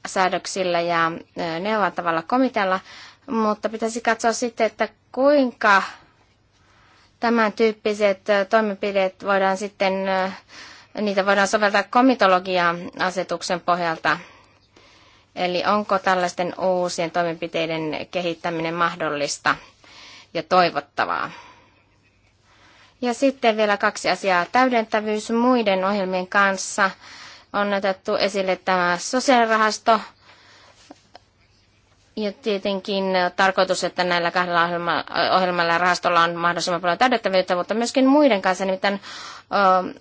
säädöksillä ja neuvontavalla komitealla mutta pitäisi katsoa sitten, että kuinka tämän tyyppiset toimenpiteet voidaan sitten, niitä voidaan soveltaa komitologian asetuksen pohjalta. Eli onko tällaisten uusien toimenpiteiden kehittäminen mahdollista ja toivottavaa? Ja sitten vielä kaksi asiaa. Täydentävyys muiden ohjelmien kanssa on otettu esille tämä sosiaalirahasto – ja tietenkin tarkoitus, että näillä kahdella ohjelma, ohjelmalla ja rahastolla on mahdollisimman paljon täydettävyyttä, mutta myöskin muiden kanssa, nimittäin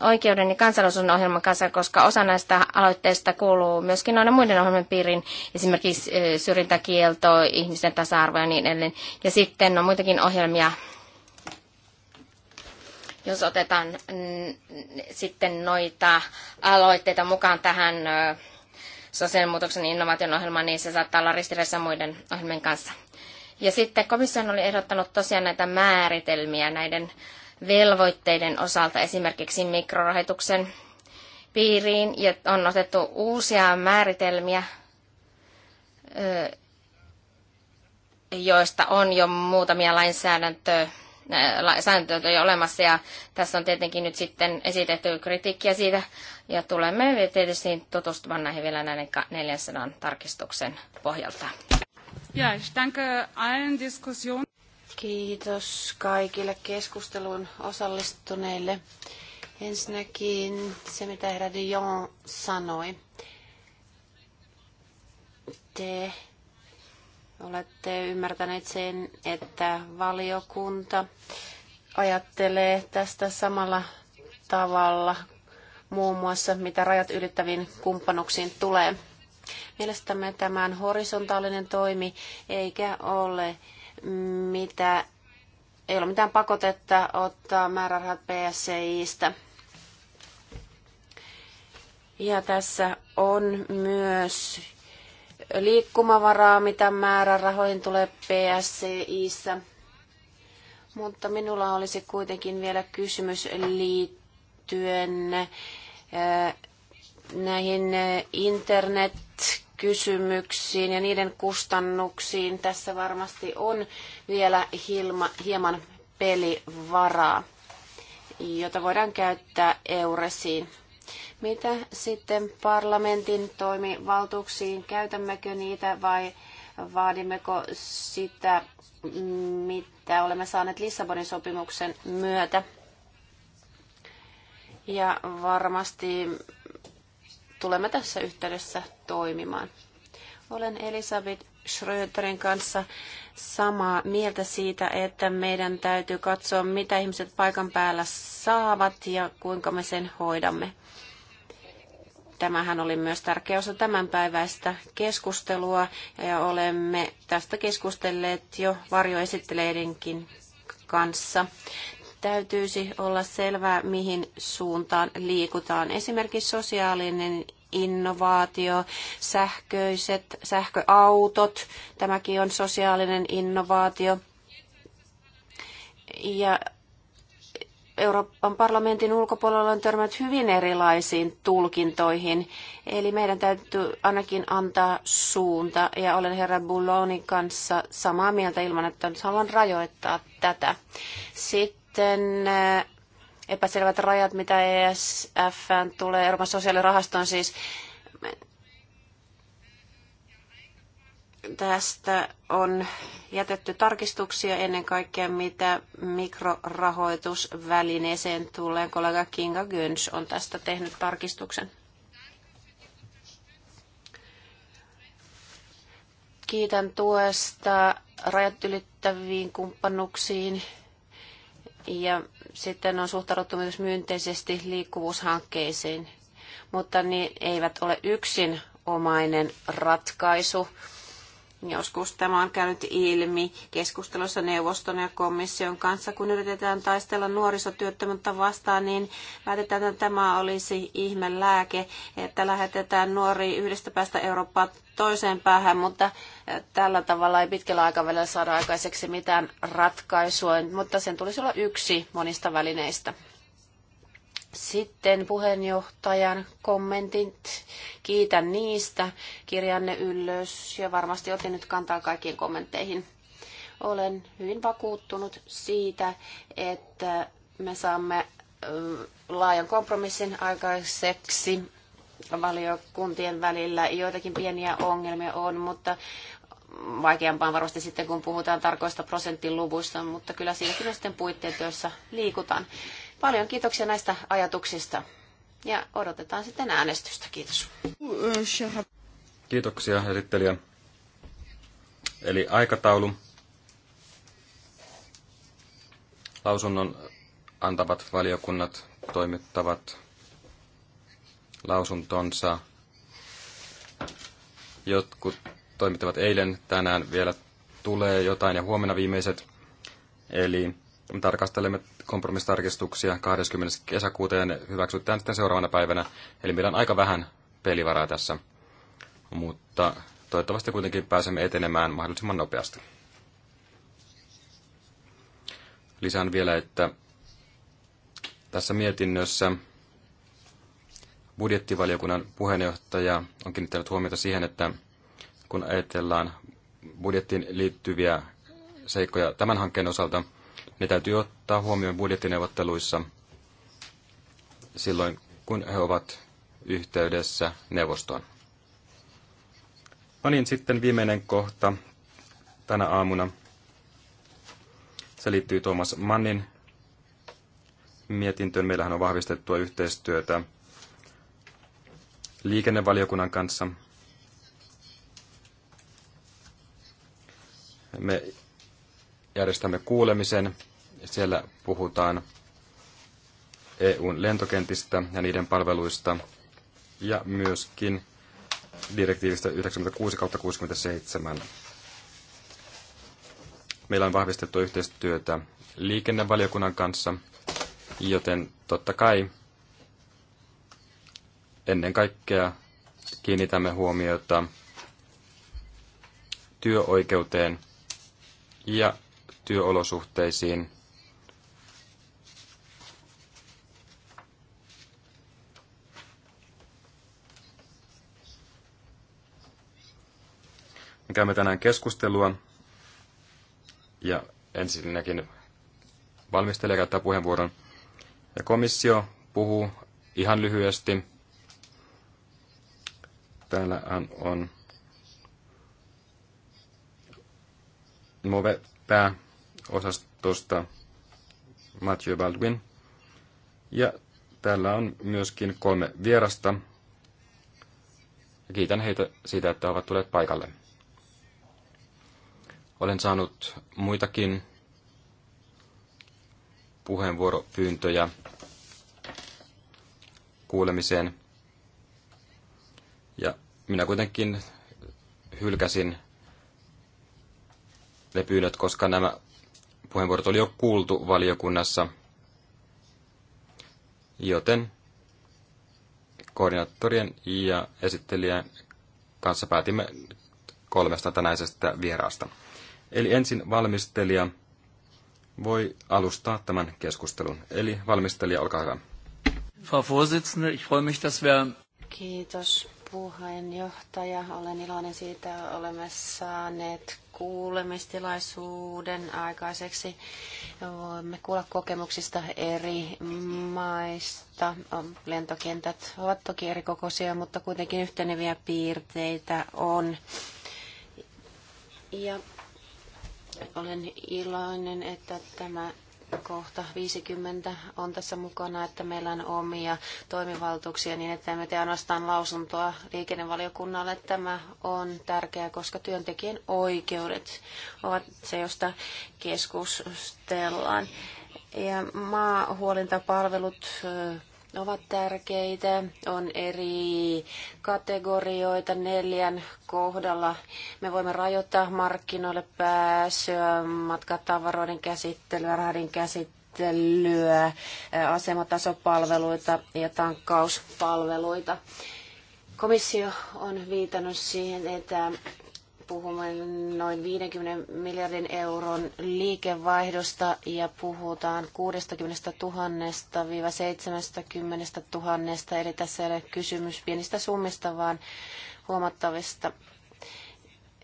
ö, oikeuden ja kansalaisuuden ohjelman kanssa, koska osa näistä aloitteista kuuluu myöskin noiden muiden ohjelmien piiriin, esimerkiksi syrjintäkielto, ihmisten tasa-arvo ja niin edelleen. Ja sitten on muitakin ohjelmia, jos otetaan n, sitten noita aloitteita mukaan tähän ö, muutoksen innovaation ohjelma, niin se saattaa olla ristiriidassa muiden ohjelmien kanssa. Ja sitten komissio oli ehdottanut tosiaan näitä määritelmiä näiden velvoitteiden osalta esimerkiksi mikrorahoituksen piiriin ja on otettu uusia määritelmiä, joista on jo muutamia lainsäädäntöä sääntöjä olemassa ja tässä on tietenkin nyt sitten esitetty kritiikkiä siitä ja tulemme tietysti tutustumaan näihin vielä näiden 400 tarkistuksen pohjalta. Ja, ich danke allen Diskussion. Kiitos kaikille keskusteluun osallistuneille. Ensinnäkin se, mitä herra Dion sanoi. Te Olette ymmärtäneet sen, että valiokunta ajattelee tästä samalla tavalla muun muassa, mitä rajat ylittäviin kumppanuksiin tulee. Mielestämme tämän horisontaalinen toimi eikä ole mitä, ei ole mitään pakotetta ottaa määrärahat PSCIstä. Ja tässä on myös liikkumavaraa, mitä määrärahoihin tulee PSCIssä. Mutta minulla olisi kuitenkin vielä kysymys liittyen eh, näihin eh, internetkysymyksiin ja niiden kustannuksiin. Tässä varmasti on vielä hieman pelivaraa, jota voidaan käyttää Euresiin. Mitä sitten parlamentin toimivaltuuksiin, käytämmekö niitä vai vaadimmeko sitä, mitä olemme saaneet Lissabonin sopimuksen myötä? Ja varmasti tulemme tässä yhteydessä toimimaan. Olen Elisabeth Schröterin kanssa samaa mieltä siitä, että meidän täytyy katsoa, mitä ihmiset paikan päällä saavat ja kuinka me sen hoidamme. Tämähän oli myös tärkeä osa tämänpäiväistä keskustelua ja olemme tästä keskustelleet jo varjoesitteleidenkin kanssa. Täytyisi olla selvää, mihin suuntaan liikutaan. Esimerkiksi sosiaalinen innovaatio, sähköiset, sähköautot, tämäkin on sosiaalinen innovaatio. Ja Euroopan parlamentin ulkopuolella on törmännyt hyvin erilaisiin tulkintoihin, eli meidän täytyy ainakin antaa suunta, ja olen herra Bullonin kanssa samaa mieltä ilman, että nyt haluan rajoittaa tätä. Sitten äh, epäselvät rajat, mitä ESF tulee, Euroopan sosiaalirahastoon siis, Tästä on jätetty tarkistuksia ennen kaikkea, mitä mikrorahoitusvälineeseen tulee. Kollega Kinga Gyns on tästä tehnyt tarkistuksen. Kiitän tuesta rajat ylittäviin kumppanuksiin ja sitten on suhtauduttu myös myönteisesti liikkuvuushankkeisiin, mutta ne eivät ole yksin omainen ratkaisu Joskus tämä on käynyt ilmi keskustelussa neuvoston ja komission kanssa, kun yritetään taistella nuorisotyöttömyyttä vastaan, niin väitetään, että tämä olisi ihme lääke, että lähetetään nuori yhdestä päästä Eurooppaa toiseen päähän, mutta tällä tavalla ei pitkällä aikavälillä saada aikaiseksi mitään ratkaisua, mutta sen tulisi olla yksi monista välineistä. Sitten puheenjohtajan kommentit. Kiitän niistä. Kirjanne ylös ja varmasti otin nyt kantaa kaikkiin kommentteihin. Olen hyvin vakuuttunut siitä, että me saamme laajan kompromissin aikaiseksi valiokuntien välillä. Joitakin pieniä ongelmia on, mutta vaikeampaa varmasti sitten, kun puhutaan tarkoista prosenttiluvuista, mutta kyllä siinäkin on sitten puitteet, joissa liikutaan. Paljon kiitoksia näistä ajatuksista ja odotetaan sitten äänestystä. Kiitos. Kiitoksia esittelijä. Eli aikataulu. Lausunnon antavat valiokunnat toimittavat lausuntonsa. Jotkut toimittavat eilen, tänään vielä tulee jotain ja huomenna viimeiset. Eli me tarkastelemme kompromistarkistuksia 20. kesäkuuta ja ne hyväksytään sitten seuraavana päivänä. Eli meillä on aika vähän pelivaraa tässä, mutta toivottavasti kuitenkin pääsemme etenemään mahdollisimman nopeasti. Lisään vielä, että tässä mietinnössä budjettivaliokunnan puheenjohtaja on kiinnittänyt huomiota siihen, että kun ajatellaan budjettiin liittyviä seikkoja tämän hankkeen osalta – ne täytyy ottaa huomioon budjettineuvotteluissa silloin, kun he ovat yhteydessä neuvostoon. No niin, sitten viimeinen kohta tänä aamuna. Se liittyy Thomas Mannin mietintöön. Meillähän on vahvistettua yhteistyötä liikennevaliokunnan kanssa. Me järjestämme kuulemisen. Siellä puhutaan EUn lentokentistä ja niiden palveluista ja myöskin direktiivistä 96-67. Meillä on vahvistettu yhteistyötä liikennevaliokunnan kanssa, joten totta kai ennen kaikkea kiinnitämme huomiota työoikeuteen ja työolosuhteisiin. Me käymme tänään keskustelua ja ensinnäkin valmistelija käyttää puheenvuoron. Ja komissio puhuu ihan lyhyesti. Täällä on Move pää osastosta Matthew Baldwin. Ja täällä on myöskin kolme vierasta. Kiitän heitä siitä, että ovat tulleet paikalle. Olen saanut muitakin puheenvuoropyyntöjä kuulemiseen. Ja minä kuitenkin hylkäsin ne pyynnöt, koska nämä puheenvuorot oli jo kuultu valiokunnassa, joten koordinaattorien ja esittelijän kanssa päätimme kolmesta tänäisestä vieraasta. Eli ensin valmistelija voi alustaa tämän keskustelun. Eli valmistelija, olkaa hyvä. Frau Vorsitzende, ich freue mich, dass wir... Kiitos puheenjohtaja. Olen iloinen siitä, olemme saaneet kuulemistilaisuuden aikaiseksi. Voimme kuulla kokemuksista eri maista. Lentokentät ovat toki kokoisia, mutta kuitenkin yhteneviä piirteitä on. Ja olen iloinen, että tämä kohta 50 on tässä mukana, että meillä on omia toimivaltuuksia niin, että emme tee ainoastaan lausuntoa liikennevaliokunnalle. Tämä on tärkeää, koska työntekijän oikeudet ovat se, josta keskustellaan. Ja maahuolintapalvelut ovat tärkeitä. On eri kategorioita neljän kohdalla. Me voimme rajoittaa markkinoille pääsyä, matkatavaroiden käsittelyä, rahdin käsittelyä, asematasopalveluita ja tankkauspalveluita. Komissio on viitannut siihen, että puhumme noin 50 miljardin euron liikevaihdosta ja puhutaan 60 000-70 000, eli tässä ei ole kysymys pienistä summista, vaan huomattavista.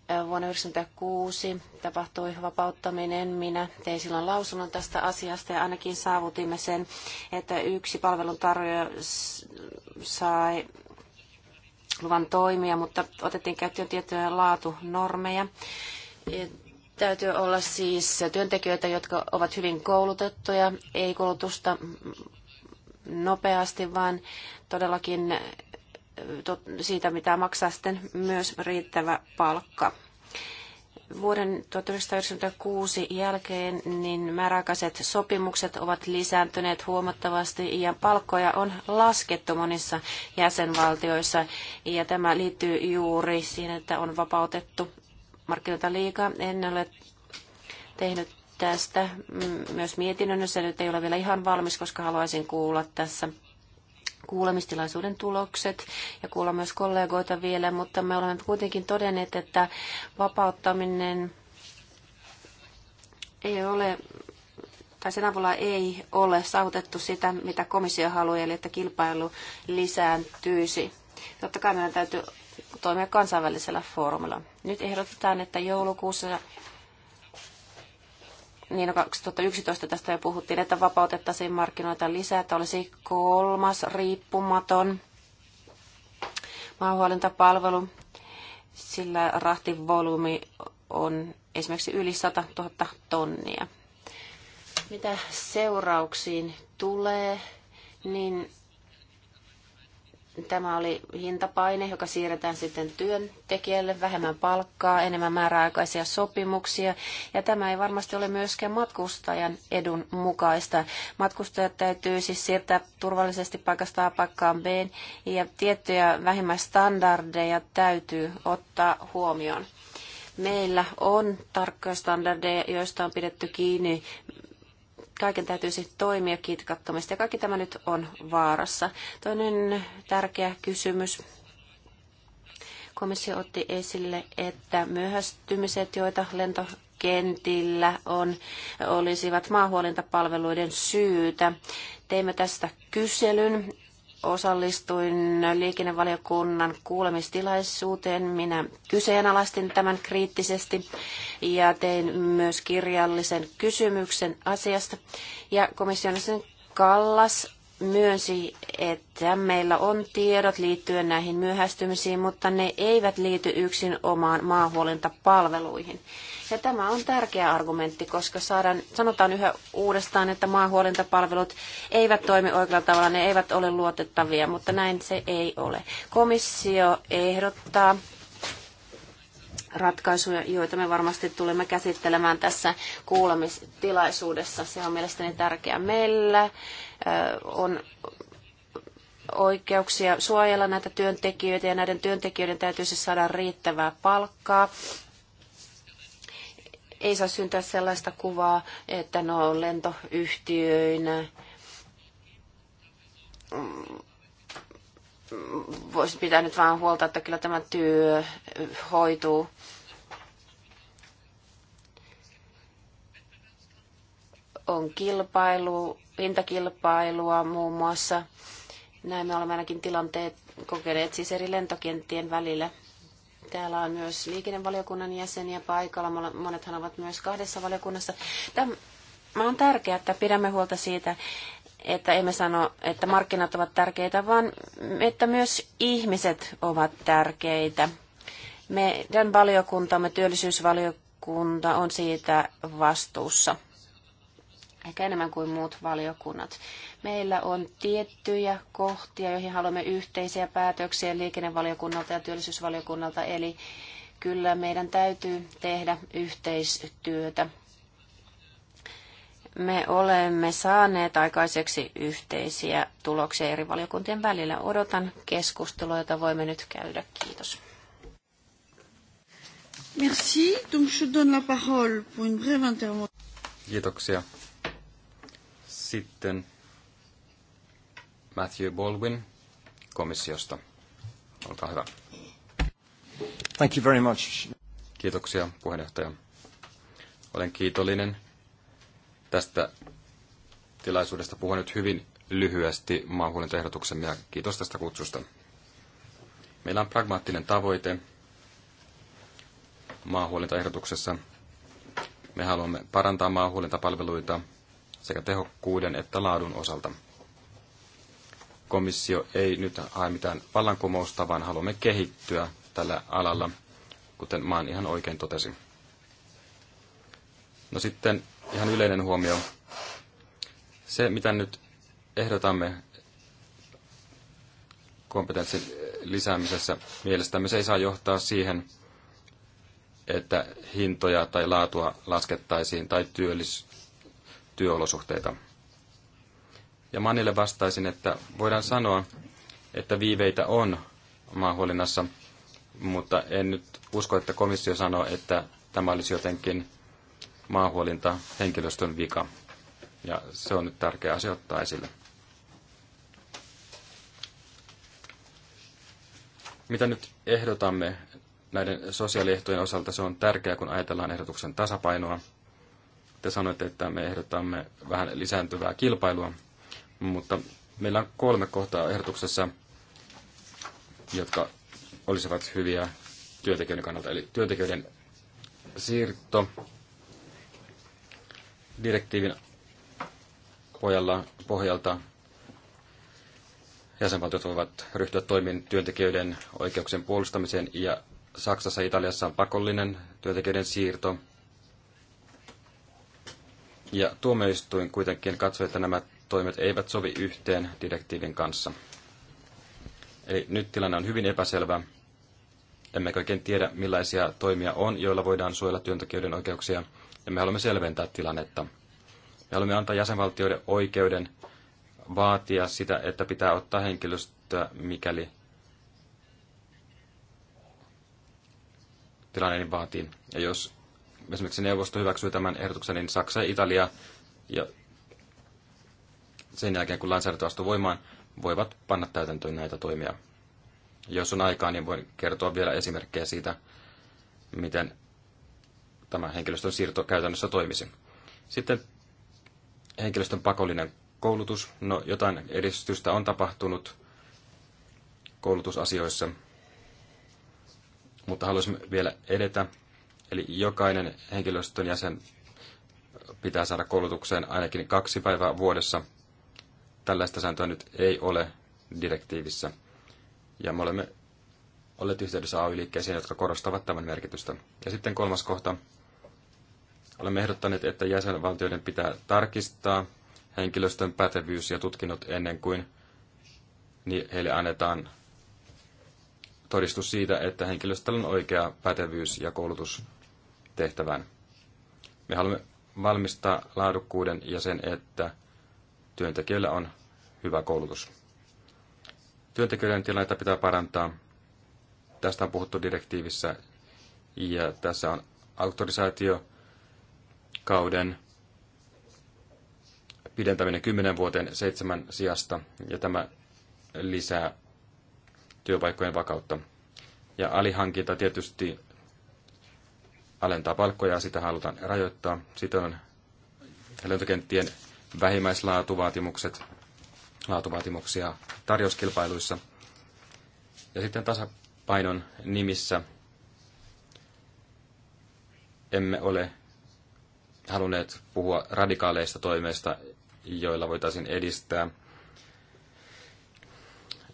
Vuonna 1996 tapahtui vapauttaminen. Minä tein silloin lausunnon tästä asiasta ja ainakin saavutimme sen, että yksi palveluntarjoaja sai luvan toimia, mutta otettiin käyttöön tiettyjä laatunormeja. E, täytyy olla siis työntekijöitä, jotka ovat hyvin koulutettuja, ei koulutusta nopeasti, vaan todellakin e, siitä, mitä maksaa sitten myös riittävä palkka vuoden 1996 jälkeen niin määräaikaiset sopimukset ovat lisääntyneet huomattavasti ja palkkoja on laskettu monissa jäsenvaltioissa. Ja tämä liittyy juuri siihen, että on vapautettu markkinoita liikaa. En ole tehnyt tästä myös mietinnön, se nyt ei ole vielä ihan valmis, koska haluaisin kuulla tässä kuulemistilaisuuden tulokset ja kuulla myös kollegoita vielä, mutta me olemme kuitenkin todenneet, että vapauttaminen ei ole, tai sen avulla ei ole saavutettu sitä, mitä komissio haluaa, eli että kilpailu lisääntyisi. Totta kai meidän täytyy toimia kansainvälisellä foorumilla. Nyt ehdotetaan, että joulukuussa niin 2011 no, tästä jo puhuttiin, että vapautettaisiin markkinoita lisää, että olisi kolmas riippumaton maahuolintapalvelu, sillä rahtivolyymi on esimerkiksi yli 100 000 tonnia. Mitä seurauksiin tulee, niin Tämä oli hintapaine, joka siirretään sitten työntekijälle, vähemmän palkkaa, enemmän määräaikaisia sopimuksia. Ja tämä ei varmasti ole myöskään matkustajan edun mukaista. Matkustajat täytyy siis siirtää turvallisesti paikasta A paikkaan B, ja tiettyjä vähimmäistandardeja täytyy ottaa huomioon meillä on tarkkoja standardeja, joista on pidetty kiinni kaiken täytyisi toimia kitkattomasti ja kaikki tämä nyt on vaarassa. Toinen tärkeä kysymys. Komissio otti esille, että myöhästymiset, joita lentokentillä on, olisivat maahuolintapalveluiden syytä. Teimme tästä kyselyn osallistuin liikennevaliokunnan kuulemistilaisuuteen. Minä kyseenalaistin tämän kriittisesti ja tein myös kirjallisen kysymyksen asiasta. Ja komission sen Kallas myönsi, että meillä on tiedot liittyen näihin myöhästymisiin, mutta ne eivät liity yksin omaan maahuolintapalveluihin. palveluihin. Ja tämä on tärkeä argumentti, koska saadaan, sanotaan yhä uudestaan, että maahuolintapalvelut eivät toimi oikealla tavalla, ne eivät ole luotettavia, mutta näin se ei ole. Komissio ehdottaa ratkaisuja, joita me varmasti tulemme käsittelemään tässä kuulemistilaisuudessa. Se on mielestäni tärkeää meillä. On oikeuksia suojella näitä työntekijöitä ja näiden työntekijöiden täytyisi saada riittävää palkkaa. Ei saa syntyä sellaista kuvaa, että no lentoyhtiöinä mm, voisi pitää nyt vaan huolta, että kyllä tämä työ hoituu. On kilpailu, hintakilpailua muun muassa. Näin me olemme ainakin tilanteet kokeneet siis eri lentokenttien välillä. Täällä on myös liikennevaliokunnan jäseniä paikalla. Monethan ovat myös kahdessa valiokunnassa. Tämä on tärkeää, että pidämme huolta siitä, että emme sano, että markkinat ovat tärkeitä, vaan että myös ihmiset ovat tärkeitä. Meidän valiokuntamme, työllisyysvaliokunta, on siitä vastuussa ehkä enemmän kuin muut valiokunnat. Meillä on tiettyjä kohtia, joihin haluamme yhteisiä päätöksiä liikennevaliokunnalta ja työllisyysvaliokunnalta, eli kyllä meidän täytyy tehdä yhteistyötä. Me olemme saaneet aikaiseksi yhteisiä tuloksia eri valiokuntien välillä. Odotan keskustelua, jota voimme nyt käydä. Kiitos. Merci. Donc je donne la parole pour une brève intervention. Kiitoksia. Sitten Matthew Baldwin komissiosta. Olkaa hyvä. Thank you very much. Kiitoksia puheenjohtaja. Olen kiitollinen tästä tilaisuudesta. Puhun nyt hyvin lyhyesti maahuolintoehdotuksemme ja kiitos tästä kutsusta. Meillä on pragmaattinen tavoite maahuolintaehdotuksessa. Me haluamme parantaa maahuolintapalveluita sekä tehokkuuden että laadun osalta. Komissio ei nyt hae mitään vallankumousta, vaan haluamme kehittyä tällä alalla, kuten maan ihan oikein totesi. No sitten ihan yleinen huomio. Se, mitä nyt ehdotamme kompetenssin lisäämisessä, mielestämme se ei saa johtaa siihen, että hintoja tai laatua laskettaisiin tai työllis- työolosuhteita. Ja Manille vastaisin, että voidaan sanoa, että viiveitä on maahuolinnassa, mutta en nyt usko, että komissio sanoo, että tämä olisi jotenkin maahuolinta henkilöstön vika. Ja se on nyt tärkeä asia ottaa esille. Mitä nyt ehdotamme näiden sosiaaliehtojen osalta? Se on tärkeää, kun ajatellaan ehdotuksen tasapainoa – te sanoitte, että me ehdotamme vähän lisääntyvää kilpailua, mutta meillä on kolme kohtaa ehdotuksessa, jotka olisivat hyviä työntekijöiden kannalta, eli työntekijöiden siirto direktiivin pohjalla, pohjalta jäsenvaltiot voivat ryhtyä toimiin työntekijöiden oikeuksien puolustamiseen ja Saksassa ja Italiassa on pakollinen työntekijöiden siirto ja tuomioistuin kuitenkin katsoi, että nämä toimet eivät sovi yhteen direktiivin kanssa. Eli nyt tilanne on hyvin epäselvä. Emme oikein tiedä, millaisia toimia on, joilla voidaan suojella työntekijöiden oikeuksia, ja me haluamme selventää tilannetta. Me haluamme antaa jäsenvaltioiden oikeuden vaatia sitä, että pitää ottaa henkilöstöä, mikäli tilanne niin vaatii. Ja jos esimerkiksi neuvosto hyväksyy tämän ehdotuksen, niin Saksa ja Italia ja sen jälkeen, kun lainsäädäntö astuu voimaan, voivat panna täytäntöön näitä toimia. Jos on aikaa, niin voin kertoa vielä esimerkkejä siitä, miten tämä henkilöstön siirto käytännössä toimisi. Sitten henkilöstön pakollinen koulutus. No, jotain edistystä on tapahtunut koulutusasioissa, mutta haluaisin vielä edetä Eli jokainen henkilöstön jäsen pitää saada koulutukseen ainakin kaksi päivää vuodessa. Tällaista sääntöä nyt ei ole direktiivissä. Ja me olemme olleet yhteydessä ay jotka korostavat tämän merkitystä. Ja sitten kolmas kohta. Olemme ehdottaneet, että jäsenvaltioiden pitää tarkistaa henkilöstön pätevyys ja tutkinnot ennen kuin heille annetaan todistus siitä, että henkilöstöllä on oikea pätevyys ja koulutus tehtävään. Me haluamme valmistaa laadukkuuden ja sen, että työntekijöillä on hyvä koulutus. Työntekijöiden tilannetta pitää parantaa. Tästä on puhuttu direktiivissä ja tässä on autorisaatiokauden pidentäminen 10 vuoteen seitsemän sijasta ja tämä lisää työpaikkojen vakautta. Ja alihankinta tietysti alentaa palkkoja, sitä halutaan rajoittaa. Sitten on lentokenttien vähimmäislaatuvaatimukset, laatuvaatimuksia tarjouskilpailuissa. Ja sitten tasapainon nimissä emme ole halunneet puhua radikaaleista toimista, joilla voitaisiin edistää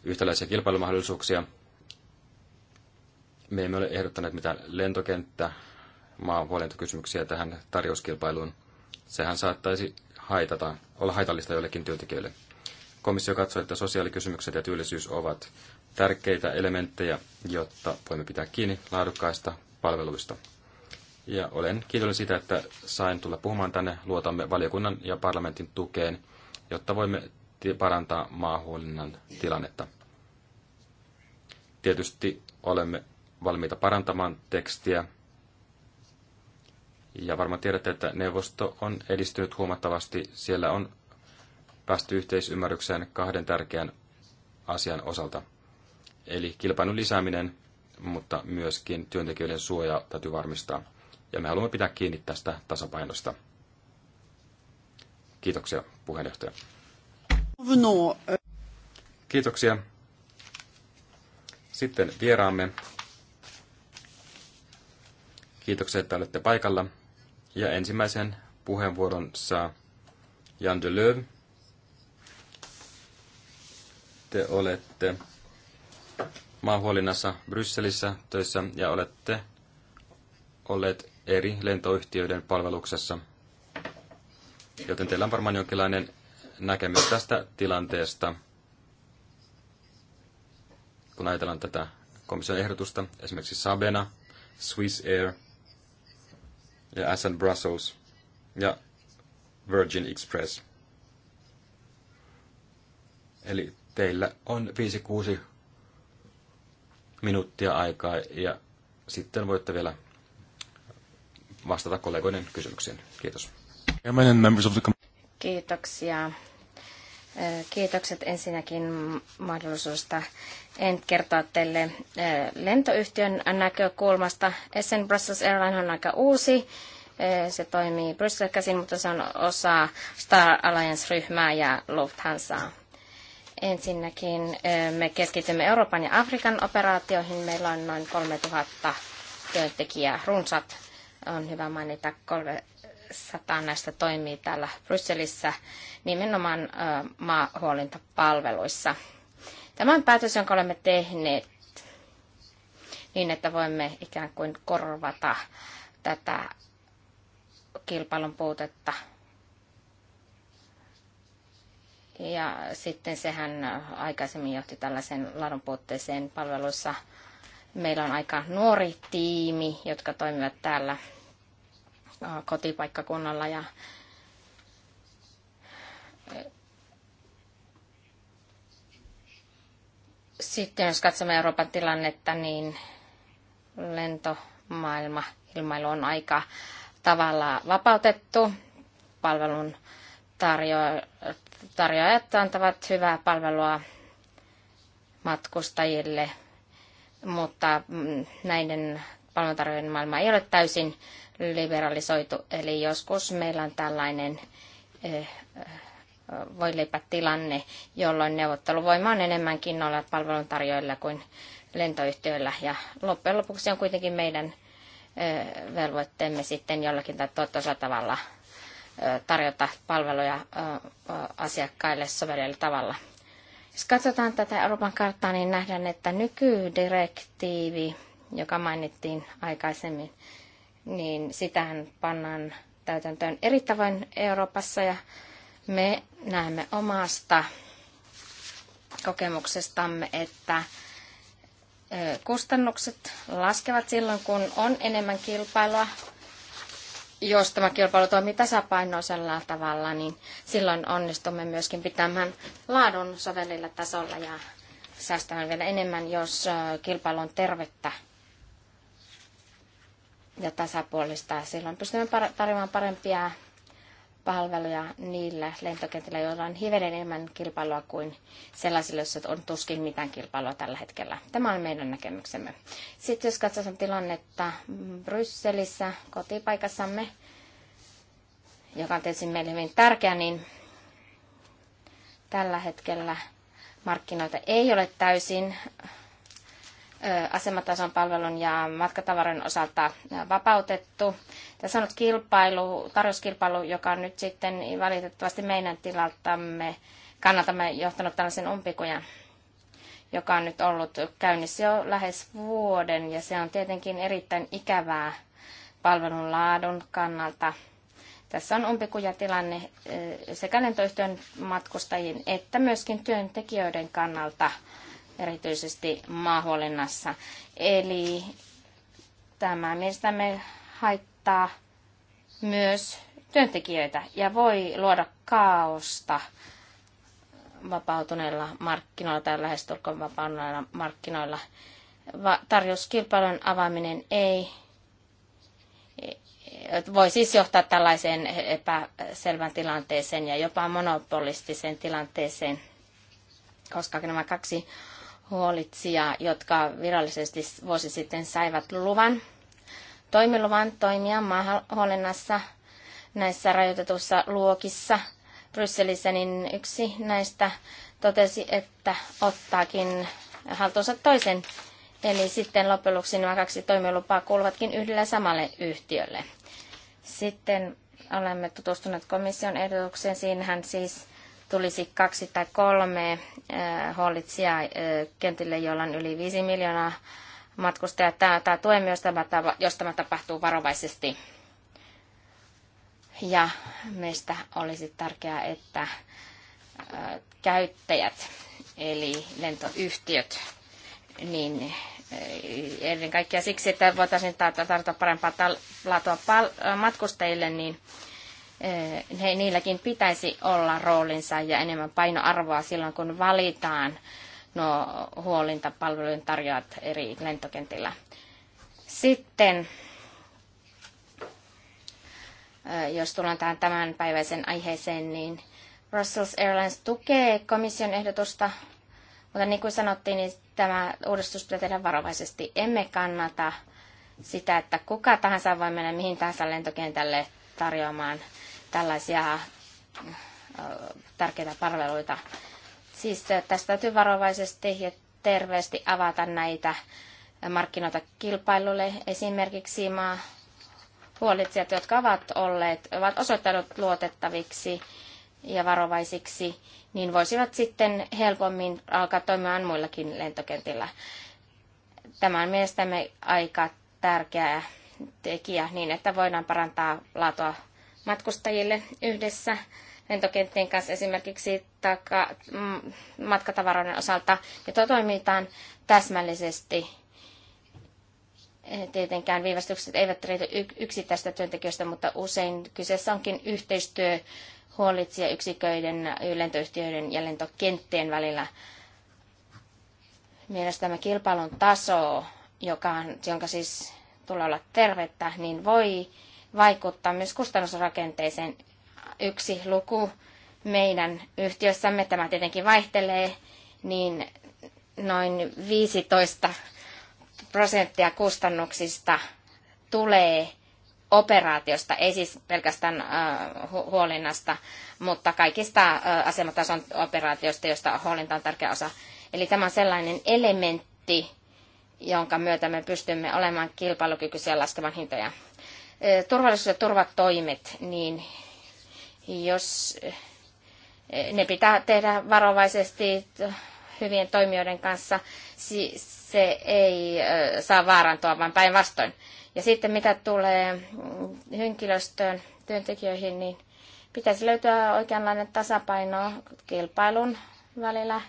yhtäläisiä kilpailumahdollisuuksia. Me emme ole ehdottaneet mitään lentokenttä maanhuolentokysymyksiä tähän tarjouskilpailuun. Sehän saattaisi haitata, olla haitallista joillekin työntekijöille. Komissio katsoo, että sosiaalikysymykset ja työllisyys ovat tärkeitä elementtejä, jotta voimme pitää kiinni laadukkaista palveluista. Ja olen kiitollinen siitä, että sain tulla puhumaan tänne. Luotamme valiokunnan ja parlamentin tukeen, jotta voimme parantaa maahuolinnan tilannetta. Tietysti olemme valmiita parantamaan tekstiä ja varmaan tiedätte, että neuvosto on edistynyt huomattavasti. Siellä on päästy yhteisymmärrykseen kahden tärkeän asian osalta. Eli kilpailun lisääminen, mutta myöskin työntekijöiden suoja täytyy varmistaa. Ja me haluamme pitää kiinni tästä tasapainosta. Kiitoksia, puheenjohtaja. Kiitoksia. Sitten vieraamme. Kiitoksia, että olette paikalla. Ja ensimmäisen puheenvuoron saa Jan de Löv. Te olette maanhuolinnassa Brysselissä töissä ja olette olleet eri lentoyhtiöiden palveluksessa. Joten teillä on varmaan jonkinlainen näkemys tästä tilanteesta, kun ajatellaan tätä komission ehdotusta, esimerkiksi Sabena, Swiss Air – ja SL Brussels ja Virgin Express. Eli teillä on 5-6 minuuttia aikaa ja sitten voitte vielä vastata kollegoiden kysymyksiin. Kiitos. Kiitoksia Kiitokset ensinnäkin mahdollisuudesta en kertoa teille lentoyhtiön näkökulmasta. Essen Brussels Airline on aika uusi. Se toimii Brysselistä käsin, mutta se on osa Star Alliance-ryhmää ja Lufthansaa. Ensinnäkin me keskitymme Euroopan ja Afrikan operaatioihin. Meillä on noin 3000 työntekijää, Runsat on hyvä mainita 200 näistä toimii täällä Brysselissä nimenomaan maahuolintapalveluissa. Tämä on päätös, jonka olemme tehneet niin, että voimme ikään kuin korvata tätä kilpailun puutetta. Ja sitten sehän aikaisemmin johti tällaisen laadun puutteeseen palveluissa. Meillä on aika nuori tiimi, jotka toimivat täällä kotipaikkakunnalla ja sitten jos katsomme Euroopan tilannetta, niin lentomaailma, ilmailu on aika tavalla vapautettu. Palvelun tarjo- tarjoajat antavat hyvää palvelua matkustajille, mutta mm, näiden palveluntarjoajien maailma ei ole täysin liberalisoitu, eli joskus meillä on tällainen eh, eh, voi tilanne, jolloin neuvotteluvoima on enemmänkin noilla palveluntarjoajilla kuin lentoyhtiöillä. Ja loppujen lopuksi on kuitenkin meidän eh, velvoitteemme sitten jollakin tai toisella tavalla tarjota palveluja asiakkaille sovellella tavalla. Jos katsotaan tätä Euroopan karttaa, niin nähdään, että nykydirektiivi joka mainittiin aikaisemmin, niin sitähän pannaan täytäntöön eri tavoin Euroopassa ja me näemme omasta kokemuksestamme, että kustannukset laskevat silloin, kun on enemmän kilpailua. Jos tämä kilpailu toimii tasapainoisella tavalla, niin silloin onnistumme myöskin pitämään laadun sovellilla tasolla ja säästämään vielä enemmän, jos kilpailu on tervettä ja tasapuolistaa. Silloin pystymme tarjoamaan parempia palveluja niillä lentokentillä, joilla on hivenen enemmän kilpailua kuin sellaisilla, joissa on tuskin mitään kilpailua tällä hetkellä. Tämä on meidän näkemyksemme. Sitten jos katsotaan tilannetta Brysselissä, kotipaikassamme, joka on tietysti meille hyvin tärkeä, niin tällä hetkellä markkinoita ei ole täysin asematason palvelun ja matkatavaran osalta vapautettu. Tässä on nyt kilpailu, tarjouskilpailu, joka on nyt sitten valitettavasti meidän tilaltamme kannatamme johtanut tällaisen umpikujan, joka on nyt ollut käynnissä jo lähes vuoden, ja se on tietenkin erittäin ikävää palvelun laadun kannalta. Tässä on umpikujatilanne sekä lentoyhtiön matkustajien että myöskin työntekijöiden kannalta erityisesti maahuolinnassa. Eli tämä mielestämme haittaa myös työntekijöitä ja voi luoda kaaosta vapautuneilla markkinoilla tai lähestulkoon vapautuneilla markkinoilla. Va- tarjouskilpailun avaaminen ei voi siis johtaa tällaiseen epäselvän tilanteeseen ja jopa monopolistiseen tilanteeseen, koska nämä kaksi huolitsija, jotka virallisesti vuosi sitten saivat luvan, toimiluvan toimia maahuolinnassa näissä rajoitetussa luokissa Brysselissä, niin yksi näistä totesi, että ottaakin haltuunsa toisen. Eli sitten loppujen lopuksi nämä kaksi toimilupaa kuuluvatkin yhdellä samalle yhtiölle. Sitten olemme tutustuneet komission ehdotukseen. Siinähän siis tulisi kaksi tai kolme hallitsijaa äh, äh, kentille, jolla on yli viisi miljoonaa matkustajaa. Tämä, tämä tuen myös, tämä, jos tämä tapahtuu varovaisesti. Ja meistä olisi tärkeää, että äh, käyttäjät, eli lentoyhtiöt, niin ennen kaikkea siksi, että voitaisiin tarjota parempaa laatua matkustajille, niin Eh, he, niilläkin pitäisi olla roolinsa ja enemmän painoarvoa silloin, kun valitaan nuo huolintapalvelujen tarjoajat eri lentokentillä. Sitten, eh, jos tullaan tähän tämänpäiväisen aiheeseen, niin Brussels Airlines tukee komission ehdotusta, mutta niin kuin sanottiin, niin tämä uudistus pitää tehdä varovaisesti. Emme kannata sitä, että kuka tahansa voi mennä mihin tahansa lentokentälle – tarjoamaan tällaisia tärkeitä palveluita. Siis tästä täytyy varovaisesti ja terveesti avata näitä markkinoita kilpailulle. Esimerkiksi maa huolitsijat, jotka ovat olleet, ovat osoittaneet luotettaviksi ja varovaisiksi, niin voisivat sitten helpommin alkaa toimimaan muillakin lentokentillä. Tämä on mielestämme aika tärkeää tekijä niin, että voidaan parantaa laatua matkustajille yhdessä lentokenttien kanssa esimerkiksi taka, mm, matkatavaroiden osalta, tuo toimitaan täsmällisesti. Tietenkään viivästykset eivät riitä yksittäistä työntekijöistä, mutta usein kyseessä onkin yhteistyö huolitsijayksiköiden, lentoyhtiöiden ja lentokenttien välillä. Mielestäni kilpailun taso, joka, on, jonka siis tulee olla tervettä, niin voi vaikuttaa myös kustannusrakenteeseen. Yksi luku meidän yhtiössämme, tämä tietenkin vaihtelee, niin noin 15 prosenttia kustannuksista tulee operaatiosta, ei siis pelkästään äh, huolinnasta, mutta kaikista äh, asematason operaatioista, joista huolinta on tärkeä osa. Eli tämä on sellainen elementti, jonka myötä me pystymme olemaan kilpailukykyisiä laskevan laskemaan hintoja. Turvallisuus- ja turvatoimet, niin jos ne pitää tehdä varovaisesti hyvien toimijoiden kanssa, se ei saa vaarantua, vaan päinvastoin. Ja sitten mitä tulee henkilöstöön, työntekijöihin, niin pitäisi löytyä oikeanlainen tasapaino kilpailun välillä –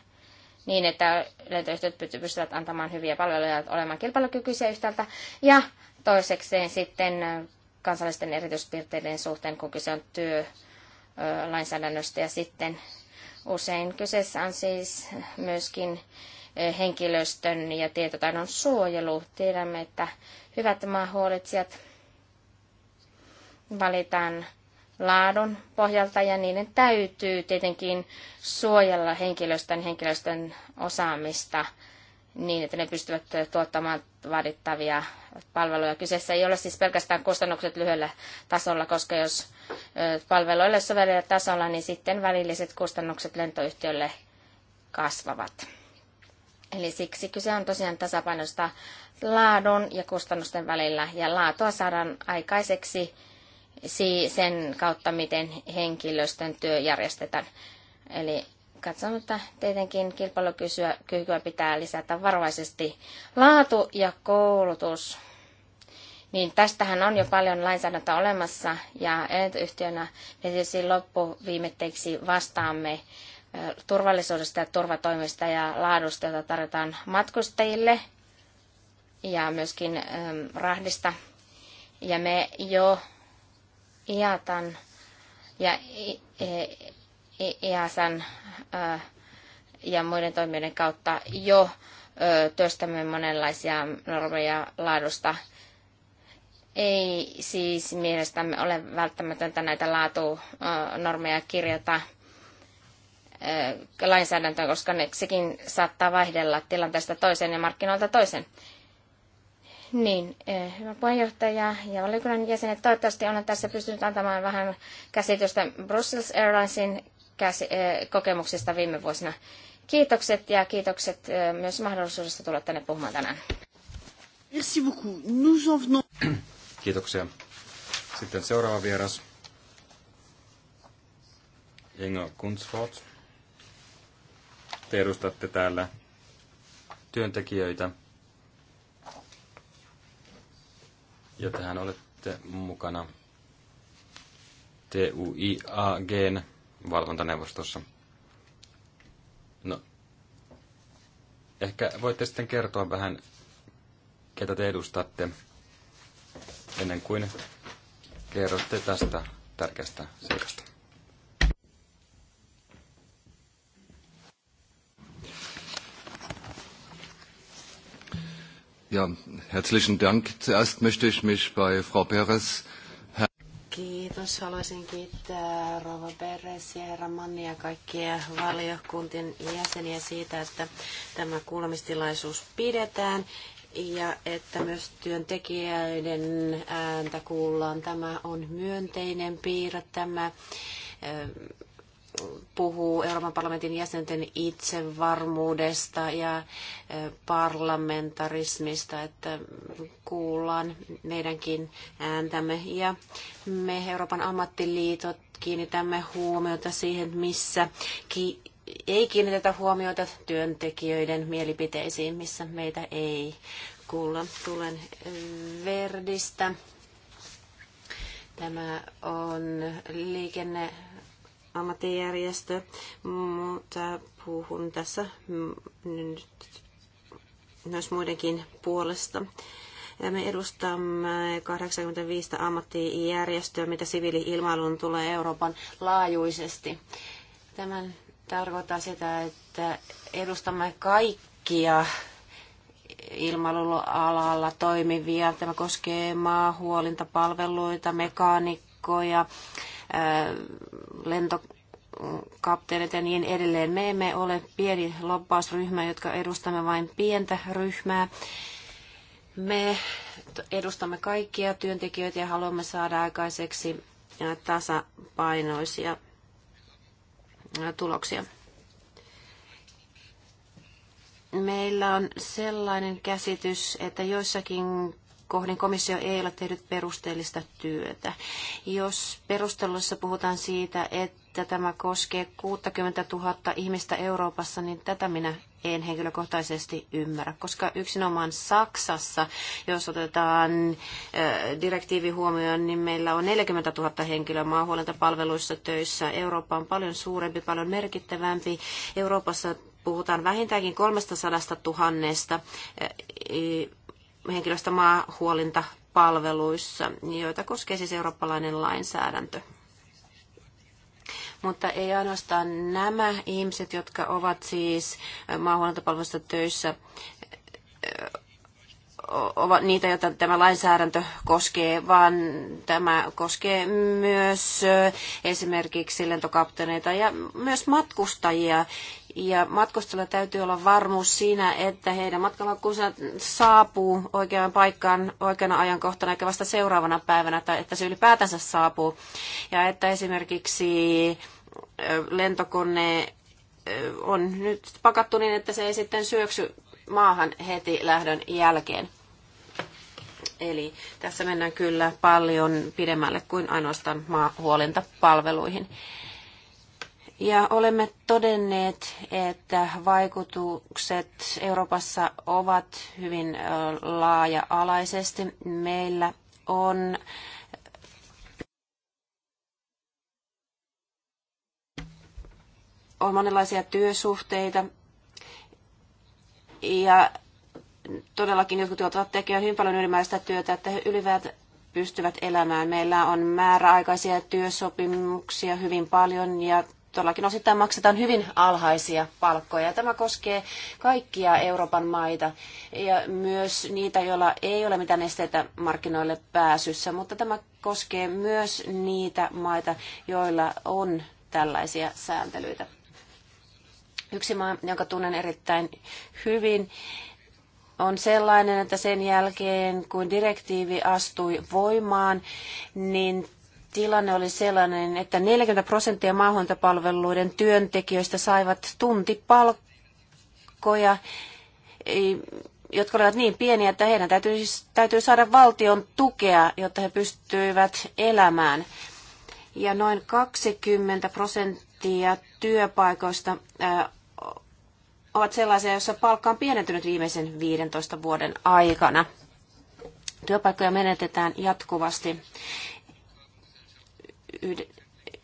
niin, että lentoyhtiöt pystyvät antamaan hyviä palveluja olemaan kilpailukykyisiä yhtäältä. Ja toisekseen sitten kansallisten erityispiirteiden suhteen, kun kyse on työlainsäädännöstä ja sitten usein kyseessä on siis myöskin henkilöstön ja tietotaidon suojelu. Tiedämme, että hyvät maahuolitsijat valitaan laadun pohjalta ja niiden täytyy tietenkin suojella henkilöstön henkilöstön osaamista niin, että ne pystyvät tuottamaan vaadittavia palveluja. Kyseessä ei ole siis pelkästään kustannukset lyhyellä tasolla, koska jos palveluille sovellella tasolla, niin sitten välilliset kustannukset lentoyhtiölle kasvavat. Eli siksi kyse on tosiaan tasapainosta laadun ja kustannusten välillä, ja laatua saadaan aikaiseksi sen kautta, miten henkilöstön työ järjestetään. Eli katson, että tietenkin kilpailukykyä pitää lisätä varovaisesti. Laatu ja koulutus. Niin tästähän on jo paljon lainsäädäntöä olemassa ja yhtiönä tietysti loppuviimetteiksi vastaamme turvallisuudesta ja turvatoimista ja laadusta, jota tarjotaan matkustajille ja myöskin rahdista. Ja me jo EATan ja EASan äh, ja muiden toimijoiden kautta jo äh, työstämme monenlaisia normeja laadusta. Ei siis mielestämme ole välttämätöntä näitä laatunormeja kirjata äh, lainsäädäntöön, koska ne, sekin saattaa vaihdella tilanteesta toiseen ja markkinoilta toisen. Niin, eh, hyvä puheenjohtaja ja valiokunnan jäsenet, toivottavasti olen tässä pystynyt antamaan vähän käsitystä Brussels Airlinesin eh, kokemuksista viime vuosina. Kiitokset ja kiitokset eh, myös mahdollisuudesta tulla tänne puhumaan tänään. Merci beaucoup. Nous en venons... Kiitoksia. Sitten seuraava vieras. Inga Kunzfort. Te edustatte täällä työntekijöitä – ja tähän olette mukana TUIAGn valvontaneuvostossa. No, ehkä voitte sitten kertoa vähän, ketä te edustatte, ennen kuin kerrotte tästä tärkeästä seikasta. Ja, herzlichen Dank. Zuerst möchte ich mich bei Frau Perez Kiitos. Haluaisin kiittää Rova Peres ja herra Manni ja kaikkia valiokuntien jäseniä siitä, että tämä kuulemistilaisuus pidetään ja että myös työntekijöiden ääntä kuullaan. Tämä on myönteinen piirre tämä puhuu Euroopan parlamentin jäsenten itsevarmuudesta ja eh, parlamentarismista, että kuullaan meidänkin ääntämme. Ja me Euroopan ammattiliitot kiinnitämme huomiota siihen, missä ki- ei kiinnitetä huomiota työntekijöiden mielipiteisiin, missä meitä ei kuulla. Tulen Verdistä. Tämä on liikenne ammattijärjestö, mutta puhun tässä mm, nyt myös muidenkin puolesta. Ja me edustamme 85 ammattijärjestöä, mitä siviili-ilmailuun tulee Euroopan laajuisesti. Tämän tarkoittaa sitä, että edustamme kaikkia ilmailualalla toimivia. Tämä koskee maahuolintapalveluita, mekaanikkoja, lentokapteenit ja niin edelleen. Me emme ole pieni lobbausryhmä, jotka edustamme vain pientä ryhmää. Me edustamme kaikkia työntekijöitä ja haluamme saada aikaiseksi tasapainoisia tuloksia. Meillä on sellainen käsitys, että joissakin kohdin komissio ei ole tehnyt perusteellista työtä. Jos perustelussa puhutaan siitä, että tämä koskee 60 000 ihmistä Euroopassa, niin tätä minä en henkilökohtaisesti ymmärrä, koska yksinomaan Saksassa, jos otetaan direktiivi huomioon, niin meillä on 40 000 henkilöä maahuolentapalveluissa töissä. Eurooppa on paljon suurempi, paljon merkittävämpi. Euroopassa puhutaan vähintäänkin 300 000 henkilöstömaahuolintapalveluissa, joita koskee siis eurooppalainen lainsäädäntö. Mutta ei ainoastaan nämä ihmiset, jotka ovat siis maahuolintapalveluissa töissä, ovat niitä, joita tämä lainsäädäntö koskee, vaan tämä koskee myös esimerkiksi lentokapteneita ja myös matkustajia, ja matkustajilla täytyy olla varmuus siinä, että heidän matkalaukkuunsa saapuu oikeaan paikkaan oikeana ajankohtana eikä vasta seuraavana päivänä, tai että se ylipäätänsä saapuu. Ja että esimerkiksi lentokone on nyt pakattu niin, että se ei sitten syöksy maahan heti lähdön jälkeen. Eli tässä mennään kyllä paljon pidemmälle kuin ainoastaan maahuolintapalveluihin. palveluihin. Ja olemme todenneet, että vaikutukset Euroopassa ovat hyvin laaja-alaisesti. Meillä on on monenlaisia työsuhteita ja todellakin jotkut ovat tekemään hyvin paljon ylimääräistä työtä, että he ylivät pystyvät elämään. Meillä on määräaikaisia työsopimuksia hyvin paljon ja todellakin osittain maksetaan hyvin alhaisia palkkoja. Tämä koskee kaikkia Euroopan maita ja myös niitä, joilla ei ole mitään esteitä markkinoille pääsyssä, mutta tämä koskee myös niitä maita, joilla on tällaisia sääntelyitä. Yksi maa, jonka tunnen erittäin hyvin, on sellainen, että sen jälkeen kun direktiivi astui voimaan, niin tilanne oli sellainen, että 40 prosenttia maahantoipalveluiden työntekijöistä saivat tuntipalkkoja, jotka olivat niin pieniä, että heidän täytyy, siis, täytyy saada valtion tukea, jotta he pystyivät elämään. Ja noin 20 prosenttia työpaikoista ovat sellaisia, joissa palkka on pienentynyt viimeisen 15 vuoden aikana. Työpaikkoja menetetään jatkuvasti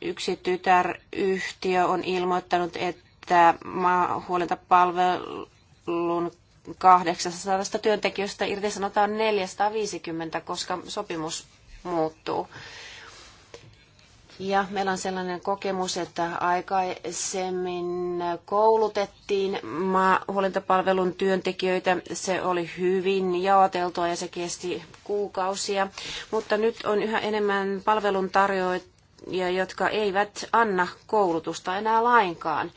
yksi tytäryhtiö on ilmoittanut, että maahuolintapalvelun 800 työntekijöistä irtisanotaan 450, koska sopimus muuttuu. Ja meillä on sellainen kokemus, että aikaisemmin koulutettiin maahuolintapalvelun työntekijöitä. Se oli hyvin jaoteltua ja se kesti kuukausia. Mutta nyt on yhä enemmän palvelun palveluntarjoajia ja jotka eivät anna koulutusta enää lainkaan.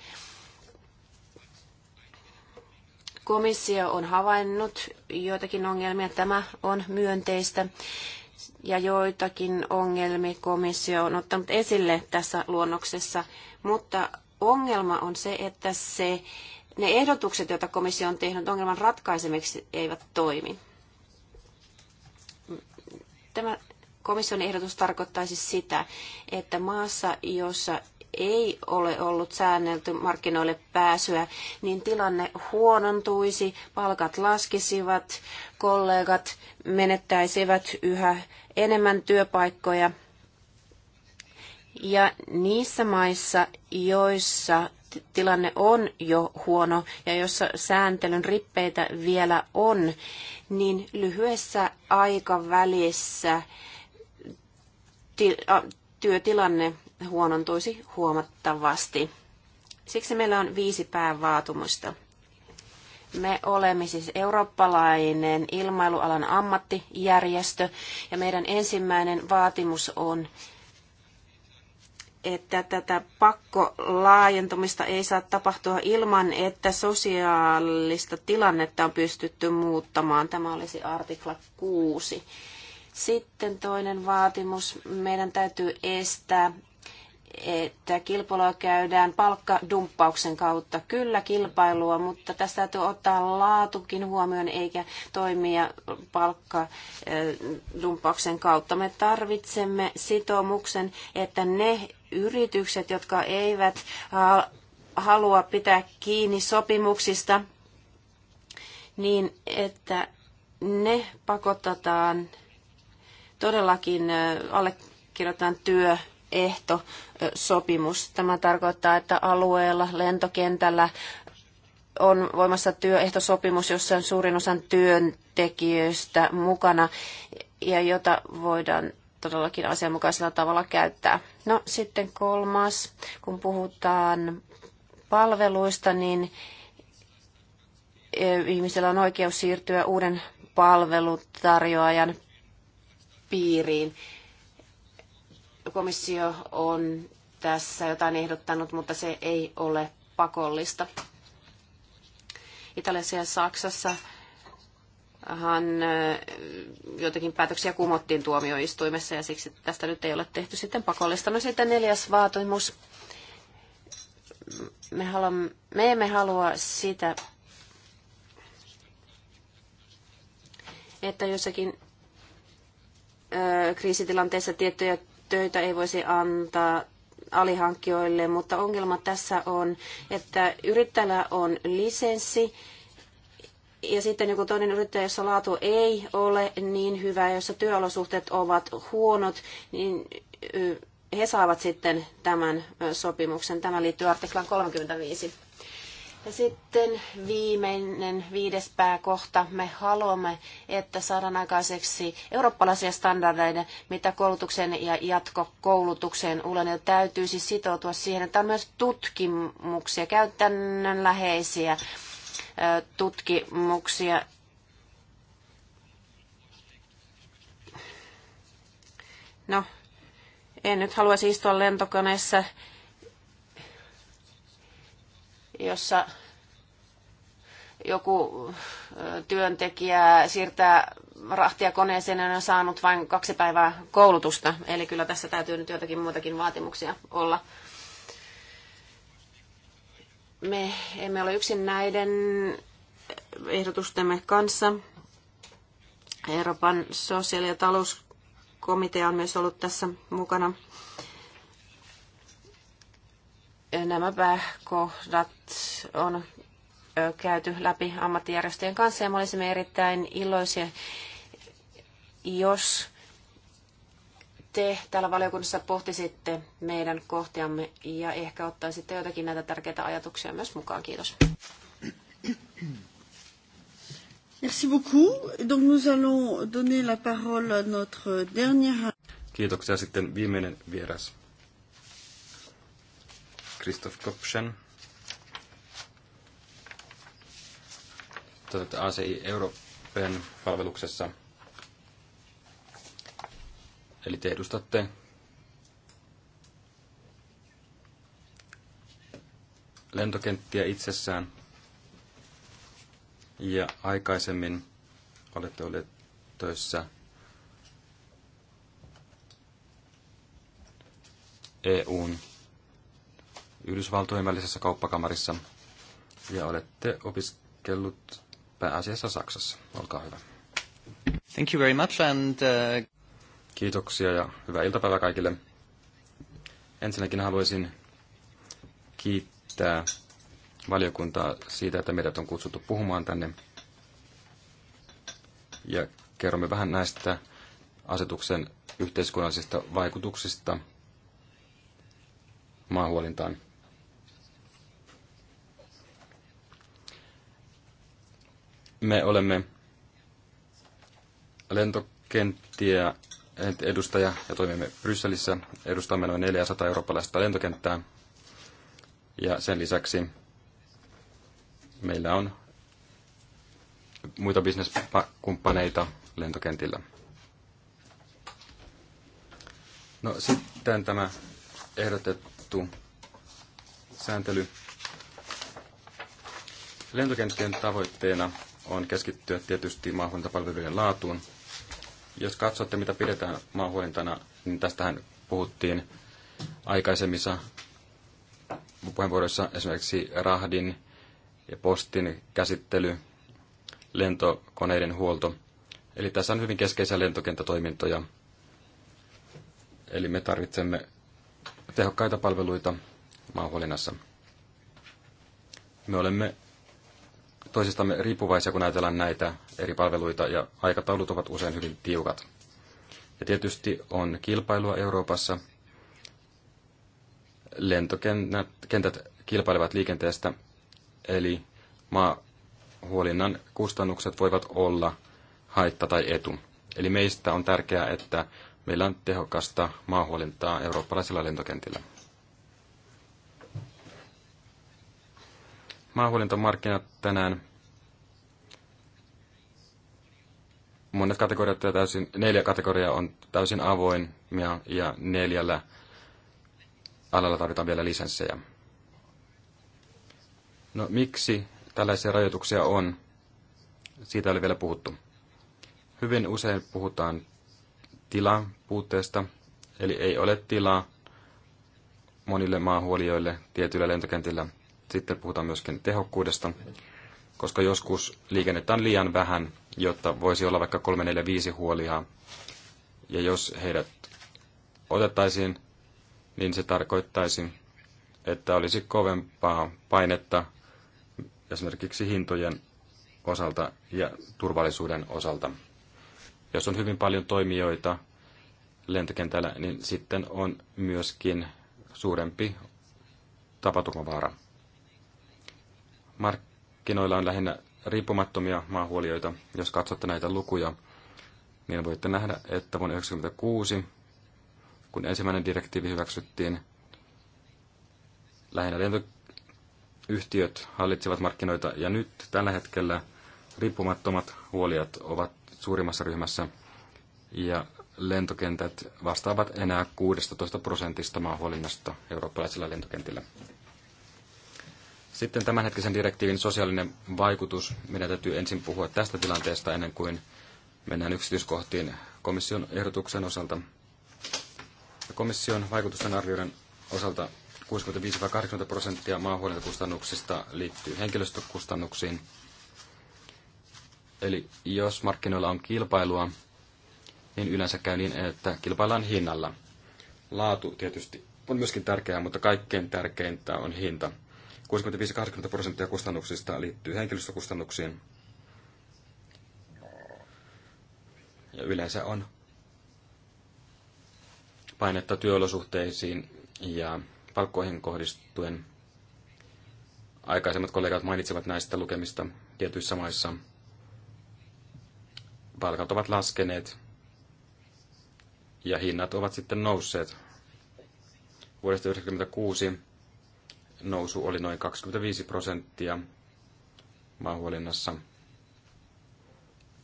Komissio on havainnut joitakin ongelmia, tämä on myönteistä, ja joitakin ongelmia komissio on ottanut esille tässä luonnoksessa, mutta ongelma on se, että se, ne ehdotukset, joita komissio on tehnyt ongelman ratkaisemiseksi, eivät toimi. Tämä Komission ehdotus tarkoittaisi sitä, että maassa, jossa ei ole ollut säännelty markkinoille pääsyä, niin tilanne huonontuisi, palkat laskisivat, kollegat menettäisivät yhä enemmän työpaikkoja. Ja niissä maissa, joissa tilanne on jo huono ja jossa sääntelyn rippeitä vielä on, niin lyhyessä aikavälissä työtilanne huonontuisi huomattavasti. Siksi meillä on viisi päävaatumusta. Me olemme siis eurooppalainen ilmailualan ammattijärjestö ja meidän ensimmäinen vaatimus on, että tätä pakkolaajentumista ei saa tapahtua ilman, että sosiaalista tilannetta on pystytty muuttamaan. Tämä olisi artikla 6. Sitten toinen vaatimus, meidän täytyy estää että kilpailua käydään palkkadumppauksen kautta. Kyllä kilpailua, mutta tässä täytyy ottaa laatukin huomioon eikä toimia palkkadumppauksen kautta. Me tarvitsemme sitoumuksen, että ne yritykset, jotka eivät halua pitää kiinni sopimuksista, niin että ne pakotetaan todellakin allekirjoitetaan työehto sopimus. Tämä tarkoittaa, että alueella, lentokentällä on voimassa työehtosopimus, jossa on suurin osan työntekijöistä mukana ja jota voidaan todellakin asianmukaisella tavalla käyttää. No sitten kolmas, kun puhutaan palveluista, niin ihmisellä on oikeus siirtyä uuden palvelutarjoajan piiriin. Komissio on tässä jotain ehdottanut, mutta se ei ole pakollista. Italiassa ja Saksassa hän joitakin päätöksiä kumottiin tuomioistuimessa ja siksi tästä nyt ei ole tehty sitten pakollista. No sitten neljäs vaatimus. Me, haluamme, me emme halua sitä, että jossakin kriisitilanteessa tiettyjä töitä ei voisi antaa alihankkijoille, mutta ongelma tässä on, että yrittäjällä on lisenssi, ja sitten joku toinen yrittäjä, jossa laatu ei ole niin hyvä, jossa työolosuhteet ovat huonot, niin he saavat sitten tämän sopimuksen. Tämä liittyy artiklaan 35. Ja sitten viimeinen viides pääkohta. Me haluamme, että saadaan aikaiseksi eurooppalaisia standardeja, mitä koulutukseen ja jatkokoulutukseen ulen. täytyisi siis sitoutua siihen, että on myös tutkimuksia, käytännönläheisiä tutkimuksia. No, en nyt haluaisi istua lentokoneessa jossa joku työntekijä siirtää rahtia koneeseen ja on saanut vain kaksi päivää koulutusta. Eli kyllä tässä täytyy nyt jotakin muitakin vaatimuksia olla. Me emme ole yksin näiden ehdotustemme kanssa. Euroopan sosiaali- ja talouskomitea on myös ollut tässä mukana nämä pääkohdat on käyty läpi ammattijärjestöjen kanssa ja me olisimme erittäin iloisia, jos te täällä valiokunnassa pohtisitte meidän kohtiamme ja ehkä ottaisitte jotakin näitä tärkeitä ajatuksia myös mukaan. Kiitos. Merci beaucoup. Donc nous allons donner la parole à notre dernière... Kiitoksia. Sitten viimeinen vieras. Christoph Kopsen. Tätä ACI Euroopan palveluksessa. Eli te edustatte lentokenttiä itsessään. Ja aikaisemmin olette olleet töissä EUn Yhdysvaltojen välisessä kauppakamarissa ja olette opiskellut pääasiassa Saksassa. Olkaa hyvä. Thank you very much and, uh... Kiitoksia ja hyvää iltapäivää kaikille. Ensinnäkin haluaisin kiittää valiokuntaa siitä, että meidät on kutsuttu puhumaan tänne. Ja kerromme vähän näistä asetuksen yhteiskunnallisista vaikutuksista maahuolintaan. Me olemme lentokenttiä edustaja ja toimimme Brysselissä. Edustamme noin 400 eurooppalaista lentokenttää. Ja sen lisäksi meillä on muita bisneskumppaneita lentokentillä. No sitten tämä ehdotettu sääntely. Lentokenttien tavoitteena on keskittyä tietysti maahuolintapalveluiden laatuun. Jos katsotte, mitä pidetään maahuolintana, niin tästähän puhuttiin aikaisemmissa puheenvuoroissa esimerkiksi rahdin ja postin käsittely, lentokoneiden huolto. Eli tässä on hyvin keskeisiä lentokenttätoimintoja. Eli me tarvitsemme tehokkaita palveluita maahuolinnassa. Me olemme toisistamme riippuvaisia, kun ajatellaan näitä eri palveluita, ja aikataulut ovat usein hyvin tiukat. Ja tietysti on kilpailua Euroopassa. Lentokentät kilpailevat liikenteestä, eli maahuolinnan kustannukset voivat olla haitta tai etu. Eli meistä on tärkeää, että meillä on tehokasta maahuolintaa eurooppalaisilla lentokentillä. Maahuolintamarkkinat tänään monet kategoriat ja täysin, neljä kategoriaa on täysin ja, ja neljällä alalla tarvitaan vielä lisenssejä. No miksi tällaisia rajoituksia on? Siitä oli vielä puhuttu. Hyvin usein puhutaan tilan puutteesta, eli ei ole tilaa monille maahuolijoille tietyillä lentokentillä. Sitten puhutaan myöskin tehokkuudesta, koska joskus liikennettä on liian vähän – jotta voisi olla vaikka 3, 4, 5 huolia. Ja jos heidät otettaisiin, niin se tarkoittaisi, että olisi kovempaa painetta esimerkiksi hintojen osalta ja turvallisuuden osalta. Jos on hyvin paljon toimijoita lentokentällä, niin sitten on myöskin suurempi tapaturmavaara. Markkinoilla on lähinnä riippumattomia maahuolijoita. Jos katsotte näitä lukuja, niin voitte nähdä, että vuonna 1996, kun ensimmäinen direktiivi hyväksyttiin, lähinnä lentoyhtiöt hallitsivat markkinoita, ja nyt tällä hetkellä riippumattomat huolijat ovat suurimmassa ryhmässä, ja lentokentät vastaavat enää 16 prosentista maahuolinnasta eurooppalaisilla lentokentillä. Sitten tämänhetkisen direktiivin sosiaalinen vaikutus. Meidän täytyy ensin puhua tästä tilanteesta ennen kuin mennään yksityiskohtiin komission ehdotuksen osalta. Komission vaikutusten arvioiden osalta 65-80 prosenttia maahuolintakustannuksista liittyy henkilöstökustannuksiin. Eli jos markkinoilla on kilpailua, niin yleensä käy niin, että kilpaillaan hinnalla. Laatu tietysti on myöskin tärkeää, mutta kaikkein tärkeintä on hinta. 65-80 prosenttia kustannuksista liittyy henkilöstökustannuksiin. Ja yleensä on painetta työolosuhteisiin ja palkkoihin kohdistuen. Aikaisemmat kollegat mainitsivat näistä lukemista tietyissä maissa. Palkat ovat laskeneet ja hinnat ovat sitten nousseet. Vuodesta 1996 nousu oli noin 25 prosenttia maahuolinnassa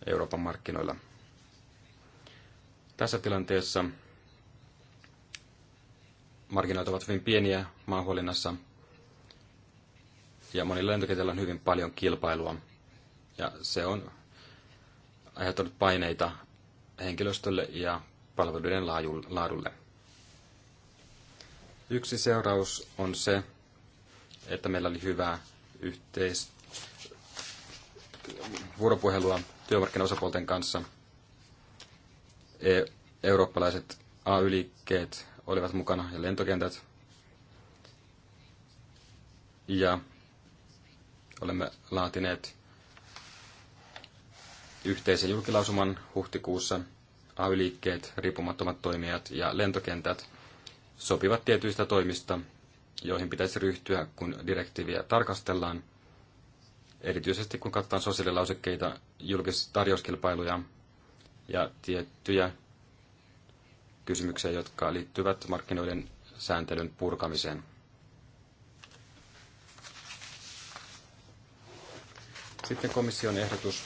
Euroopan markkinoilla. Tässä tilanteessa markkinoita ovat hyvin pieniä maahuolinnassa ja monilla lentokentillä on hyvin paljon kilpailua. Ja se on aiheuttanut paineita henkilöstölle ja palveluiden laadulle. Yksi seuraus on se, että meillä oli hyvää yhteis vuoropuhelua työmarkkinaosapuolten kanssa. E- eurooppalaiset AY-liikkeet olivat mukana ja lentokentät. Ja olemme laatineet yhteisen julkilausuman huhtikuussa. AY-liikkeet, riippumattomat toimijat ja lentokentät sopivat tietyistä toimista, joihin pitäisi ryhtyä, kun direktiiviä tarkastellaan, erityisesti kun katsotaan sosiaalilausekkeita, julkisia tarjouskilpailuja ja tiettyjä kysymyksiä, jotka liittyvät markkinoiden sääntelyn purkamiseen. Sitten komission ehdotus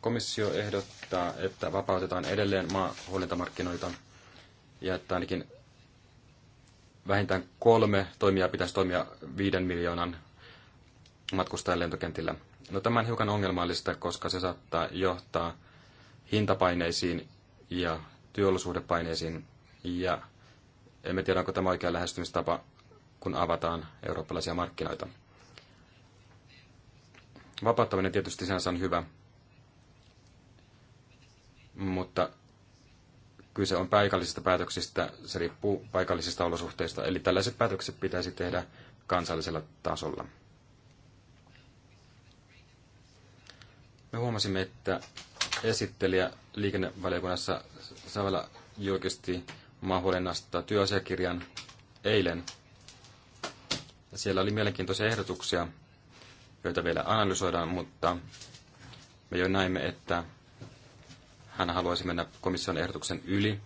Komissio ehdottaa, että vapautetaan edelleen maahuolintamarkkinoita ja että ainakin vähintään kolme toimijaa pitäisi toimia viiden miljoonan matkustajan lentokentillä. No tämä on hiukan ongelmallista, koska se saattaa johtaa hintapaineisiin ja työolosuhdepaineisiin ja emme tiedä, onko tämä oikea lähestymistapa, kun avataan eurooppalaisia markkinoita. Vapauttaminen tietysti sinänsä on hyvä, mutta kyse on paikallisista päätöksistä, se riippuu paikallisista olosuhteista, eli tällaiset päätökset pitäisi tehdä kansallisella tasolla. Me huomasimme, että esittelijä liikennevaliokunnassa Savela julkisti maahuolennasta työasiakirjan eilen. Siellä oli mielenkiintoisia ehdotuksia, joita vielä analysoidaan, mutta me jo näimme, että hän haluaisi mennä komission ehdotuksen yli.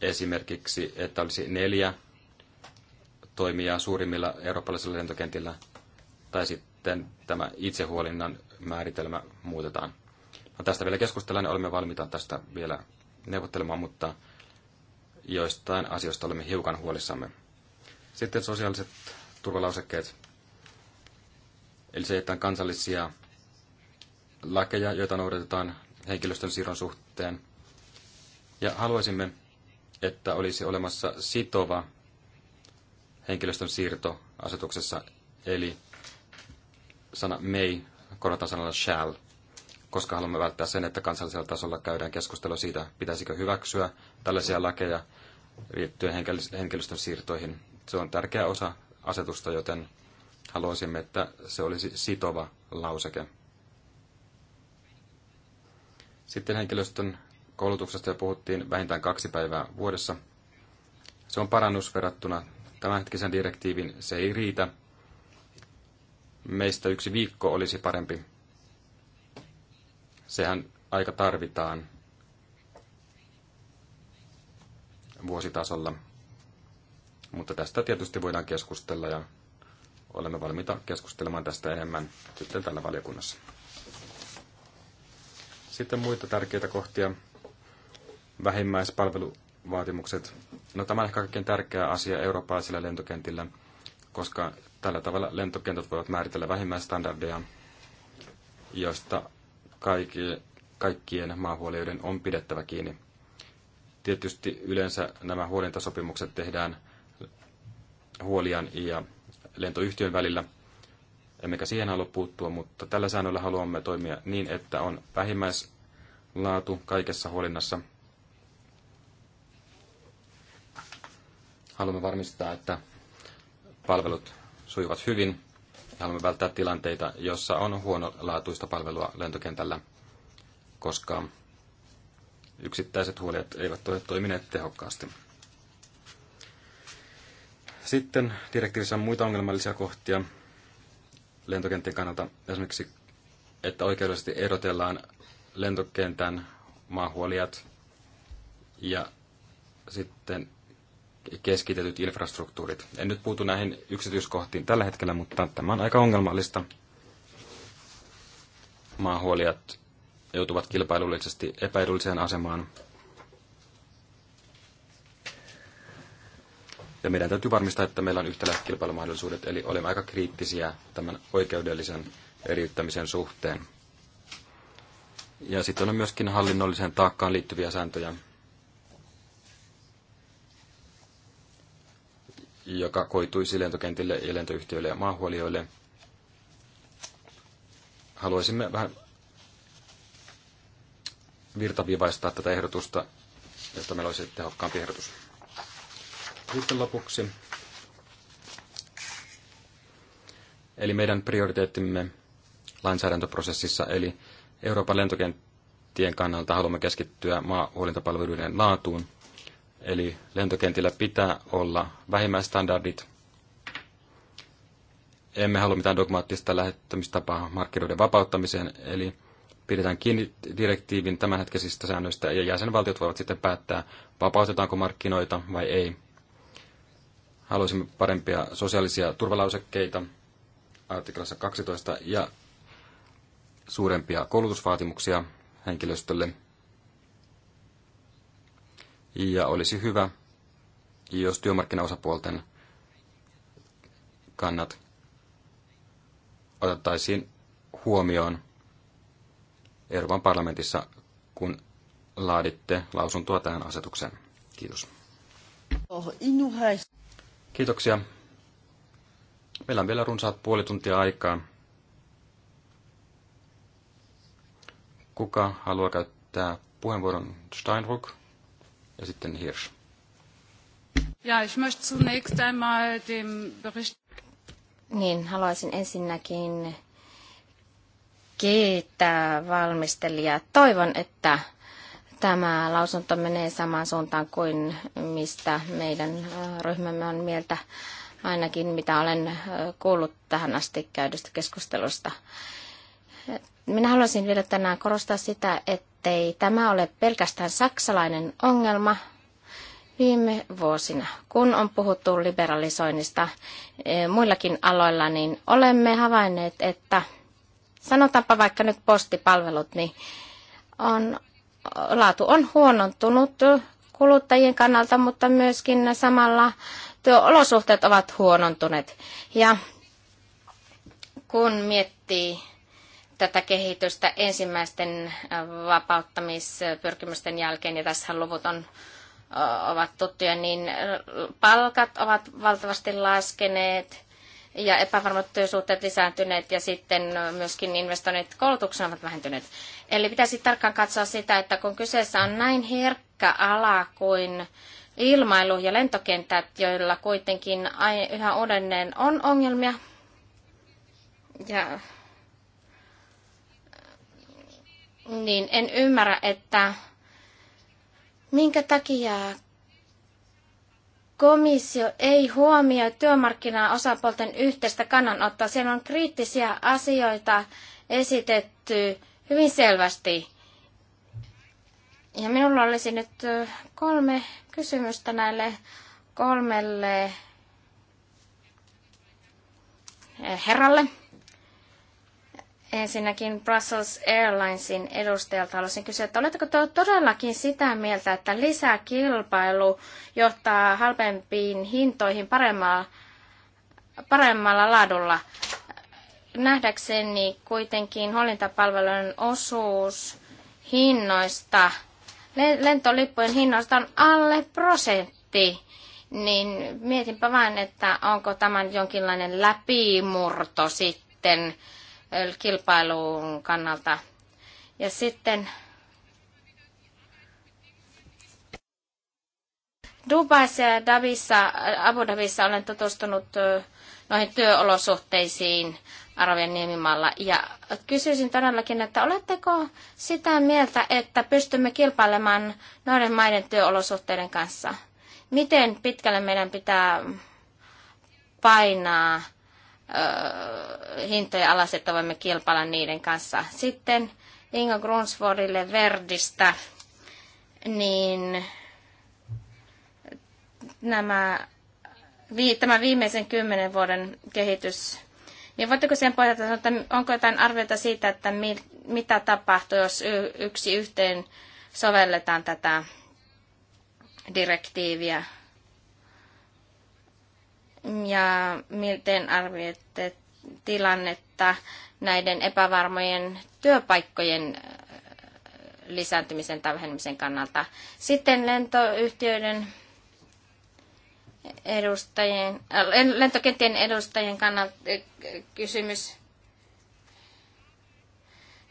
Esimerkiksi, että olisi neljä toimijaa suurimmilla eurooppalaisilla lentokentillä, tai sitten tämä itsehuolinnan määritelmä muutetaan. No, tästä vielä keskustellaan ja olemme valmiita tästä vielä neuvottelemaan, mutta joistain asioista olemme hiukan huolissamme. Sitten sosiaaliset turvalausekkeet. Eli se, että on kansallisia lakeja, joita noudatetaan henkilöstön siirron suhteen. Ja haluaisimme, että olisi olemassa sitova henkilöstön siirto asetuksessa, eli sana may korvataan sanalla shall, koska haluamme välttää sen, että kansallisella tasolla käydään keskustelu siitä, pitäisikö hyväksyä tällaisia lakeja liittyen henkilöstön siirtoihin. Se on tärkeä osa asetusta, joten haluaisimme, että se olisi sitova lauseke. Sitten henkilöstön koulutuksesta jo puhuttiin vähintään kaksi päivää vuodessa. Se on parannus verrattuna tämänhetkisen direktiivin. Se ei riitä. Meistä yksi viikko olisi parempi. Sehän aika tarvitaan vuositasolla. Mutta tästä tietysti voidaan keskustella ja olemme valmiita keskustelemaan tästä enemmän sitten tällä valiokunnassa. Sitten muita tärkeitä kohtia. Vähimmäispalveluvaatimukset. No tämä on ehkä kaikkein tärkeä asia eurooppalaisilla lentokentillä, koska tällä tavalla lentokentät voivat määritellä vähimmäistandardeja, joista kaikki, kaikkien maahuolijoiden on pidettävä kiinni. Tietysti yleensä nämä huolintasopimukset tehdään huolian ja lentoyhtiön välillä – emmekä siihen halua puuttua, mutta tällä säännöllä haluamme toimia niin, että on vähimmäislaatu kaikessa huolinnassa. Haluamme varmistaa, että palvelut sujuvat hyvin ja haluamme välttää tilanteita, jossa on huonolaatuista palvelua lentokentällä, koska yksittäiset huolet eivät ole toimineet tehokkaasti. Sitten direktiivissä on muita ongelmallisia kohtia lentokenttien kannalta esimerkiksi, että oikeudellisesti erotellaan lentokentän maahuolijat ja sitten keskitetyt infrastruktuurit. En nyt puutu näihin yksityiskohtiin tällä hetkellä, mutta tämä on aika ongelmallista. Maahuolijat joutuvat kilpailullisesti epäedulliseen asemaan Ja meidän täytyy varmistaa, että meillä on yhtäläiset kilpailumahdollisuudet, eli olemme aika kriittisiä tämän oikeudellisen eriyttämisen suhteen. Ja sitten on myöskin hallinnolliseen taakkaan liittyviä sääntöjä, joka koituisi siis lentokentille ja lentoyhtiöille ja maahuolijoille. Haluaisimme vähän virtaviivaistaa tätä ehdotusta, jotta meillä olisi tehokkaampi ehdotus. Sitten lopuksi. Eli meidän prioriteettimme lainsäädäntöprosessissa, eli Euroopan lentokenttien kannalta haluamme keskittyä maahuolintapalveluiden laatuun. Eli lentokentillä pitää olla vähimmäistandardit. Emme halua mitään dogmaattista lähettämistapaa markkinoiden vapauttamiseen, eli pidetään kiinni direktiivin tämänhetkisistä säännöistä ja jäsenvaltiot voivat sitten päättää, vapautetaanko markkinoita vai ei. Haluaisimme parempia sosiaalisia turvalausekkeita artiklassa 12 ja suurempia koulutusvaatimuksia henkilöstölle. Ja olisi hyvä, jos työmarkkinaosapuolten kannat otettaisiin huomioon Euroopan parlamentissa, kun laaditte lausuntoa tähän asetukseen. Kiitos. Kiitoksia. Meillä on vielä runsaat puoli tuntia aikaa. Kuka haluaa käyttää puheenvuoron Steinruck ja sitten Hirsch? Ja, ich möchte zunächst einmal dem Bericht... Niin, haluaisin ensinnäkin kiittää valmistelijaa. Toivon, että Tämä lausunto menee samaan suuntaan kuin mistä meidän ryhmämme on mieltä, ainakin mitä olen kuullut tähän asti käydystä keskustelusta. Minä haluaisin vielä tänään korostaa sitä, ettei tämä ole pelkästään saksalainen ongelma, viime vuosina, kun on puhuttu liberalisoinnista e, muillakin aloilla, niin olemme havainneet, että sanotaanpa vaikka nyt postipalvelut, niin on laatu on huonontunut kuluttajien kannalta, mutta myöskin samalla olosuhteet ovat huonontuneet. Ja kun miettii tätä kehitystä ensimmäisten vapauttamispyrkimysten jälkeen, ja tässä luvut on, ovat tuttuja, niin palkat ovat valtavasti laskeneet, ja epävarmat työsuhteet lisääntyneet ja sitten myöskin investoinnit koulutuksen ovat vähentyneet. Eli pitäisi tarkkaan katsoa sitä, että kun kyseessä on näin herkkä ala kuin ilmailu ja lentokentät, joilla kuitenkin yhä uudelleen on ongelmia. Ja, niin en ymmärrä, että minkä takia komissio ei huomioi työmarkkinaosapuolten yhteistä kannanottoa. Siellä on kriittisiä asioita esitetty hyvin selvästi. Ja minulla olisi nyt kolme kysymystä näille kolmelle eh, herralle. Ensinnäkin Brussels Airlinesin edustajalta haluaisin kysyä, että oletteko te todellakin sitä mieltä, että lisäkilpailu johtaa halvempiin hintoihin paremmalla, paremmalla laadulla? Nähdäkseni kuitenkin hallintapalvelujen osuus hinnoista, lentolippujen hinnoista on alle prosentti. Niin mietinpä vain, että onko tämän jonkinlainen läpimurto sitten kilpailun kannalta. Ja sitten Dubaissa ja Davissa, Abu Dhabissa olen tutustunut noihin työolosuhteisiin Arabian niemimaalla. Ja kysyisin todellakin, että oletteko sitä mieltä, että pystymme kilpailemaan noiden maiden työolosuhteiden kanssa? Miten pitkälle meidän pitää painaa hintoja alas, että voimme kilpailla niiden kanssa. Sitten Ingo Grunsvorille Verdistä, niin nämä, tämä viimeisen kymmenen vuoden kehitys, niin voitteko sen pohjalta sanoa, että onko jotain arviota siitä, että mi, mitä tapahtuu, jos yksi yhteen sovelletaan tätä direktiiviä ja miten arvioitte tilannetta näiden epävarmojen työpaikkojen lisääntymisen tai vähenemisen kannalta. Sitten lentoyhtiöiden edustajien, äh, lentokenttien edustajien kannalta kysymys.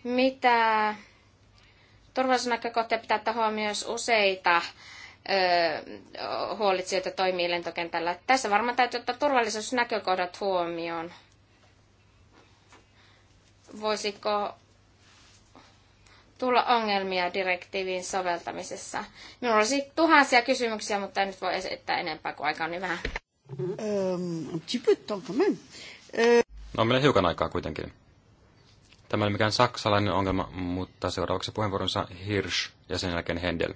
Mitä turvallisuusnäkökohtia pitää ottaa huomioon, jos useita huolitsijoita toimii lentokentällä. Tässä varmaan täytyy ottaa turvallisuusnäkökohdat huomioon. Voisiko tulla ongelmia direktiivin soveltamisessa? Minulla olisi tuhansia kysymyksiä, mutta en nyt voi esittää enempää, kuin aika on niin vähän. No, meillä hiukan aikaa kuitenkin. Tämä ei mikään saksalainen ongelma, mutta seuraavaksi puheenvuoronsa Hirsch ja sen jälkeen Händel.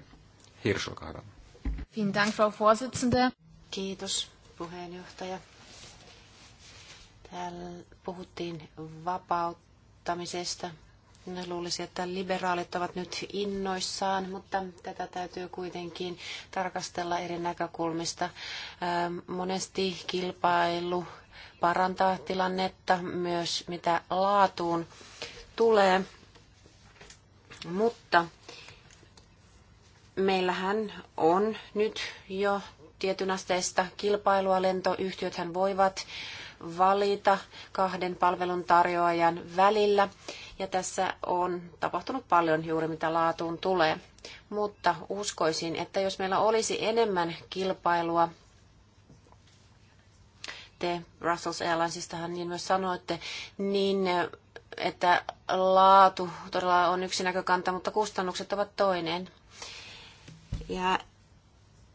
Hirsch, olkaa hyvä. Vielen Dank, Frau Vorsitzende. Kiitos, puheenjohtaja. Täällä puhuttiin vapauttamisesta. Minä luulisi, että liberaalit ovat nyt innoissaan, mutta tätä täytyy kuitenkin tarkastella eri näkökulmista. Ähm, monesti kilpailu parantaa tilannetta myös mitä laatuun tulee, mutta meillähän on nyt jo tietyn asteista kilpailua. Lentoyhtiöthän voivat valita kahden palveluntarjoajan välillä. Ja tässä on tapahtunut paljon juuri mitä laatuun tulee. Mutta uskoisin, että jos meillä olisi enemmän kilpailua, te Russell's Airlinesistahan niin myös sanoitte, niin että laatu todella on yksi näkökanta, mutta kustannukset ovat toinen. Ja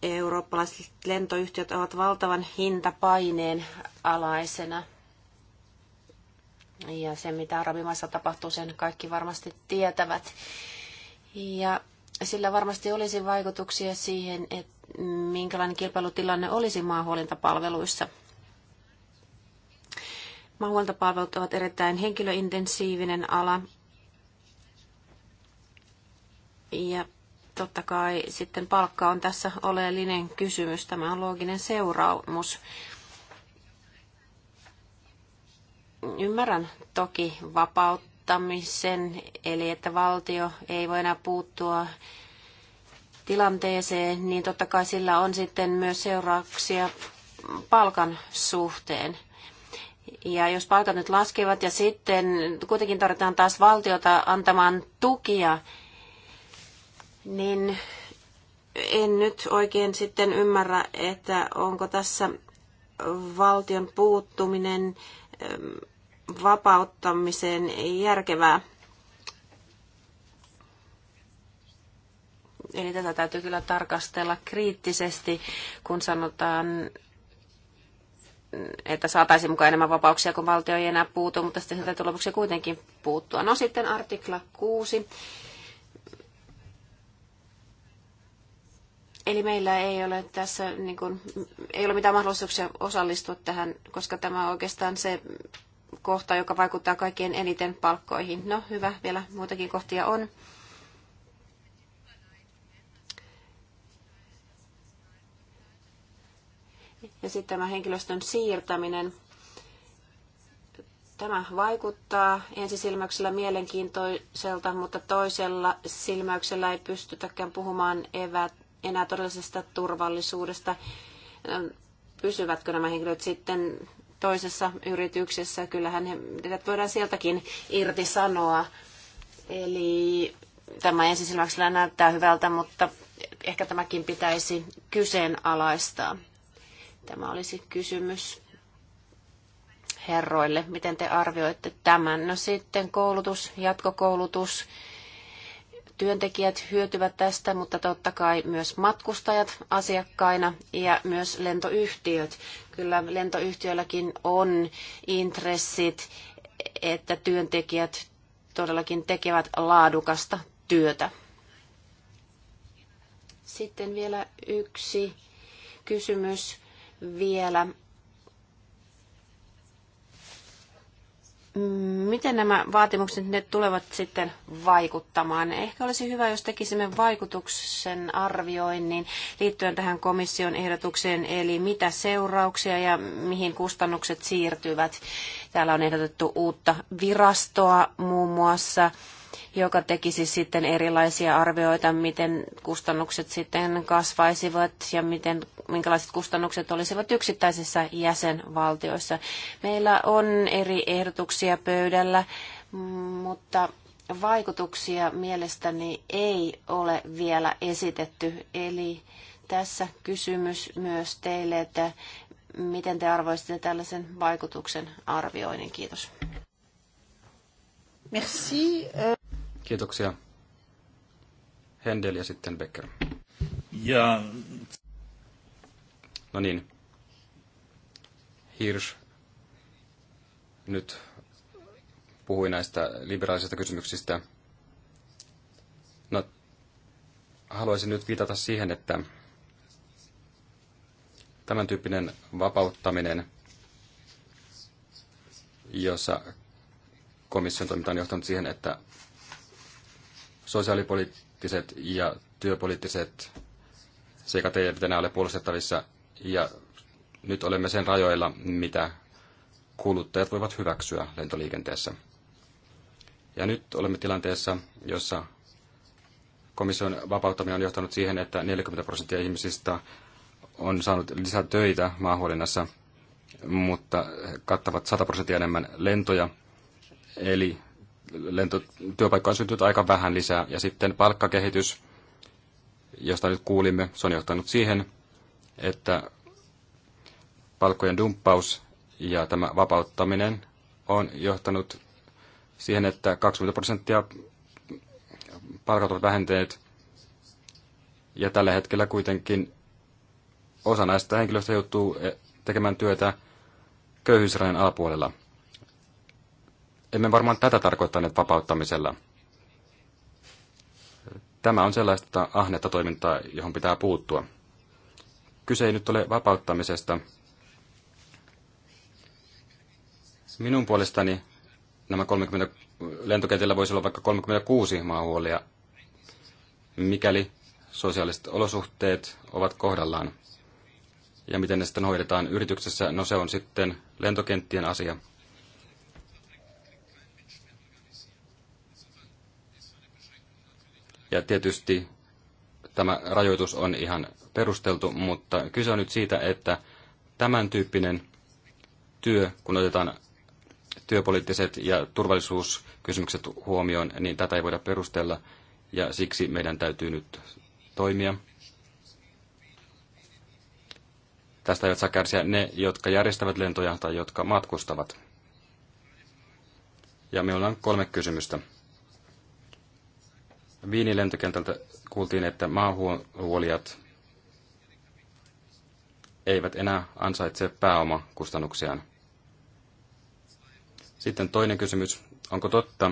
eurooppalaiset lentoyhtiöt ovat valtavan hintapaineen alaisena. Ja se, mitä arabimaissa tapahtuu, sen kaikki varmasti tietävät. Ja sillä varmasti olisi vaikutuksia siihen, että minkälainen kilpailutilanne olisi maahuolintapalveluissa. Maahuolintapalvelut ovat erittäin henkilöintensiivinen ala. Ja totta kai sitten palkka on tässä oleellinen kysymys. Tämä on looginen seuraamus. Ymmärrän toki vapauttamisen, eli että valtio ei voi enää puuttua tilanteeseen, niin totta kai sillä on sitten myös seurauksia palkan suhteen. Ja jos palkat nyt laskevat ja sitten kuitenkin tarvitaan taas valtiota antamaan tukia, niin en nyt oikein sitten ymmärrä, että onko tässä valtion puuttuminen ähm, vapauttamiseen järkevää. Eli tätä täytyy kyllä tarkastella kriittisesti, kun sanotaan, että saataisiin mukaan enemmän vapauksia, kun valtio ei enää puutu, mutta sitten täytyy lopuksi kuitenkin puuttua. No sitten artikla 6 Eli meillä ei ole tässä niin kuin, ei ole mitään mahdollisuuksia osallistua tähän, koska tämä on oikeastaan se kohta, joka vaikuttaa kaikkien eniten palkkoihin. No hyvä, vielä muitakin kohtia on. Ja sitten tämä henkilöstön siirtäminen. Tämä vaikuttaa ensisilmäyksellä mielenkiintoiselta, mutta toisella silmäyksellä ei pystytäkään puhumaan evät enää todellisesta turvallisuudesta. Pysyvätkö nämä henkilöt sitten toisessa yrityksessä? Kyllähän he voidaan sieltäkin irtisanoa. Eli tämä ensisilmäyksellä näyttää hyvältä, mutta ehkä tämäkin pitäisi kyseenalaistaa. Tämä olisi kysymys herroille. Miten te arvioitte tämän? No sitten koulutus, jatkokoulutus työntekijät hyötyvät tästä, mutta totta kai myös matkustajat asiakkaina ja myös lentoyhtiöt. Kyllä lentoyhtiöilläkin on intressit, että työntekijät todellakin tekevät laadukasta työtä. Sitten vielä yksi kysymys vielä miten nämä vaatimukset ne tulevat sitten vaikuttamaan? Ehkä olisi hyvä, jos tekisimme vaikutuksen arvioinnin liittyen tähän komission ehdotukseen, eli mitä seurauksia ja mihin kustannukset siirtyvät. Täällä on ehdotettu uutta virastoa muun muassa joka tekisi sitten erilaisia arvioita, miten kustannukset sitten kasvaisivat ja miten, minkälaiset kustannukset olisivat yksittäisissä jäsenvaltioissa. Meillä on eri ehdotuksia pöydällä, mutta vaikutuksia mielestäni ei ole vielä esitetty. Eli tässä kysymys myös teille, että miten te arvoisitte tällaisen vaikutuksen arvioinnin. Kiitos. Merci. Kiitoksia. Händel ja sitten Becker. Ja... No niin. Hirsch nyt puhui näistä liberaalisista kysymyksistä. No, haluaisin nyt viitata siihen, että tämän tyyppinen vapauttaminen, jossa komission toiminta on johtanut siihen, että sosiaalipoliittiset ja työpoliittiset sekä eivät enää ole puolustettavissa ja nyt olemme sen rajoilla, mitä kuluttajat voivat hyväksyä lentoliikenteessä. Ja nyt olemme tilanteessa, jossa komission vapauttaminen on johtanut siihen, että 40 prosenttia ihmisistä on saanut lisää töitä maahuolinnassa, mutta kattavat 100 prosenttia enemmän lentoja. Eli lentotyöpaikkoja on syntynyt aika vähän lisää. Ja sitten palkkakehitys, josta nyt kuulimme, se on johtanut siihen, että palkkojen dumppaus ja tämä vapauttaminen on johtanut siihen, että 20 prosenttia palkat ovat vähentyneet. Ja tällä hetkellä kuitenkin osa näistä henkilöistä joutuu eh, tekemään työtä köyhyysrajan alapuolella emme varmaan tätä tarkoittaneet vapauttamisella. Tämä on sellaista ahnetta toimintaa, johon pitää puuttua. Kyse ei nyt ole vapauttamisesta. Minun puolestani nämä 30 lentokentillä voisi olla vaikka 36 maahuolia, mikäli sosiaaliset olosuhteet ovat kohdallaan. Ja miten ne sitten hoidetaan yrityksessä, no se on sitten lentokenttien asia. Ja tietysti tämä rajoitus on ihan perusteltu, mutta kyse on nyt siitä, että tämän tyyppinen työ, kun otetaan työpoliittiset ja turvallisuuskysymykset huomioon, niin tätä ei voida perustella ja siksi meidän täytyy nyt toimia. Tästä eivät saa kärsiä ne, jotka järjestävät lentoja tai jotka matkustavat. Ja meillä on kolme kysymystä. Viinin lentokentältä kuultiin, että maahuolijat eivät enää ansaitse pääomakustannuksiaan. Sitten toinen kysymys. Onko totta,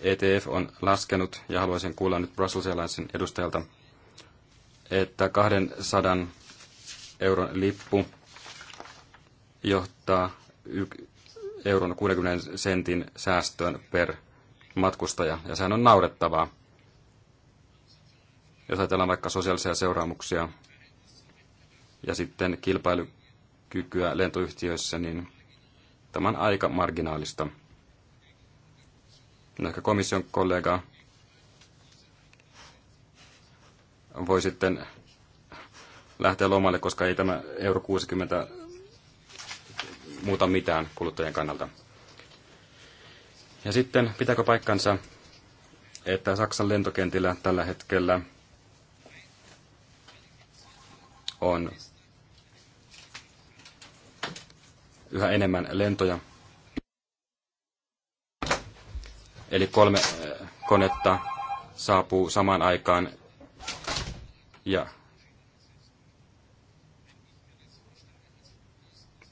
ETF on laskenut, ja haluaisin kuulla nyt Brussels Airlinesin edustajalta, että 200 euron lippu johtaa euron 60 sentin säästöön per matkustaja, ja sehän on naurettavaa. Jos ajatellaan vaikka sosiaalisia seuraamuksia ja sitten kilpailukykyä lentoyhtiöissä, niin tämä on aika marginaalista. No ehkä komission kollega voi sitten lähteä lomalle, koska ei tämä euro 60 muuta mitään kuluttajien kannalta. Ja sitten pitääkö paikkansa, että Saksan lentokentillä tällä hetkellä on yhä enemmän lentoja. Eli kolme eh, konetta saapuu samaan aikaan ja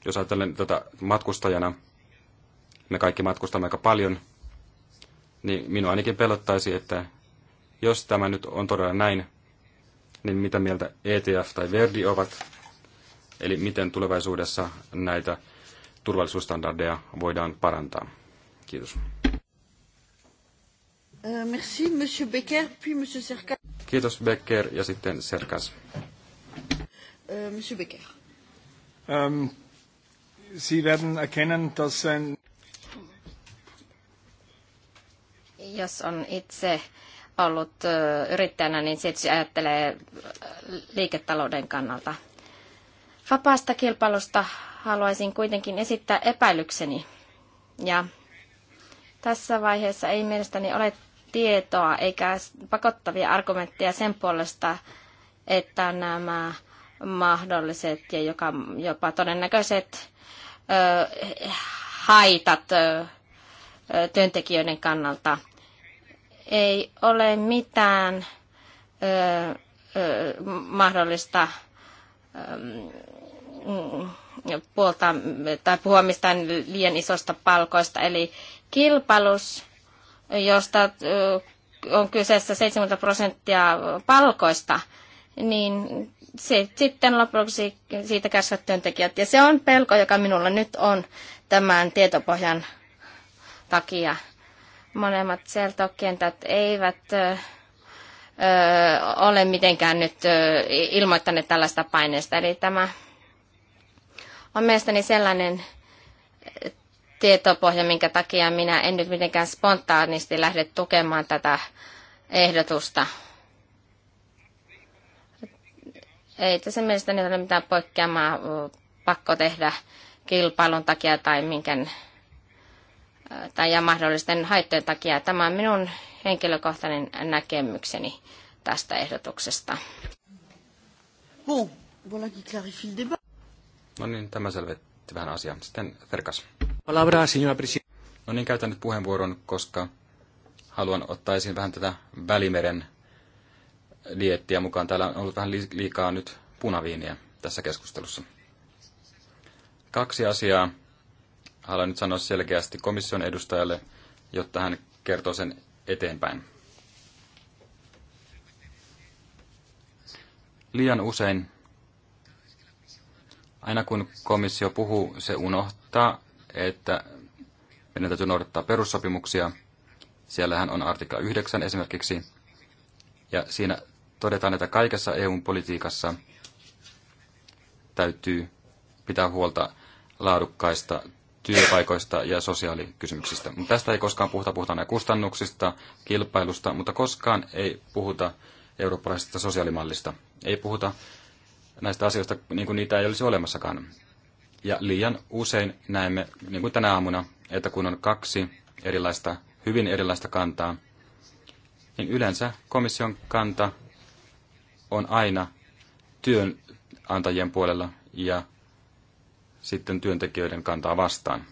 jos ajattelen tätä matkustajana, me kaikki matkustamme aika paljon, niin minua ainakin pelottaisi, että jos tämä nyt on todella näin, niin mitä mieltä ETF tai Verdi ovat, eli miten tulevaisuudessa näitä turvallisuusstandardeja voidaan parantaa. Kiitos. Euh, merci, Monsieur Becker, puis Monsieur Serkas. Kiitos Becker ja sitten Serkas. Euh, Monsieur Becker. Ähm, Sie werden erkennen, dass ein... jos on itse ollut yrittäjänä, niin tietysti ajattelee liiketalouden kannalta. Vapaasta kilpailusta haluaisin kuitenkin esittää epäilykseni. Ja tässä vaiheessa ei mielestäni ole tietoa eikä pakottavia argumentteja sen puolesta, että nämä mahdolliset ja joka, jopa todennäköiset ö, haitat ö, työntekijöiden kannalta – ei ole mitään ö, ö, mahdollista ö, puolta, tai puhua mistään liian isosta palkoista. Eli kilpailus, josta on kyseessä 70 prosenttia palkoista, niin se, sitten lopuksi siitä kärsivät työntekijät. Ja se on pelko, joka minulla nyt on tämän tietopohjan takia. Molemmat seltokentät eivät ole mitenkään nyt ilmoittaneet tällaista paineesta. Eli tämä on mielestäni sellainen tietopohja, minkä takia minä en nyt mitenkään spontaanisti lähde tukemaan tätä ehdotusta. Ei tässä mielestäni ole mitään poikkeamaa pakko tehdä kilpailun takia tai minkään tai ja mahdollisten haittojen takia. Tämä on minun henkilökohtainen näkemykseni tästä ehdotuksesta. Bon, voilà qui clarifie le débat. No niin, tämä selvitti vähän asiaa. Sitten Ferkas. Palabra, señora presidenta. No niin, käytän nyt puheenvuoron, koska haluan ottaa esiin vähän tätä Välimeren liettiä mukaan. Täällä on ollut vähän liikaa nyt punaviiniä tässä keskustelussa. Kaksi asiaa haluan nyt sanoa selkeästi komission edustajalle, jotta hän kertoo sen eteenpäin. Liian usein, aina kun komissio puhuu, se unohtaa, että meidän täytyy noudattaa perussopimuksia. Siellähän on artikla 9 esimerkiksi, ja siinä todetaan, että kaikessa EU-politiikassa täytyy pitää huolta laadukkaista työpaikoista ja sosiaalikysymyksistä. Mutta tästä ei koskaan puhuta, puhutaan kustannuksista, kilpailusta, mutta koskaan ei puhuta eurooppalaisesta sosiaalimallista. Ei puhuta näistä asioista niin kuin niitä ei olisi olemassakaan. Ja liian usein näemme, niin kuin tänä aamuna, että kun on kaksi erilaista, hyvin erilaista kantaa, niin yleensä komission kanta on aina työnantajien puolella ja sitten työntekijöiden kantaa vastaan.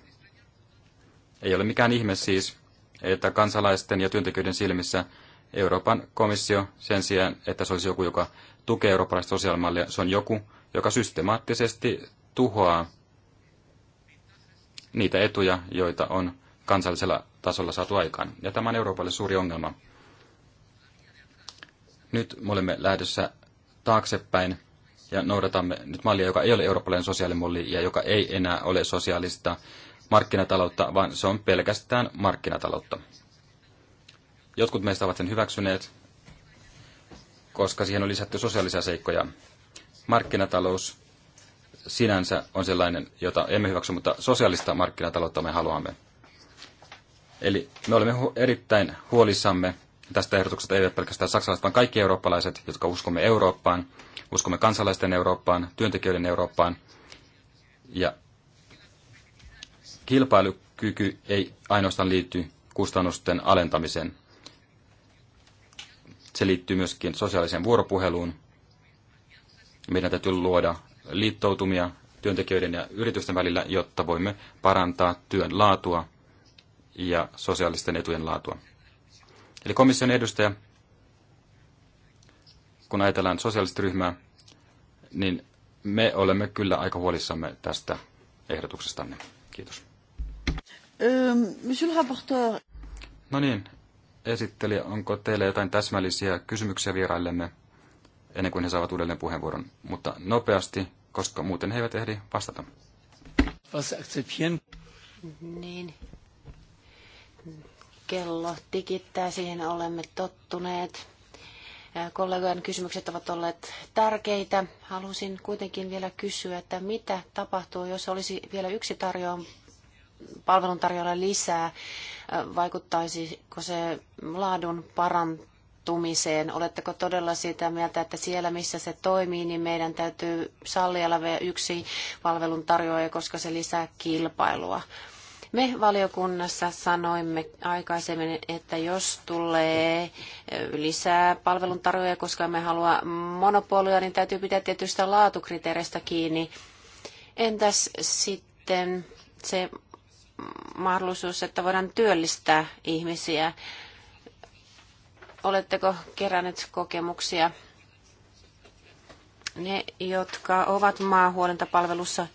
Ei ole mikään ihme siis, että kansalaisten ja työntekijöiden silmissä Euroopan komissio sen sijaan, että se olisi joku, joka tukee eurooppalaista sosiaalimallia, se on joku, joka systemaattisesti tuhoaa niitä etuja, joita on kansallisella tasolla saatu aikaan. Ja tämä on Euroopalle suuri ongelma. Nyt me olemme lähdössä taaksepäin ja noudatamme nyt mallia, joka ei ole eurooppalainen sosiaalimalli ja joka ei enää ole sosiaalista markkinataloutta, vaan se on pelkästään markkinataloutta. Jotkut meistä ovat sen hyväksyneet, koska siihen on lisätty sosiaalisia seikkoja. Markkinatalous sinänsä on sellainen, jota emme hyväksy, mutta sosiaalista markkinataloutta me haluamme. Eli me olemme erittäin huolissamme tästä ehdotuksesta ei ole pelkästään saksalaiset, vaan kaikki eurooppalaiset, jotka uskomme Eurooppaan, uskomme kansalaisten Eurooppaan, työntekijöiden Eurooppaan. Ja kilpailukyky ei ainoastaan liity kustannusten alentamiseen. Se liittyy myöskin sosiaaliseen vuoropuheluun. Meidän täytyy luoda liittoutumia työntekijöiden ja yritysten välillä, jotta voimme parantaa työn laatua ja sosiaalisten etujen laatua. Eli komission edustaja, kun ajatellaan sosiaalista ryhmää, niin me olemme kyllä aika huolissamme tästä ehdotuksestanne. Kiitos. Ähm, monsieur le rapporteur. No niin, esitteli, onko teille jotain täsmällisiä kysymyksiä vieraillemme ennen kuin he saavat uudelleen puheenvuoron, mutta nopeasti, koska muuten he eivät ehdi vastata. Niin, kello tikittää, siihen olemme tottuneet. Kollegojen kysymykset ovat olleet tärkeitä. Halusin kuitenkin vielä kysyä, että mitä tapahtuu, jos olisi vielä yksi palvelun tarjolla lisää? Vaikuttaisiko se laadun parantumiseen? Oletteko todella sitä mieltä, että siellä missä se toimii, niin meidän täytyy sallia yksi tarjoaja, koska se lisää kilpailua? Me valiokunnassa sanoimme aikaisemmin, että jos tulee lisää palveluntarjoajia, koska me halua monopolia, niin täytyy pitää tietystä laatukriteereistä kiinni. Entäs sitten se mahdollisuus, että voidaan työllistää ihmisiä? Oletteko keränneet kokemuksia? Ne, jotka ovat maahuolentapalvelussa,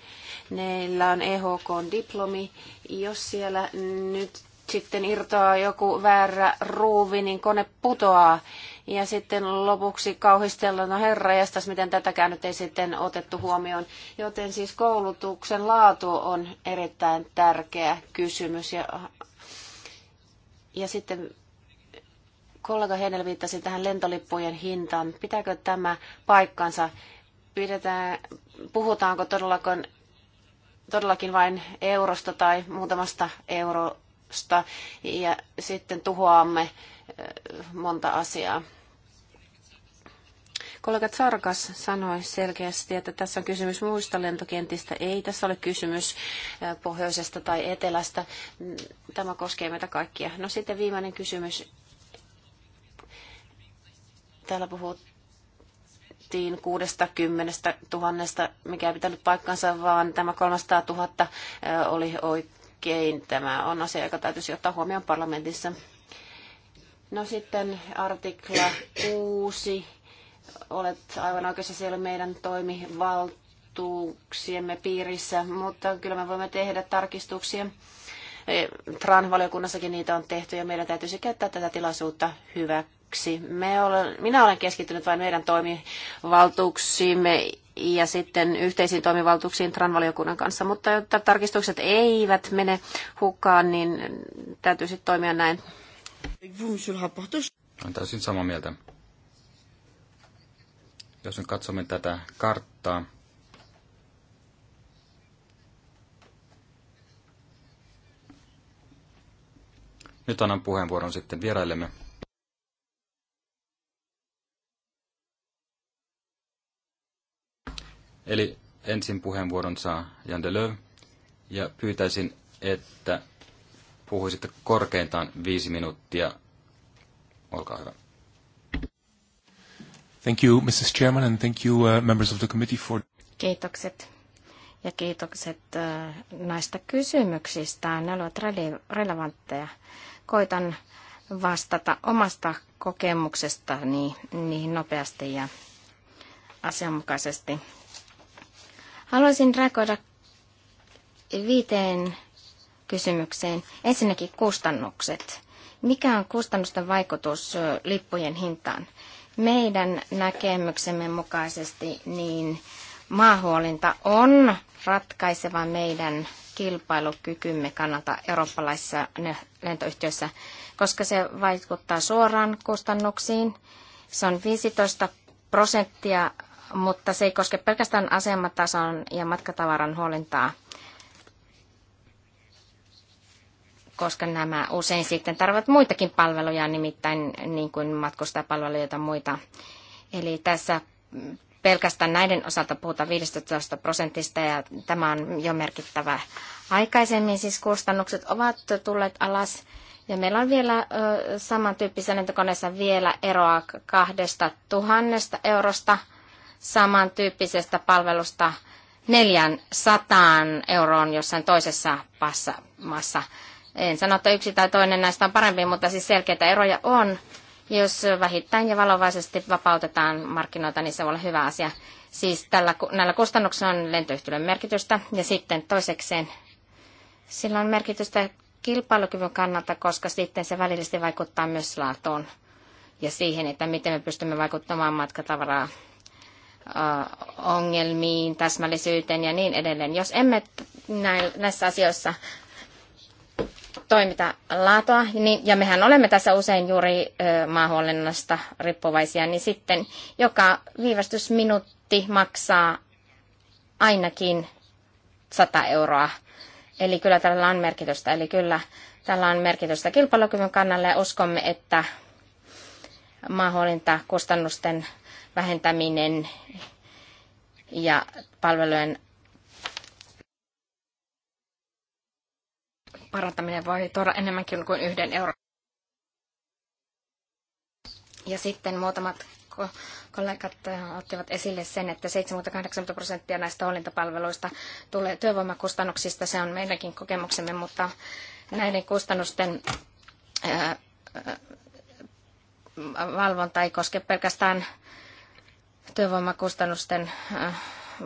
Neillä on EHK-diplomi. Jos siellä nyt sitten irtoaa joku väärä ruuvi, niin kone putoaa. Ja sitten lopuksi kauhistellaan, no herra jästäs, miten tätäkään nyt ei sitten otettu huomioon. Joten siis koulutuksen laatu on erittäin tärkeä kysymys. Ja, ja sitten kollega Henel viittasi tähän lentolippujen hintaan. Pitääkö tämä paikkansa? Pidetään, puhutaanko todellakin todellakin vain eurosta tai muutamasta eurosta ja sitten tuhoamme monta asiaa. Kollega Tsarkas sanoi selkeästi, että tässä on kysymys muista lentokentistä. Ei tässä ole kysymys pohjoisesta tai etelästä. Mm, tämä koskee meitä kaikkia. No sitten viimeinen kysymys. Täällä puhut puhuttiin 60 000, mikä ei pitänyt paikkansa, vaan tämä 300 000 oli oikein. Tämä on asia, joka täytyisi ottaa huomioon parlamentissa. No sitten artikla 6. Olet aivan oikeassa, siellä meidän toimivaltuuksiemme piirissä, mutta kyllä me voimme tehdä tarkistuksia TRAN-valiokunnassakin niitä on tehty ja meidän täytyisi käyttää tätä tilaisuutta hyväksi. Me olen, minä olen keskittynyt vain meidän toimivaltuuksiimme ja sitten yhteisiin toimivaltuuksiin TRAN-valiokunnan kanssa, mutta jotta tarkistukset eivät mene hukkaan, niin täytyisi toimia näin. Olen täysin samaa mieltä. Jos nyt katsomme tätä karttaa, Nyt annan puheenvuoron sitten vieraillemme. Eli ensin puheenvuoron saa Jan Leu, ja pyytäisin, että puhuisitte korkeintaan viisi minuuttia. Olkaa hyvä. Thank you, Mrs. Chairman, and thank you, uh, members of the committee for... Kiitokset. Ja kiitokset uh, näistä kysymyksistä. Ne ovat rele- relevantteja koitan vastata omasta kokemuksestani niihin nopeasti ja asianmukaisesti. Haluaisin reagoida viiteen kysymykseen. Ensinnäkin kustannukset. Mikä on kustannusten vaikutus lippujen hintaan? Meidän näkemyksemme mukaisesti niin maahuolinta on ratkaiseva meidän kilpailukykymme kannalta eurooppalaisissa lentoyhtiöissä, koska se vaikuttaa suoraan kustannuksiin. Se on 15 prosenttia, mutta se ei koske pelkästään asematason ja matkatavaran huolintaa, koska nämä usein sitten tarvitsevat muitakin palveluja, nimittäin niin kuin matkustajapalveluja ja muita. Eli tässä pelkästään näiden osalta puhutaan 15 prosentista ja tämä on jo merkittävä. Aikaisemmin siis kustannukset ovat tulleet alas ja meillä on vielä samantyyppisessä lentokoneessa vielä eroa kahdesta tuhannesta eurosta samantyyppisestä palvelusta 400 euroon jossain toisessa passa, massa. En sano, että yksi tai toinen näistä on parempi, mutta siis selkeitä eroja on. Jos vähittäin ja valovaisesti vapautetaan markkinoita, niin se voi olla hyvä asia. Siis tällä, näillä kustannuksilla on lentoyhtiölle merkitystä. Ja sitten toisekseen sillä on merkitystä kilpailukyvyn kannalta, koska sitten se välillisesti vaikuttaa myös laatuun ja siihen, että miten me pystymme vaikuttamaan matkatavaraa ongelmiin, täsmällisyyteen ja niin edelleen. Jos emme näissä asioissa toiminta laatua, niin, ja mehän olemme tässä usein juuri ö, maahuolennasta riippuvaisia, niin sitten joka viivästysminuutti maksaa ainakin 100 euroa. Eli kyllä tällä on merkitystä, eli kyllä tällä on merkitystä kilpailukyvyn kannalle ja uskomme, että kustannusten vähentäminen ja palvelujen parantaminen voi tuoda enemmänkin kuin yhden euron. Ja sitten muutamat kollegat äh, ottivat esille sen, että 70-80 prosenttia näistä hallintapalveluista tulee työvoimakustannuksista. Se on meidänkin kokemuksemme, mutta näiden kustannusten äh, äh, valvonta ei koske pelkästään työvoimakustannusten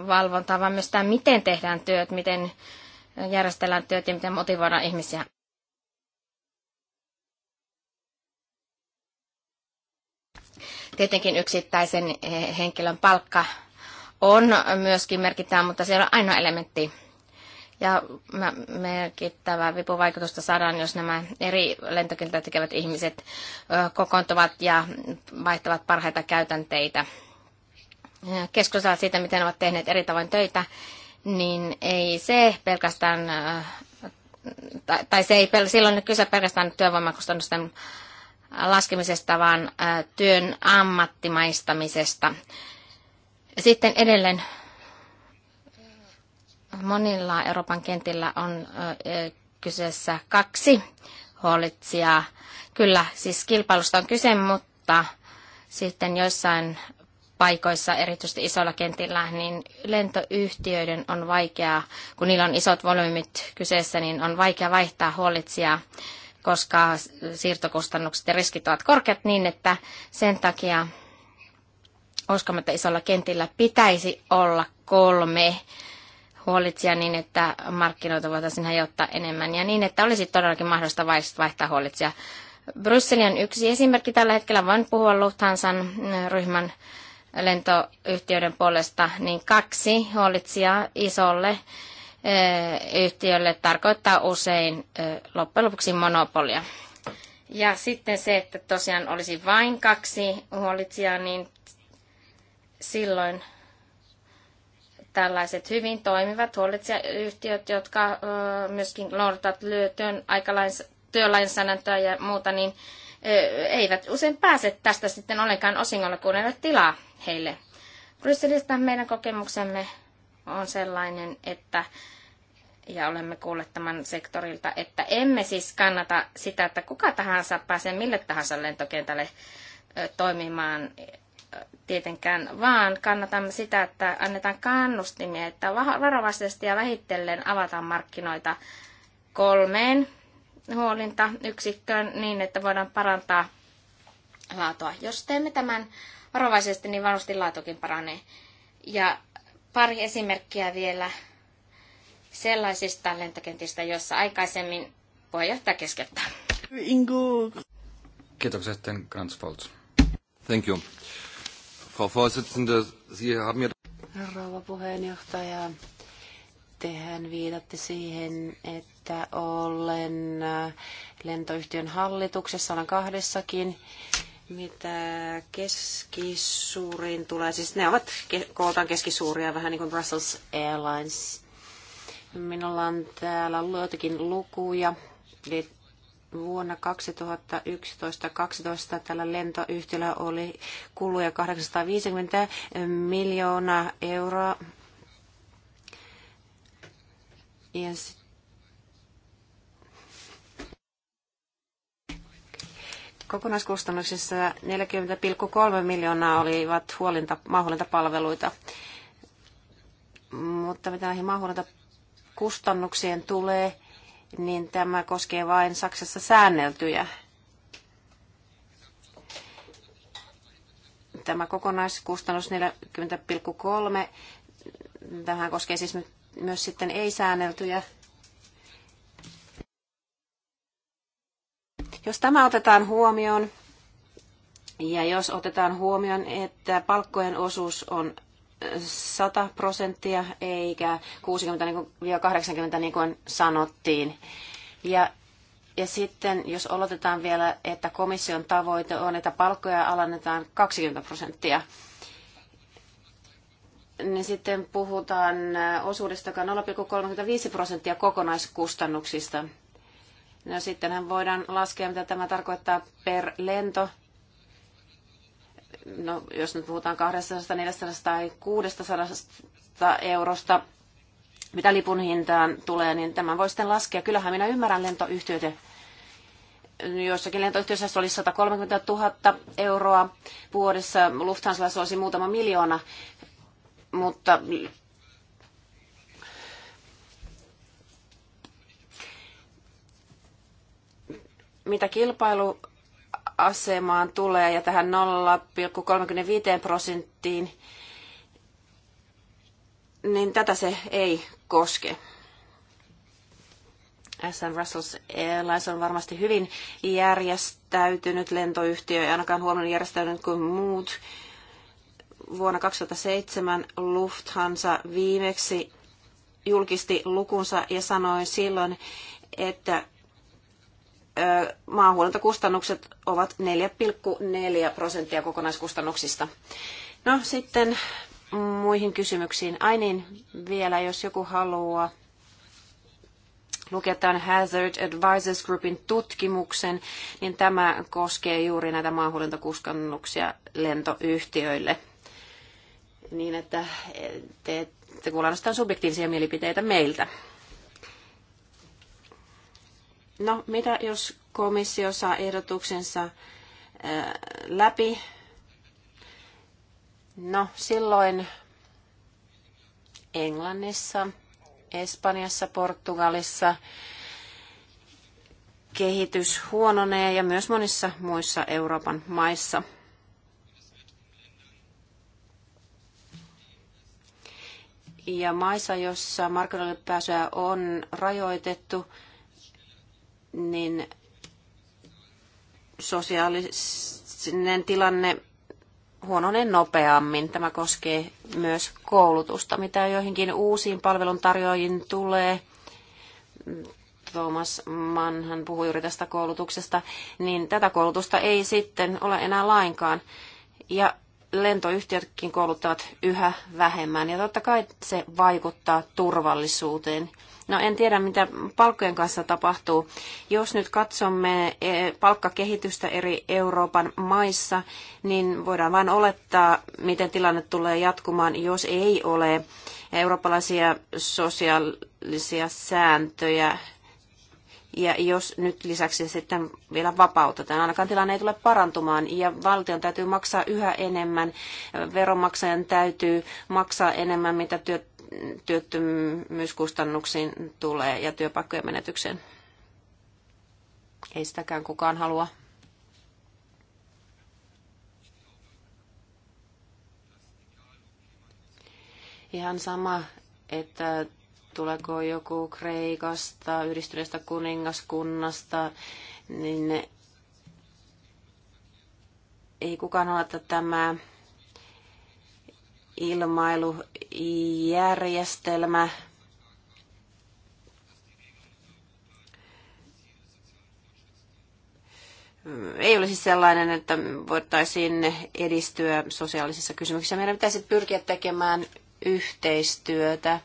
valvontaa, vaan myös tämä, miten tehdään työt, miten järjestellään työt ja miten motivoidaan ihmisiä. Tietenkin yksittäisen henkilön palkka on myöskin merkittävä, mutta se on ainoa elementti. Ja merkittävää vipuvaikutusta saadaan, jos nämä eri lentokentää tekevät ihmiset kokoontuvat ja vaihtavat parhaita käytänteitä. Keskustellaan siitä, miten ovat tehneet eri tavoin töitä niin ei se pelkästään, tai, tai se ei silloin kyse pelkästään työvoimakustannusten laskemisesta, vaan työn ammattimaistamisesta. Sitten edelleen monilla Euroopan kentillä on kyseessä kaksi huolitsijaa. Kyllä, siis kilpailusta on kyse, mutta sitten joissain paikoissa, erityisesti isoilla kentillä, niin lentoyhtiöiden on vaikeaa, kun niillä on isot volyymit kyseessä, niin on vaikea vaihtaa huolitsijaa, koska siirtokustannukset ja riskit ovat korkeat niin, että sen takia uskomme, että isolla kentillä pitäisi olla kolme huolitsijaa niin, että markkinoita voitaisiin hajottaa enemmän ja niin, että olisi todellakin mahdollista vaihtaa huolitsijaa. Brysseli on yksi esimerkki tällä hetkellä. Voin puhua Lufthansan äh, ryhmän lentoyhtiöiden puolesta, niin kaksi huolitsijaa isolle eh, yhtiölle tarkoittaa usein eh, loppujen lopuksi monopolia. Ja sitten se, että tosiaan olisi vain kaksi huolitsijaa, niin silloin tällaiset hyvin toimivat huolitsijayhtiöt, jotka eh, myöskin noudattavat työlainsäädäntöä ja muuta, niin eivät usein pääse tästä sitten ollenkaan osingolla, kun eivät tilaa heille. Brysselistä meidän kokemuksemme on sellainen, että ja olemme kuulleet tämän sektorilta, että emme siis kannata sitä, että kuka tahansa pääsee mille tahansa lentokentälle toimimaan tietenkään, vaan kannatamme sitä, että annetaan kannustimia, että varovaisesti ja vähitellen avataan markkinoita kolmeen huolintayksikköön niin, että voidaan parantaa laatua. Jos teemme tämän varovaisesti, niin varmasti laatukin paranee. Ja pari esimerkkiä vielä sellaisista lentokentistä, joissa aikaisemmin puheenjohtaja keskeyttää. Ingo. Kiitoksia sitten Grantsfolds. Thank you. Frau Vorsitzende, Sie haben ja... Rouva puheenjohtaja, tehän viitatte siihen, että että olen äh, lentoyhtiön hallituksessa, olen kahdessakin, mitä keskisuuriin tulee. Siis ne ovat kooltaan keskisuuria, vähän niin kuin Brussels Airlines. Minulla on täällä joitakin lukuja. Eli vuonna 2011-2012 tällä lentoyhtiöllä oli kuluja 850 miljoonaa euroa. Ja sitten Kokonaiskustannuksissa 40,3 miljoonaa olivat huolinta, maahuolintapalveluita. Mutta mitä näihin maahuolintakustannuksien tulee, niin tämä koskee vain Saksassa säänneltyjä. Tämä kokonaiskustannus 40,3, tähän koskee siis myös sitten ei-säänneltyjä Jos tämä otetaan huomioon, ja jos otetaan huomioon, että palkkojen osuus on 100 äh, prosenttia eikä 60-80 niin, niin kuin sanottiin. Ja, ja sitten jos oletetaan vielä, että komission tavoite on, että palkkoja alennetaan 20 prosenttia, niin sitten puhutaan äh, osuudesta, joka on 0,35 prosenttia kokonaiskustannuksista. No sittenhän voidaan laskea, mitä tämä tarkoittaa per lento. No, jos nyt puhutaan 200, 400 tai 600 eurosta, mitä lipun hintaan tulee, niin tämä voi sitten laskea. Kyllähän minä ymmärrän lentoyhtiöitä. Joissakin lentoyhtiöissä se olisi 130 000 euroa vuodessa, Lufthansa se olisi muutama miljoona, mutta Mitä kilpailuasemaan tulee ja tähän 0,35 prosenttiin, niin tätä se ei koske. SM Russells Airlines on varmasti hyvin järjestäytynyt lentoyhtiö, ei ainakaan huonommin järjestäytynyt kuin muut. Vuonna 2007 Lufthansa viimeksi julkisti lukunsa ja sanoi silloin, että maahuoltokustannukset ovat 4,4 prosenttia kokonaiskustannuksista. No sitten muihin kysymyksiin. Ai niin, vielä jos joku haluaa lukea tämän Hazard Advisors Groupin tutkimuksen, niin tämä koskee juuri näitä maahuolintokustannuksia lentoyhtiöille. Niin, että te te kuule subjektiivisia mielipiteitä meiltä. No, mitä jos komissio saa ehdotuksensa äh, läpi? No, silloin Englannissa, Espanjassa, Portugalissa kehitys huononee ja myös monissa muissa Euroopan maissa. Ja maissa, jossa markkinoille pääsyä on rajoitettu, niin sosiaalinen tilanne huononee nopeammin. Tämä koskee myös koulutusta, mitä joihinkin uusiin palveluntarjoajiin tulee. Thomas Mannhan puhui juuri tästä koulutuksesta, niin tätä koulutusta ei sitten ole enää lainkaan. Ja lentoyhtiötkin kouluttavat yhä vähemmän, ja totta kai se vaikuttaa turvallisuuteen. No en tiedä, mitä palkkojen kanssa tapahtuu. Jos nyt katsomme e, palkkakehitystä eri Euroopan maissa, niin voidaan vain olettaa, miten tilanne tulee jatkumaan, jos ei ole eurooppalaisia sosiaalisia sääntöjä. Ja jos nyt lisäksi sitten vielä vapautetaan, ainakaan tilanne ei tule parantumaan ja valtion täytyy maksaa yhä enemmän, veronmaksajan täytyy maksaa enemmän, mitä työt työttömyyskustannuksiin tulee ja työpaikkojen menetykseen. Ei sitäkään kukaan halua. Ihan sama, että tuleeko joku Kreikasta, yhdistyneestä kuningaskunnasta, niin ei kukaan ole, että tämä ilmailujärjestelmä. Ei olisi sellainen, että voitaisiin edistyä sosiaalisissa kysymyksissä. Meidän pitäisi pyrkiä tekemään yhteistyötä.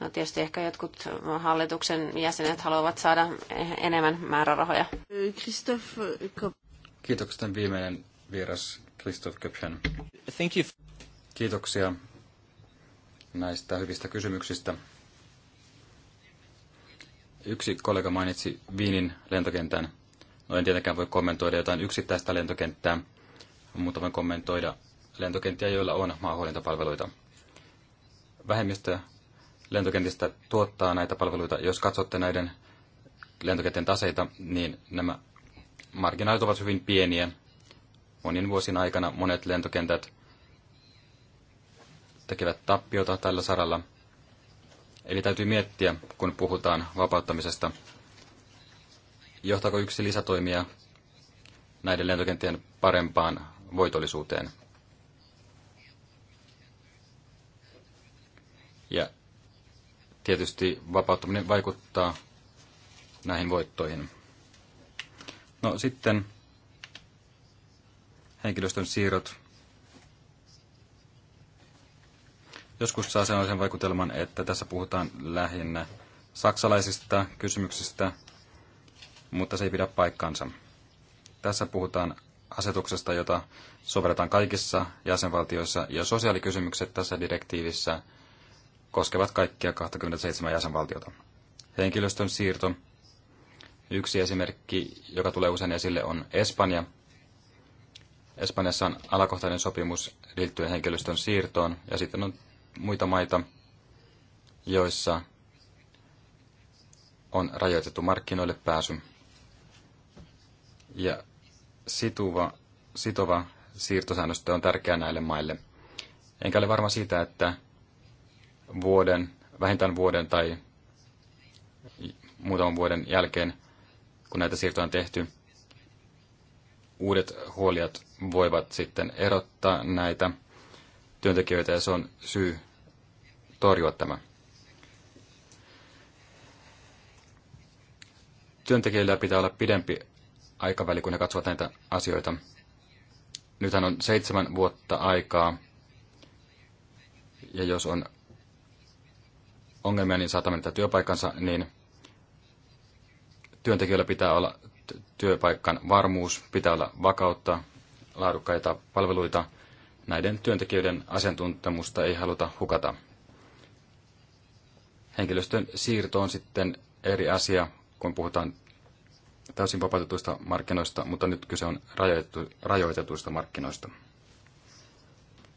No tietysti ehkä jotkut hallituksen jäsenet haluavat saada enemmän määrärahoja. Christophe Kiitokset viimeinen vieras Christoph Köpchen. Thank you. Kiitoksia näistä hyvistä kysymyksistä. Yksi kollega mainitsi Viinin lentokentän. No en tietenkään voi kommentoida jotain yksittäistä lentokenttää, mutta voin kommentoida lentokenttiä, joilla on maahuolintapalveluita. Vähemmistö lentokentistä tuottaa näitä palveluita. Jos katsotte näiden lentokenttien taseita, niin nämä marginaalit ovat hyvin pieniä. Monien vuosien aikana monet lentokentät tekevät tappiota tällä saralla. Eli täytyy miettiä, kun puhutaan vapauttamisesta. Johtaako yksi lisätoimia näiden lentokenttien parempaan voitollisuuteen? Ja tietysti vapauttaminen vaikuttaa näihin voittoihin. No sitten henkilöstön siirrot. Joskus saa sellaisen vaikutelman, että tässä puhutaan lähinnä saksalaisista kysymyksistä, mutta se ei pidä paikkaansa. Tässä puhutaan asetuksesta, jota sovelletaan kaikissa jäsenvaltioissa, ja sosiaalikysymykset tässä direktiivissä koskevat kaikkia 27 jäsenvaltiota. Henkilöstön siirto Yksi esimerkki, joka tulee usein esille, on Espanja. Espanjassa on alakohtainen sopimus liittyen henkilöstön siirtoon, ja sitten on muita maita, joissa on rajoitettu markkinoille pääsy. Ja situva, sitova siirtosäännöstö on tärkeä näille maille. Enkä ole varma siitä, että vuoden, vähintään vuoden tai muutaman vuoden jälkeen kun näitä siirtoja on tehty, uudet huolijat voivat sitten erottaa näitä työntekijöitä ja se on syy torjua tämä. Työntekijöillä pitää olla pidempi aikaväli, kun he katsovat näitä asioita. Nythän on seitsemän vuotta aikaa, ja jos on ongelmia, niin saatamme menettää työpaikansa, niin Työntekijöillä pitää olla työpaikan varmuus, pitää olla vakautta, laadukkaita palveluita. Näiden työntekijöiden asiantuntemusta ei haluta hukata. Henkilöstön siirto on sitten eri asia, kun puhutaan täysin vapautetuista markkinoista, mutta nyt kyse on rajoitu, rajoitetuista markkinoista.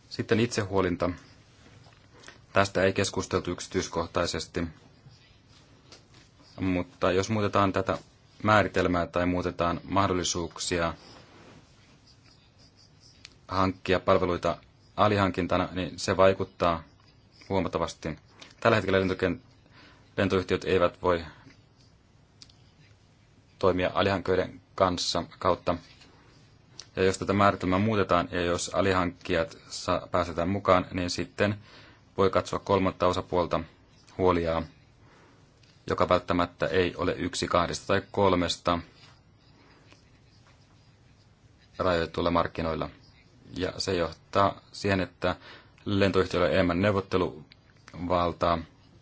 Sitten itsehuolinta. Tästä ei keskusteltu yksityiskohtaisesti, mutta jos muutetaan tätä määritelmää tai muutetaan mahdollisuuksia hankkia palveluita alihankintana, niin se vaikuttaa huomattavasti. Tällä hetkellä lentoyhtiöt eivät voi toimia alihankkijoiden kanssa kautta. Ja jos tätä määritelmää muutetaan ja jos alihankkijat päästetään mukaan, niin sitten voi katsoa kolmatta osapuolta huoliaa joka välttämättä ei ole yksi kahdesta tai kolmesta rajoitetuilla markkinoilla. Ja se johtaa siihen, että lentoyhtiöillä on enemmän neuvotteluvaltaa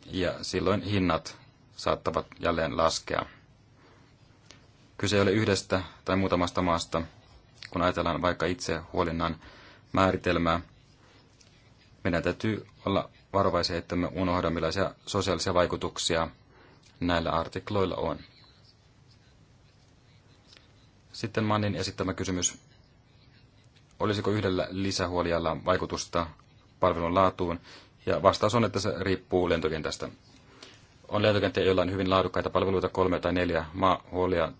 ja silloin hinnat saattavat jälleen laskea. Kyse ei ole yhdestä tai muutamasta maasta, kun ajatellaan vaikka itse huolinnan määritelmää. Meidän täytyy olla varovaisia, että me unohda millaisia sosiaalisia vaikutuksia näillä artikloilla on. Sitten Mannin esittämä kysymys. Olisiko yhdellä lisähuolijalla vaikutusta palvelun laatuun? Ja vastaus on, että se riippuu lentokentästä. On lentokenttiä, joilla on hyvin laadukkaita palveluita, kolme tai neljä maahuolia,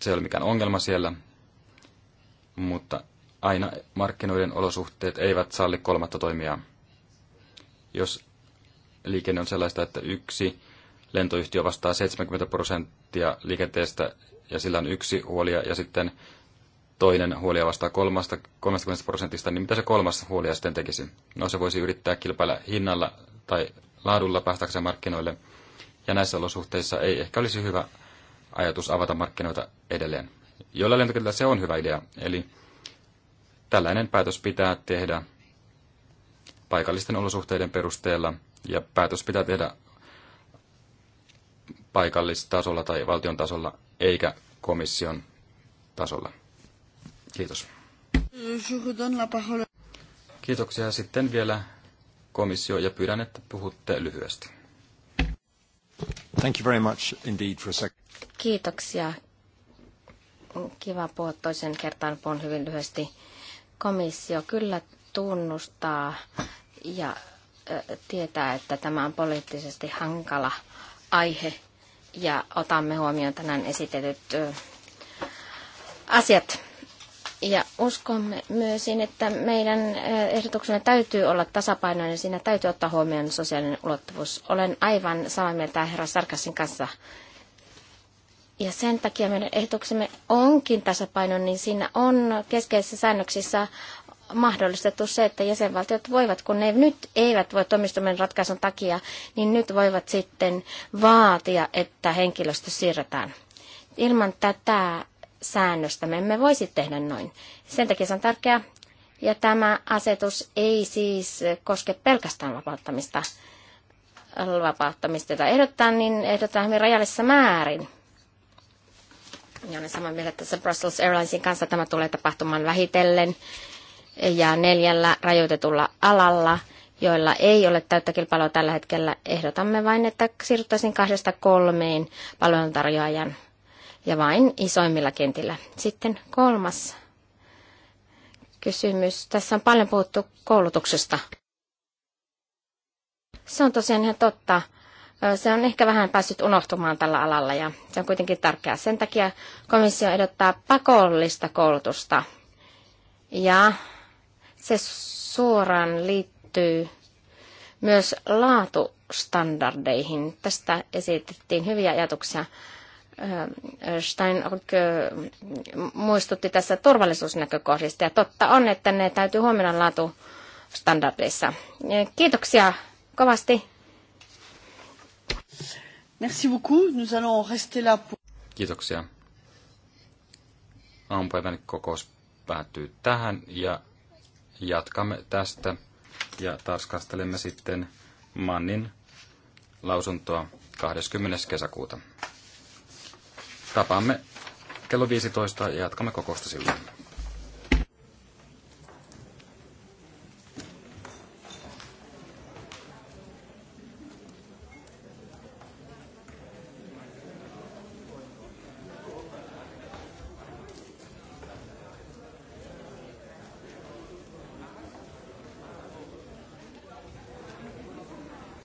Se ei ole mikään ongelma siellä, mutta aina markkinoiden olosuhteet eivät salli kolmatta toimijaa jos liikenne on sellaista, että yksi lentoyhtiö vastaa 70 prosenttia liikenteestä ja sillä on yksi huolia ja sitten toinen huolia vastaa kolmasta, 30 prosentista, niin mitä se kolmas huolia sitten tekisi? No se voisi yrittää kilpailla hinnalla tai laadulla päästäkseen markkinoille. Ja näissä olosuhteissa ei ehkä olisi hyvä ajatus avata markkinoita edelleen. Joilla lentokentällä se on hyvä idea. Eli tällainen päätös pitää tehdä paikallisten olosuhteiden perusteella ja päätös pitää tehdä paikallistasolla tai valtion tasolla eikä komission tasolla. Kiitos. Kiitoksia sitten vielä komissio ja pyydän, että puhutte lyhyesti. Thank you very much indeed for a sec- Kiitoksia. Kiva puhua toisen kertaan, puhun hyvin lyhyesti. Komissio kyllä tunnustaa ja äh, tietää, että tämä on poliittisesti hankala aihe ja otamme huomioon tänään esitetyt asiat. Ja uskomme myös että meidän ehdotuksena täytyy olla tasapainoinen, siinä täytyy ottaa huomioon sosiaalinen ulottuvuus. Olen aivan samaa mieltä herra Sarkassin kanssa. Ja sen takia meidän ehdotuksemme onkin tasapainoinen, niin siinä on keskeisissä säännöksissä mahdollistettu se, että jäsenvaltiot voivat, kun ne nyt eivät voi toimistomen ratkaisun takia, niin nyt voivat sitten vaatia, että henkilöstö siirretään. Ilman tätä säännöstä me emme voisi tehdä noin. Sen takia se on tärkeää. Ja tämä asetus ei siis koske pelkästään vapauttamista, vapauttamista jota ehdottaa, niin ehdotetaan hyvin rajallisessa määrin. Ja olen samaa mieltä tässä Brussels Airlinesin kanssa. Tämä tulee tapahtumaan vähitellen ja neljällä rajoitetulla alalla, joilla ei ole täyttä kilpailua tällä hetkellä. Ehdotamme vain, että siirryttäisiin kahdesta kolmeen palveluntarjoajan ja vain isoimmilla kentillä. Sitten kolmas kysymys. Tässä on paljon puhuttu koulutuksesta. Se on tosiaan ihan totta. Se on ehkä vähän päässyt unohtumaan tällä alalla ja se on kuitenkin tärkeää. Sen takia komissio edottaa pakollista koulutusta ja se suoraan liittyy myös laatustandardeihin. Tästä esitettiin hyviä ajatuksia. Stein muistutti tässä turvallisuusnäkökohdista ja totta on, että ne täytyy huomioida laatustandardeissa. Kiitoksia kovasti. Merci beaucoup. Nous allons rester là pour... Kiitoksia. Aamupäivän kokous päättyy tähän ja jatkamme tästä ja tarkastelemme sitten Mannin lausuntoa 20. kesäkuuta. Tapaamme kello 15 ja jatkamme kokousta silloin.